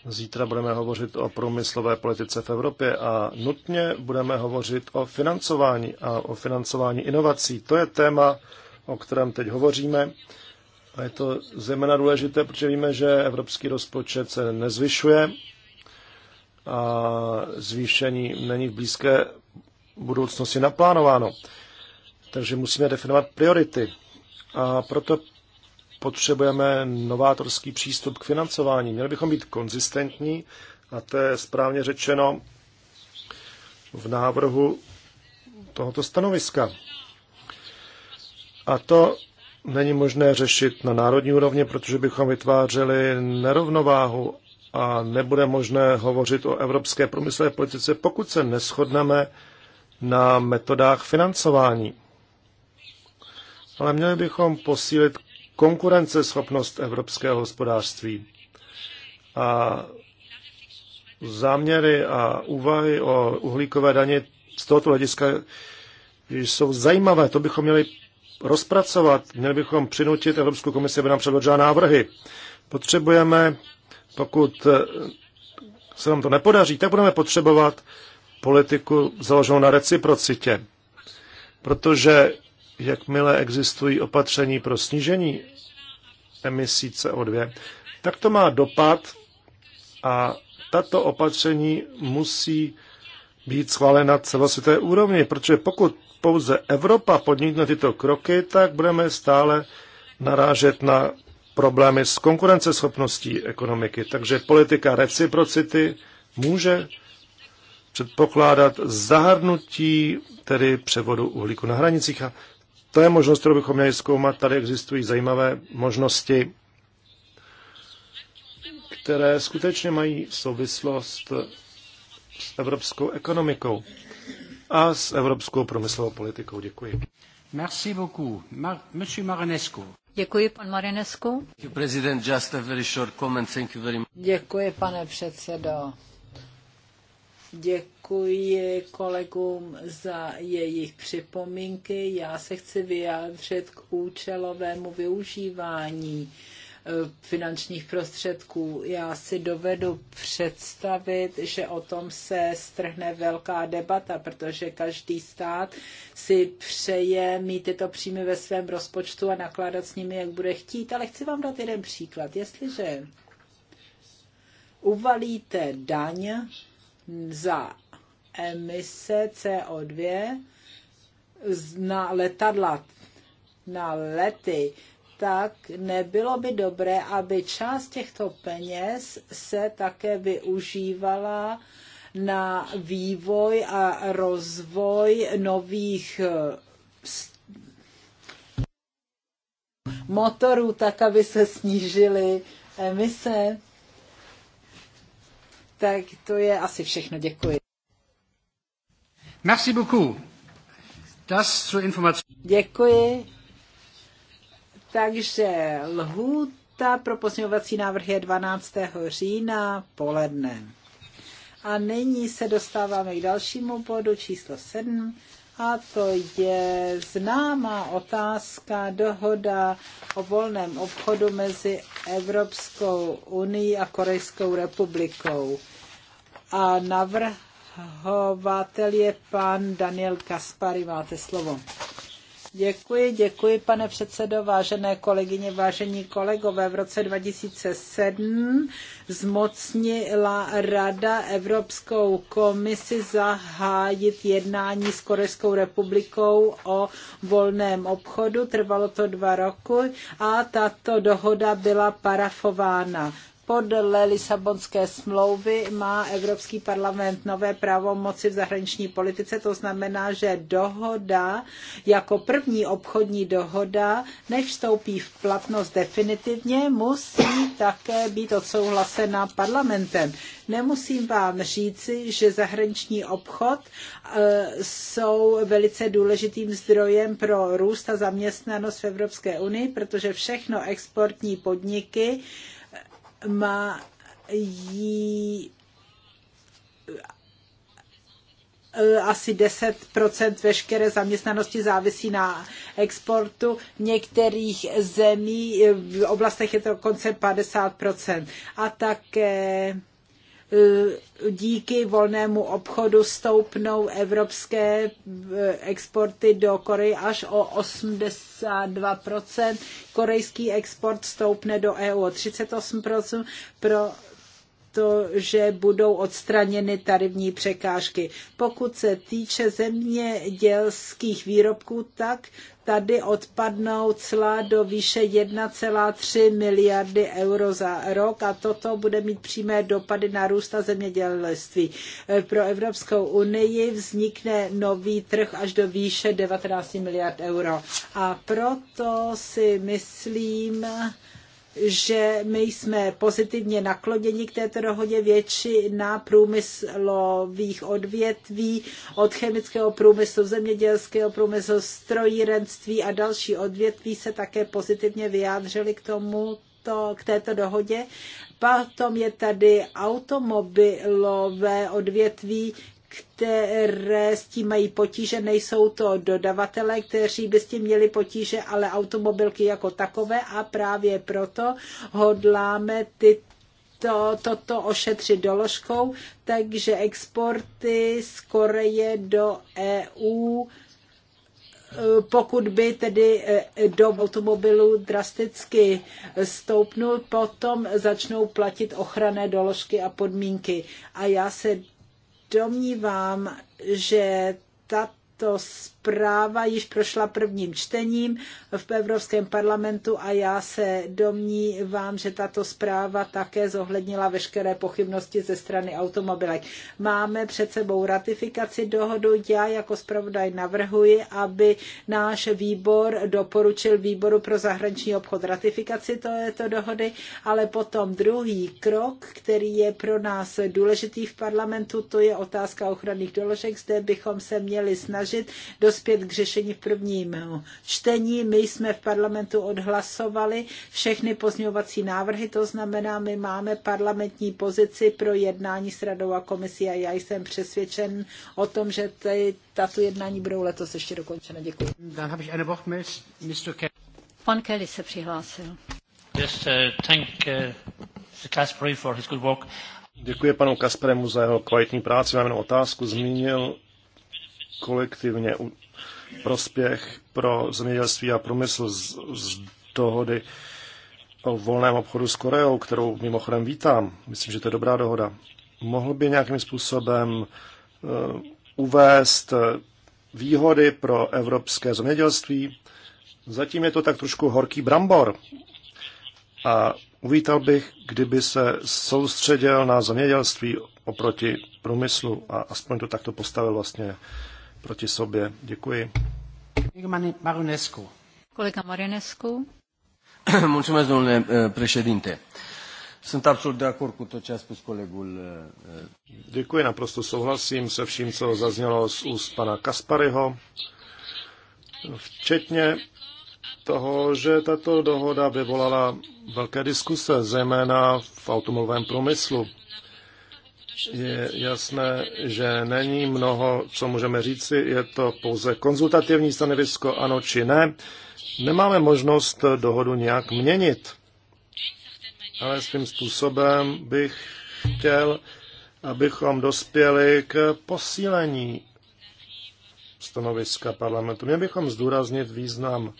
Speaker 1: Zítra budeme hovořit o průmyslové politice v Evropě a nutně budeme hovořit o financování a o financování inovací. To je téma, o kterém teď hovoříme. A je to zejména důležité, protože víme, že evropský rozpočet se nezvyšuje a zvýšení není v blízké budoucnosti naplánováno. Takže musíme definovat priority. A proto potřebujeme novátorský přístup k financování. Měli bychom být konzistentní a to je správně řečeno v návrhu tohoto stanoviska. A to není možné řešit na národní úrovni, protože bychom vytvářeli nerovnováhu a nebude možné hovořit o evropské průmyslové politice, pokud se neschodneme na metodách financování. Ale měli bychom posílit konkurenceschopnost evropského hospodářství. A záměry a úvahy o uhlíkové daně z tohoto hlediska jsou zajímavé. To bychom měli rozpracovat. Měli bychom přinutit Evropskou komisi, aby nám předložila návrhy. Potřebujeme, pokud se nám to nepodaří, tak budeme potřebovat politiku založenou na reciprocitě. Protože jakmile existují opatření pro snížení emisí CO2, tak to má dopad a tato opatření musí být schválena celosvětové úrovni, protože pokud pouze Evropa podnikne tyto kroky, tak budeme stále narážet na problémy s konkurenceschopností ekonomiky. Takže politika reciprocity může předpokládat zahrnutí tedy převodu uhlíku na hranicích a to je možnost, kterou bychom měli zkoumat. Tady existují zajímavé možnosti, které skutečně mají souvislost s evropskou ekonomikou a s evropskou průmyslovou politikou. Děkuji. Merci beaucoup. Mar- Monsieur Marinescu.
Speaker 3: Děkuji, pan Marinescu.
Speaker 2: Děkuji, pane předsedo. Děkuji děkuji kolegům za jejich připomínky. Já se chci vyjádřit k účelovému využívání eh, finančních prostředků. Já si dovedu představit, že o tom se strhne velká debata, protože každý stát si přeje mít tyto příjmy ve svém rozpočtu a nakládat s nimi, jak bude chtít. Ale chci vám dát jeden příklad. Jestliže uvalíte daň za emise CO2 na letadla, na lety, tak nebylo by dobré, aby část těchto peněz se také využívala na vývoj a rozvoj nových eh, motorů, tak aby se snížily emise. Tak to je asi všechno. Děkuji.
Speaker 1: Merci beaucoup.
Speaker 2: Das zur Information. Děkuji. Takže lhůta pro posměvací návrh je 12. října poledne. A nyní se dostáváme k dalšímu bodu číslo 7 a to je známá otázka dohoda o volném obchodu mezi Evropskou unii a Korejskou republikou. A navrh navrhovatel je pan Daniel Kaspary. Máte slovo. Děkuji, děkuji, pane předsedo, vážené kolegyně, vážení kolegové. V roce 2007 zmocnila Rada Evropskou komisi zahájit jednání s Korejskou republikou o volném obchodu. Trvalo to dva roky a tato dohoda byla parafována. Podle Lisabonské smlouvy má Evropský parlament nové pravomoci v zahraniční politice, to znamená, že dohoda jako první obchodní dohoda, než vstoupí v platnost definitivně, musí také být odsouhlasena parlamentem. Nemusím vám říci, že zahraniční obchod e, jsou velice důležitým zdrojem pro růst a zaměstnanost v Evropské unii, protože všechno exportní podniky, jí eh, asi 10 veškeré zaměstnanosti závisí na exportu. V některých zemí eh, v oblastech je to konce 50 A také E, díky volnému obchodu stoupnou evropské e, exporty do Koreje až o 82%, korejský export stoupne do EU o 38%, pro to, že budou odstraněny tarifní překážky. Pokud se týče zemědělských výrobků, tak tady odpadnou cla do výše 1,3 miliardy euro za rok a toto bude mít přímé dopady na růst a zemědělství. Pro Evropskou unii vznikne nový trh až do výše 19 miliard euro. A proto si myslím, že my jsme pozitivně nakloněni k této dohodě. Většina průmyslových odvětví, od chemického průmyslu, zemědělského průmyslu, strojírenství a další odvětví se také pozitivně vyjádřili k tomu, to, k této dohodě. Potom je tady automobilové odvětví, které s tím mají potíže, nejsou to dodavatelé, kteří by s tím měli potíže, ale automobilky jako takové a právě proto hodláme ty to, toto ošetřit doložkou, takže exporty z Koreje do EU pokud by tedy eh, do automobilů drasticky stoupnul, potom začnou platit ochranné doložky a podmínky. A já se domnívám, že tato tato zpráva již prošla prvním čtením v Evropském parlamentu a já se domnívám, že tato zpráva také zohlednila veškeré pochybnosti ze strany automobilek. Máme před sebou ratifikaci dohodu. Já jako zpravodaj navrhuji, aby náš výbor doporučil výboru pro zahraniční obchod ratifikaci této dohody, ale potom druhý krok, který je pro nás důležitý v parlamentu, to je otázka ochranných doložek. Zde bychom se měli snažit snažit dospět k řešení v prvním čtení. My jsme v parlamentu odhlasovali všechny pozňovací návrhy, to znamená, my máme parlamentní pozici pro jednání s radou a komisí a já jsem přesvědčen o tom, že tady tato jednání budou letos ještě dokončena. Děkuji.
Speaker 3: Pan Kelly se přihlásil. Uh,
Speaker 1: uh, Děkuji panu Kasperemu za jeho kvalitní práci. Mám jenom otázku. Zmínil kolektivně prospěch pro zemědělství a průmysl z, z dohody o volném obchodu s Koreou, kterou mimochodem vítám. Myslím, že to je dobrá dohoda. Mohl by nějakým způsobem uh, uvést eh, výhody pro evropské zemědělství. Zatím je to tak trošku horký brambor. A uvítal bych, kdyby se soustředil na zemědělství oproti průmyslu a aspoň to takto postavil vlastně proti sobě. Děkuji.
Speaker 3: Kolega Marinescu.
Speaker 1: Mulțumesc, domnule eh, președinte. Sunt absolut de acord cu tot ce a spus colegul. Eh, eh. Děkuji, naprosto souhlasím se vším, co zaznělo z úst pana Kaspariho, včetně toho, že tato dohoda vyvolala velké diskuse, zejména v automobilovém průmyslu je jasné, že není mnoho, co můžeme říci, je to pouze konzultativní stanovisko, ano či ne. Nemáme možnost dohodu nějak měnit, ale svým způsobem bych chtěl, abychom dospěli k posílení stanoviska parlamentu. Měli bychom zdůraznit význam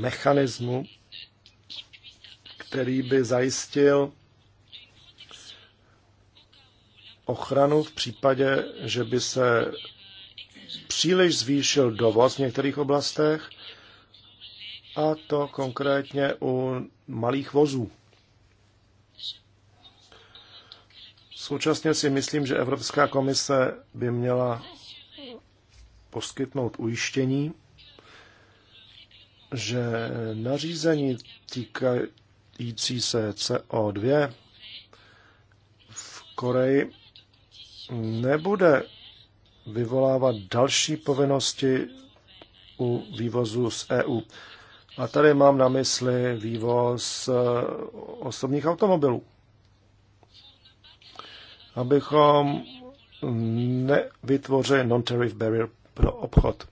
Speaker 1: mechanismu, který by zajistil ochranu v případě, že by se příliš zvýšil dovoz v některých oblastech, a to konkrétně u malých vozů. Současně si myslím, že Evropská komise by měla poskytnout ujištění, že nařízení týkající se CO2 v Koreji nebude vyvolávat další povinnosti u vývozu z EU. A tady mám na mysli vývoz eh, osobních automobilů. Abychom nevytvořili non-tariff barrier pro obchod.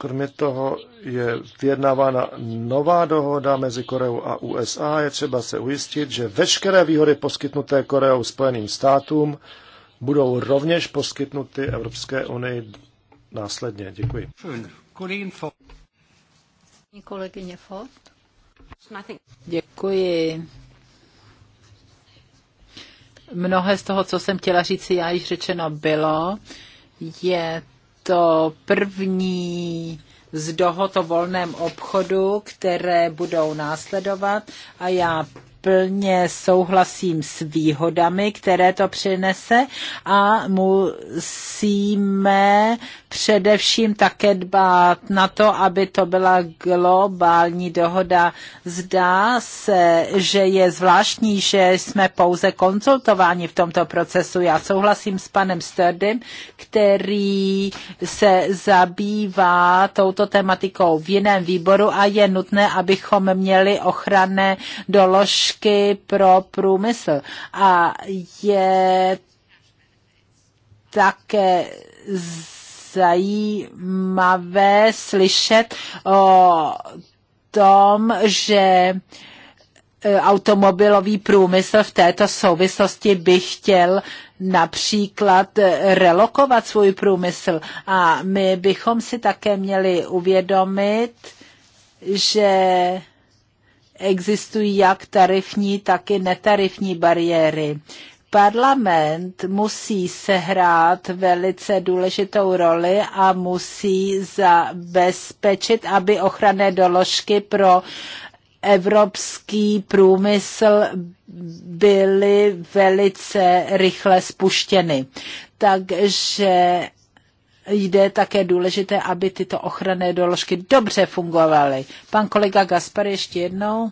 Speaker 1: Kromě toho je vyjednávána nová dohoda mezi Koreou a USA. Je třeba se ujistit, že veškeré výhody poskytnuté Koreou Spojeným státům budou rovněž poskytnuty Evropské unii následně. Děkuji. Kolegyně Děkuji.
Speaker 2: Mnohé z toho, co jsem chtěla říct, já již řečeno bylo. Je to první z dohod o volném obchodu, které budou následovat a já plně souhlasím s výhodami, které to přinese a musíme především také dbát na to, aby to byla globální dohoda. Zdá se, že je zvláštní, že jsme pouze konzultováni v tomto procesu. Já souhlasím s panem Sturdym, který se zabývá touto tematikou v jiném výboru a je nutné, abychom měli ochranné doložky pro průmysl. A je také z zajímavé slyšet o tom, že e, automobilový průmysl v této souvislosti by chtěl například e, relokovat svůj průmysl. A my bychom si také měli uvědomit, že existují jak tarifní, tak i netarifní bariéry. Parlament musí sehrát velice důležitou roli a musí zabezpečit, aby ochranné doložky pro evropský průmysl byly velice rychle spuštěny. Takže jde také důležité, aby tyto ochranné doložky dobře fungovaly. Pan kolega Gaspar ještě jednou. Uh,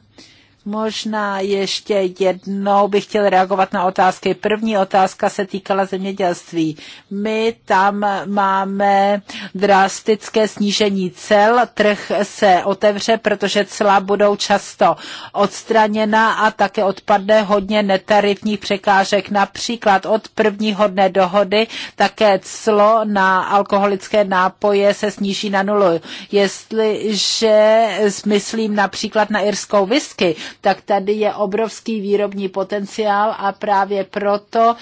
Speaker 2: Možná ještě jednou bych chtěl reagovat na otázky. První otázka se týkala zemědělství. My tam máme drastické snížení cel, trh se otevře, protože cela budou často odstraněna a také odpadne hodně netarifních překážek. Například od prvního dne dohody také clo na alkoholické nápoje se sníží na nulu. Jestliže myslím například na irskou whisky, tak tady je obrovský výrobní potenciál a právě proto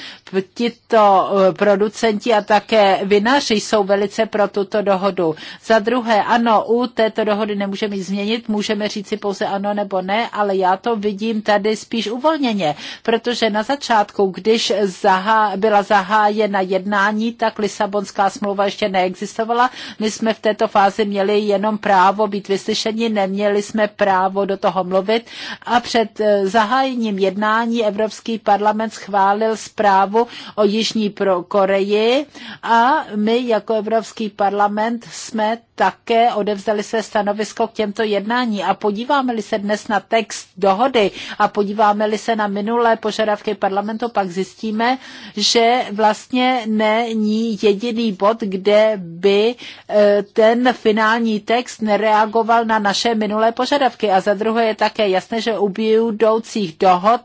Speaker 2: tito eh, producenti a také vinaři jsou velice pro tuto dohodu. Za druhé, ano, u této dohody nemůžeme ji změnit, můžeme říci pouze ano nebo ne, ale já to vidím tady spíš uvolněně, protože na začátku, když zahá, byla zahájena jednání, tak Lisabonská smlouva ještě neexistovala. My jsme v této fázi měli jenom právo být vyslyšeni, neměli jsme právo do toho mluvit a před eh, zahájením jednání Evropský parlament schválil zprávu o Jižní Koreji a my jako Evropský parlament jsme také odevzdali své stanovisko k těmto jednání. A podíváme-li se dnes na text dohody a podíváme-li se na minulé požadavky parlamentu, pak zjistíme, že vlastně není jediný bod, kde by e, ten finální text nereagoval na naše minulé požadavky. A za druhé je také jasné, že u budoucích dohod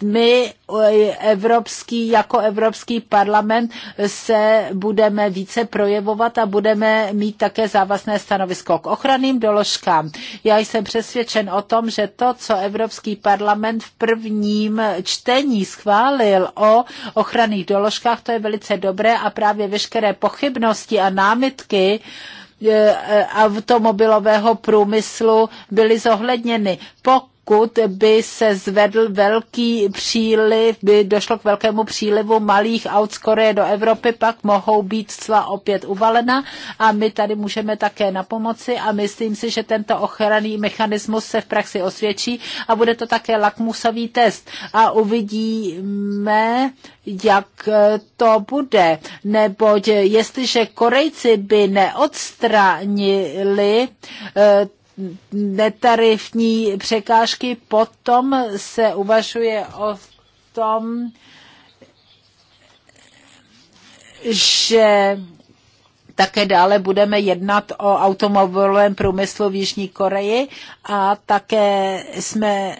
Speaker 2: my eh, evropský, jako Evropský parlament se budeme více projevovat a budeme mít také závazné stanovisko k ochranným doložkám. Já jsem přesvědčen o tom, že to, co Evropský parlament v prvním čtení schválil o ochranných doložkách, to je velice dobré a právě veškeré pochybnosti a námitky, eh, eh, automobilového průmyslu byly zohledněny. Pokud pokud by se zvedl velký příliv, by došlo k velkému přílivu malých aut z Koreje do Evropy, pak mohou být cla opět uvalena a my tady můžeme také na pomoci a myslím si, že tento ochranný mechanismus se v praxi osvědčí a bude to také lakmusový test a uvidíme, jak to bude, neboť jestliže Korejci by neodstranili eh, netarifní překážky, potom se uvažuje o tom, že také dále budeme jednat o automobilovém průmyslu v Jižní Koreji a také jsme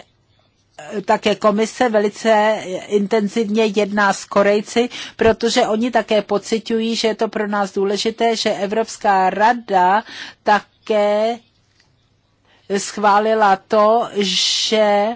Speaker 2: také komise velice intenzivně jedná s Korejci, protože oni také pocitují, že je to pro nás důležité, že Evropská rada také schválila to, že e,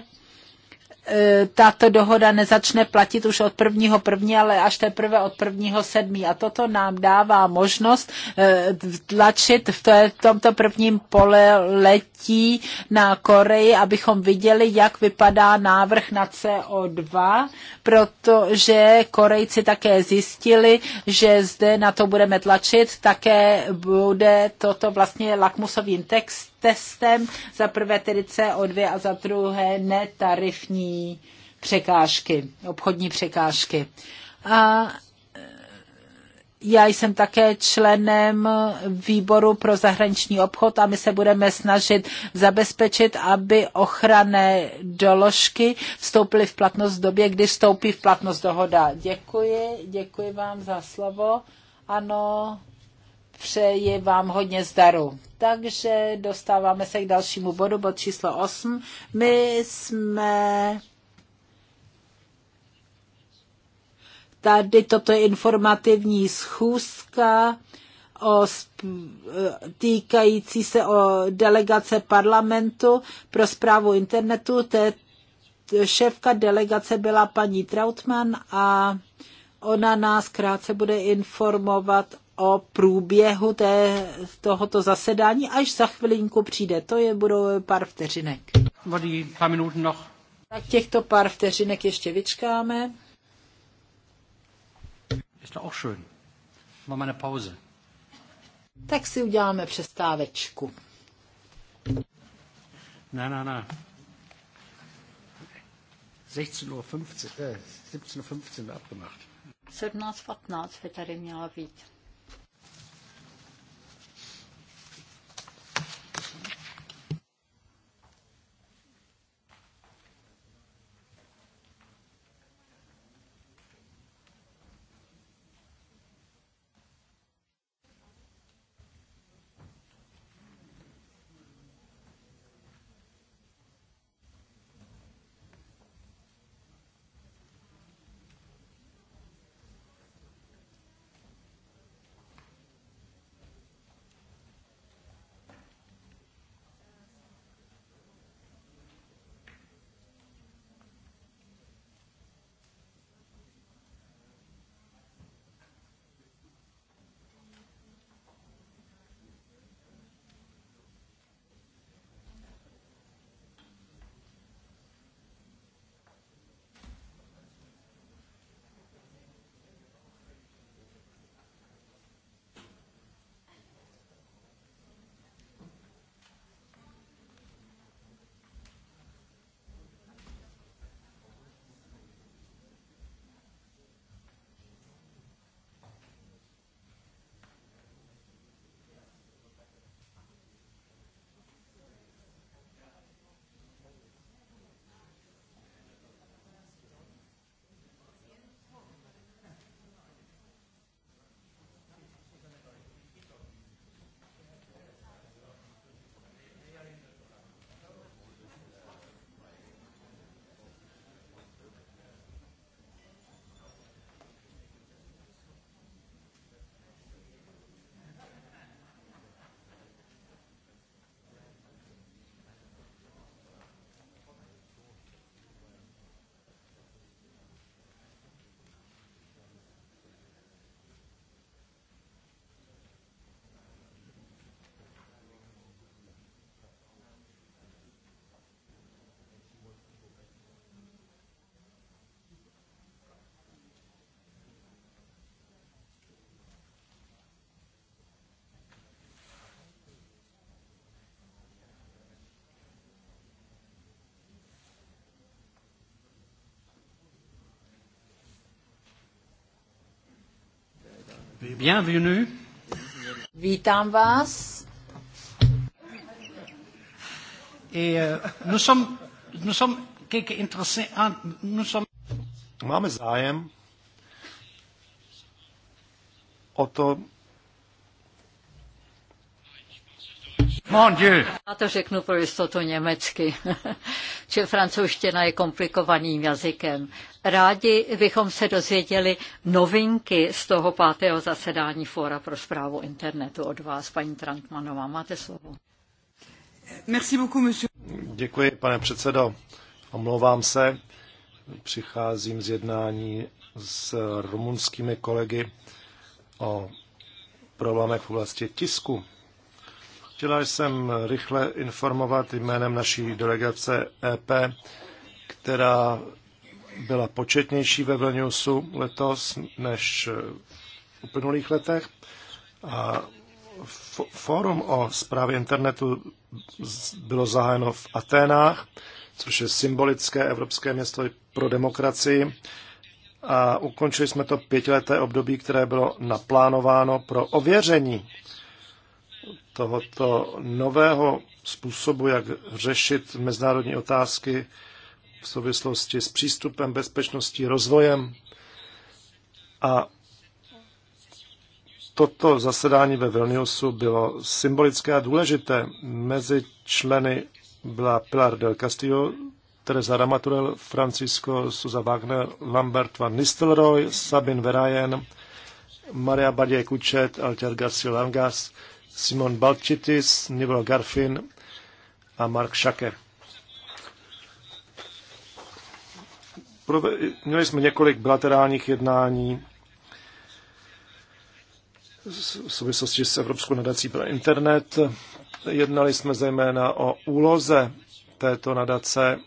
Speaker 2: tato dohoda nezačne platit už od prvního první, ale až teprve od prvního sedmí. A toto nám dává možnost e, tlačit v tomto prvním poletí na Koreji, abychom viděli, jak vypadá návrh na CO2 protože Korejci také zjistili, že zde na to budeme tlačit, také bude toto vlastně lakmusovým text, testem, za prvé tedy CO2 a za druhé netarifní překážky, obchodní překážky. A já jsem také členem výboru pro zahraniční obchod a my se budeme snažit zabezpečit, aby ochranné doložky vstoupily v platnost v době, kdy vstoupí v platnost dohoda. Děkuji, děkuji vám za slovo. Ano, přeji vám hodně zdaru. Takže dostáváme se k dalšímu bodu, bod číslo 8. My jsme Tady toto je informativní schůzka o, týkající se o delegace parlamentu pro zprávu internetu. Té šéfka delegace byla paní Trautmann a ona nás krátce bude informovat o průběhu té, tohoto zasedání, až za chvilinku přijde. To je budou pár vteřinek. Tak těchto pár vteřinek ještě vyčkáme.
Speaker 3: Ist doch auch schön. Machen wir eine Pause.
Speaker 2: Tak si uděláme přestávečku.
Speaker 1: Ne, ne, ne. 16.15 Uhr, äh, 17.15 Uhr abgemacht.
Speaker 3: 17.15 by tady měla být. Bienvenue.
Speaker 2: Vítám vás.
Speaker 1: Máme zájem o to, Mon Dieu.
Speaker 3: Já to řeknu pro jistotu německy, že francouzština je komplikovaným jazykem. Rádi bychom se dozvěděli novinky z toho pátého zasedání Fóra pro zprávu internetu od vás, paní Trantmanová. Máte slovo.
Speaker 1: Děkuji, pane předsedo. Omlouvám se. Přicházím z jednání s rumunskými kolegy o problémech v oblasti tisku. Chtěla jsem rychle informovat jménem naší delegace EP, která byla početnější ve Vilniusu letos než v uplynulých letech. A fórum o zprávě internetu bylo zahájeno v Aténách, což je symbolické evropské město pro demokracii. A ukončili jsme to pětileté období, které bylo naplánováno pro ověření tohoto nového způsobu, jak řešit mezinárodní otázky v souvislosti s přístupem, bezpečností, rozvojem. A toto zasedání ve Vilniusu bylo symbolické a důležité. Mezi členy byla Pilar del Castillo, Teresa Ramaturel, Francisco Suza Wagner, Lambert van Nistelrooy, Sabin Verajen, Maria Badie Kučet, Alter Garcia Langas, Simon Balčitis, Nivel Garfin a Mark Schacke. Měli jsme několik bilaterálních jednání v souvislosti s Evropskou nadací pro internet. Jednali jsme zejména o úloze této nadace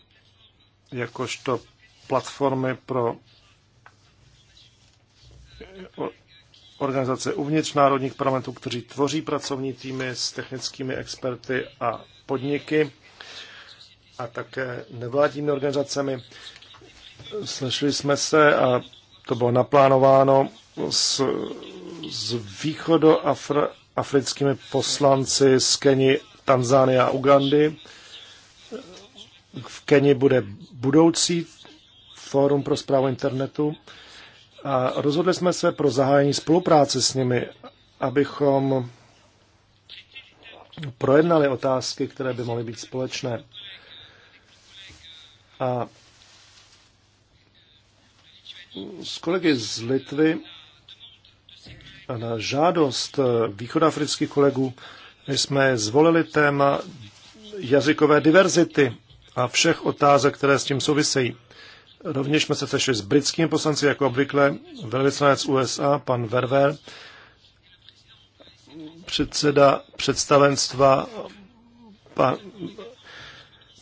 Speaker 1: jakožto platformy pro organizace uvnitř národních parlamentů, kteří tvoří pracovní týmy s technickými experty a podniky a také nevládními organizacemi. Slyšeli jsme se a to bylo naplánováno s, s východoafrickými poslanci z Keni, Tanzánie a Ugandy. V Keni bude budoucí fórum pro zprávu internetu a rozhodli jsme se pro zahájení spolupráce s nimi, abychom projednali otázky, které by mohly být společné. A s kolegy z Litvy a na žádost východoafrických kolegů jsme zvolili téma jazykové diverzity a všech otázek, které s tím souvisejí. Rovněž jsme se sešli s britským poslanci, jako obvykle, velvyslanec USA, pan Verver, předseda představenstva pan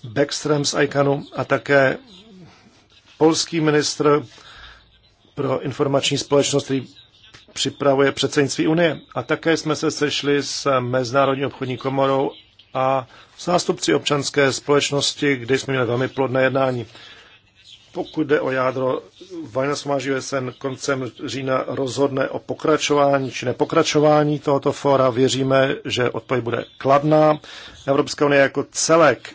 Speaker 1: Backström z ICANu a také polský ministr pro informační společnost, který připravuje předsednictví Unie. A také jsme se sešli s Mezinárodní obchodní komorou a zástupci občanské společnosti, kde jsme měli velmi plodné jednání. Pokud jde o jádro, Vajna Smáží sen koncem října rozhodne o pokračování či nepokračování tohoto fóra. Věříme, že odpověď bude kladná. Evropská unie jako celek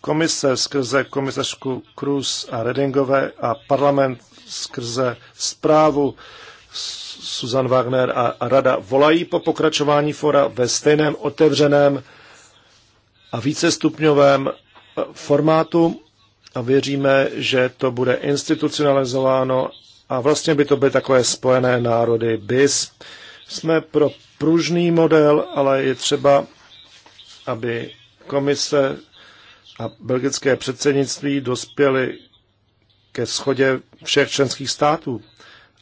Speaker 1: komise skrze komisařku Cruz a Redingové a parlament skrze zprávu Susan Wagner a Rada volají po pokračování fora ve stejném otevřeném a vícestupňovém eh, formátu a věříme, že to bude institucionalizováno a vlastně by to byly takové spojené národy BIS. Jsme pro pružný model, ale je třeba, aby komise a belgické předsednictví dospěly ke schodě všech členských států.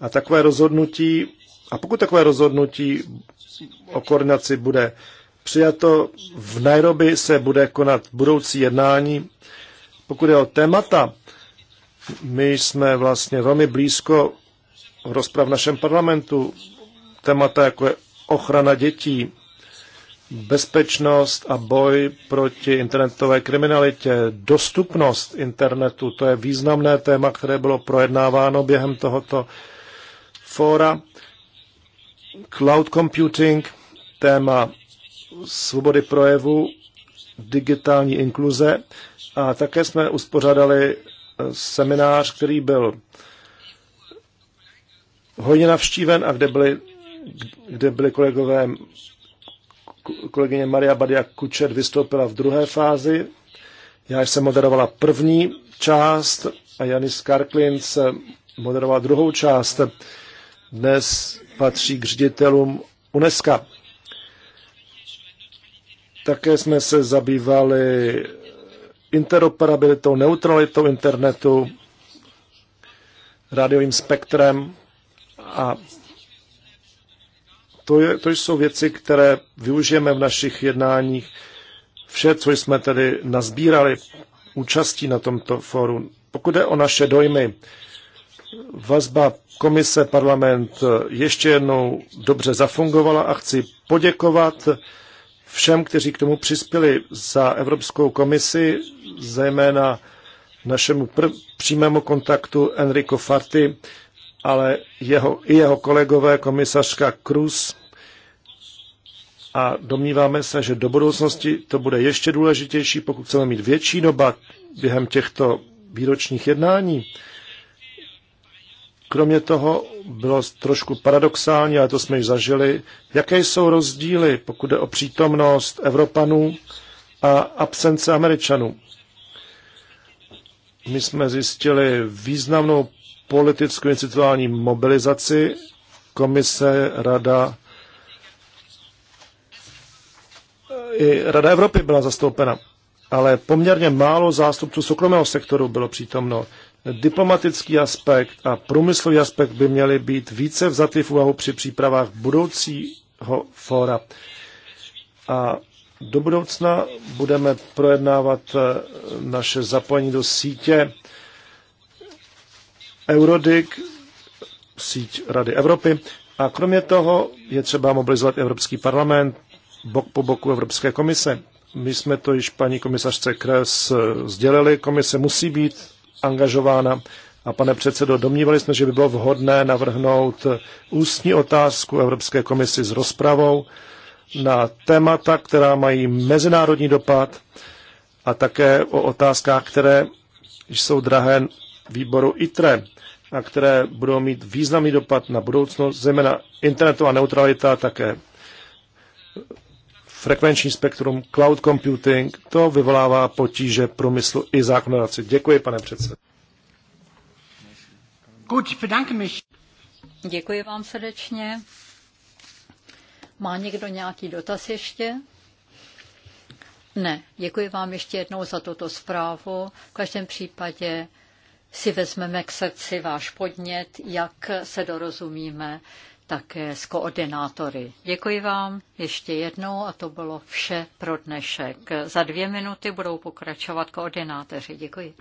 Speaker 1: A takové rozhodnutí, a pokud takové rozhodnutí o koordinaci bude přijato, v Nairobi se bude konat budoucí jednání. Pokud je o témata, my jsme vlastně velmi blízko rozprav v našem parlamentu. Témata jako je ochrana dětí, bezpečnost a boj proti internetové kriminalitě, dostupnost internetu, to je významné téma, které bylo projednáváno během tohoto fóra. Cloud computing, téma svobody projevu, digitální inkluze a také jsme uspořádali eh, seminář, který byl hodně navštíven a kde byli, kde byli kolegové kolegyně Maria Badia Kučer vystoupila v druhé fázi. Já jsem moderovala první část a Janis se moderovala druhou část. Dnes patří k ředitelům UNESCO. Také jsme se zabývali interoperabilitou, neutralitou internetu, rádiovým spektrem a to, je, to jsou věci, které využijeme v našich jednáních. Vše, co jsme tedy nazbírali účastí na tomto fóru. Pokud jde o naše dojmy, vazba komise parlament ještě jednou dobře zafungovala a chci poděkovat všem, kteří k tomu přispěli za Evropskou komisi, zejména našemu přímému kontaktu Enrico Farty, ale jeho, i jeho kolegové, komisařka Cruz. A domníváme se, že do budoucnosti to bude ještě důležitější, pokud chceme mít větší doba během těchto výročních jednání. Kromě toho bylo trošku paradoxální, ale to jsme již zažili, jaké jsou rozdíly, pokud jde o přítomnost Evropanů a absence Američanů. My jsme zjistili významnou politickou institucionální mobilizaci komise, rada i Rada Evropy byla zastoupena, ale poměrně málo zástupců soukromého sektoru bylo přítomno. Diplomatický aspekt a průmyslový aspekt by měly být více vzaty v úvahu při přípravách budoucího fóra. A do budoucna budeme projednávat eh, naše zapojení do sítě Eurodic, síť Rady Evropy. A kromě toho je třeba mobilizovat Evropský parlament bok po boku Evropské komise. My jsme to již paní komisařce Kres sdělili, komise musí být angažována. A pane předsedo, domnívali jsme, že by bylo vhodné navrhnout ústní otázku Evropské komisi s rozpravou na témata, která mají mezinárodní dopad a také o otázkách, které jsou drahé výboru ITRE a které budou mít významný dopad na budoucnost, zejména internetová neutralita, také frekvenční spektrum, cloud computing, to vyvolává potíže průmyslu i zákonodárci. Děkuji, pane předsedo.
Speaker 3: Děkuji vám srdečně. Má někdo nějaký dotaz ještě? Ne, děkuji vám ještě jednou za toto zprávu. V každém případě si vezmeme k srdci váš podnět, jak se dorozumíme také s koordinátory. Děkuji vám ještě jednou a to bylo vše pro dnešek. Za dvě minuty budou pokračovat koordinátoři. Děkuji.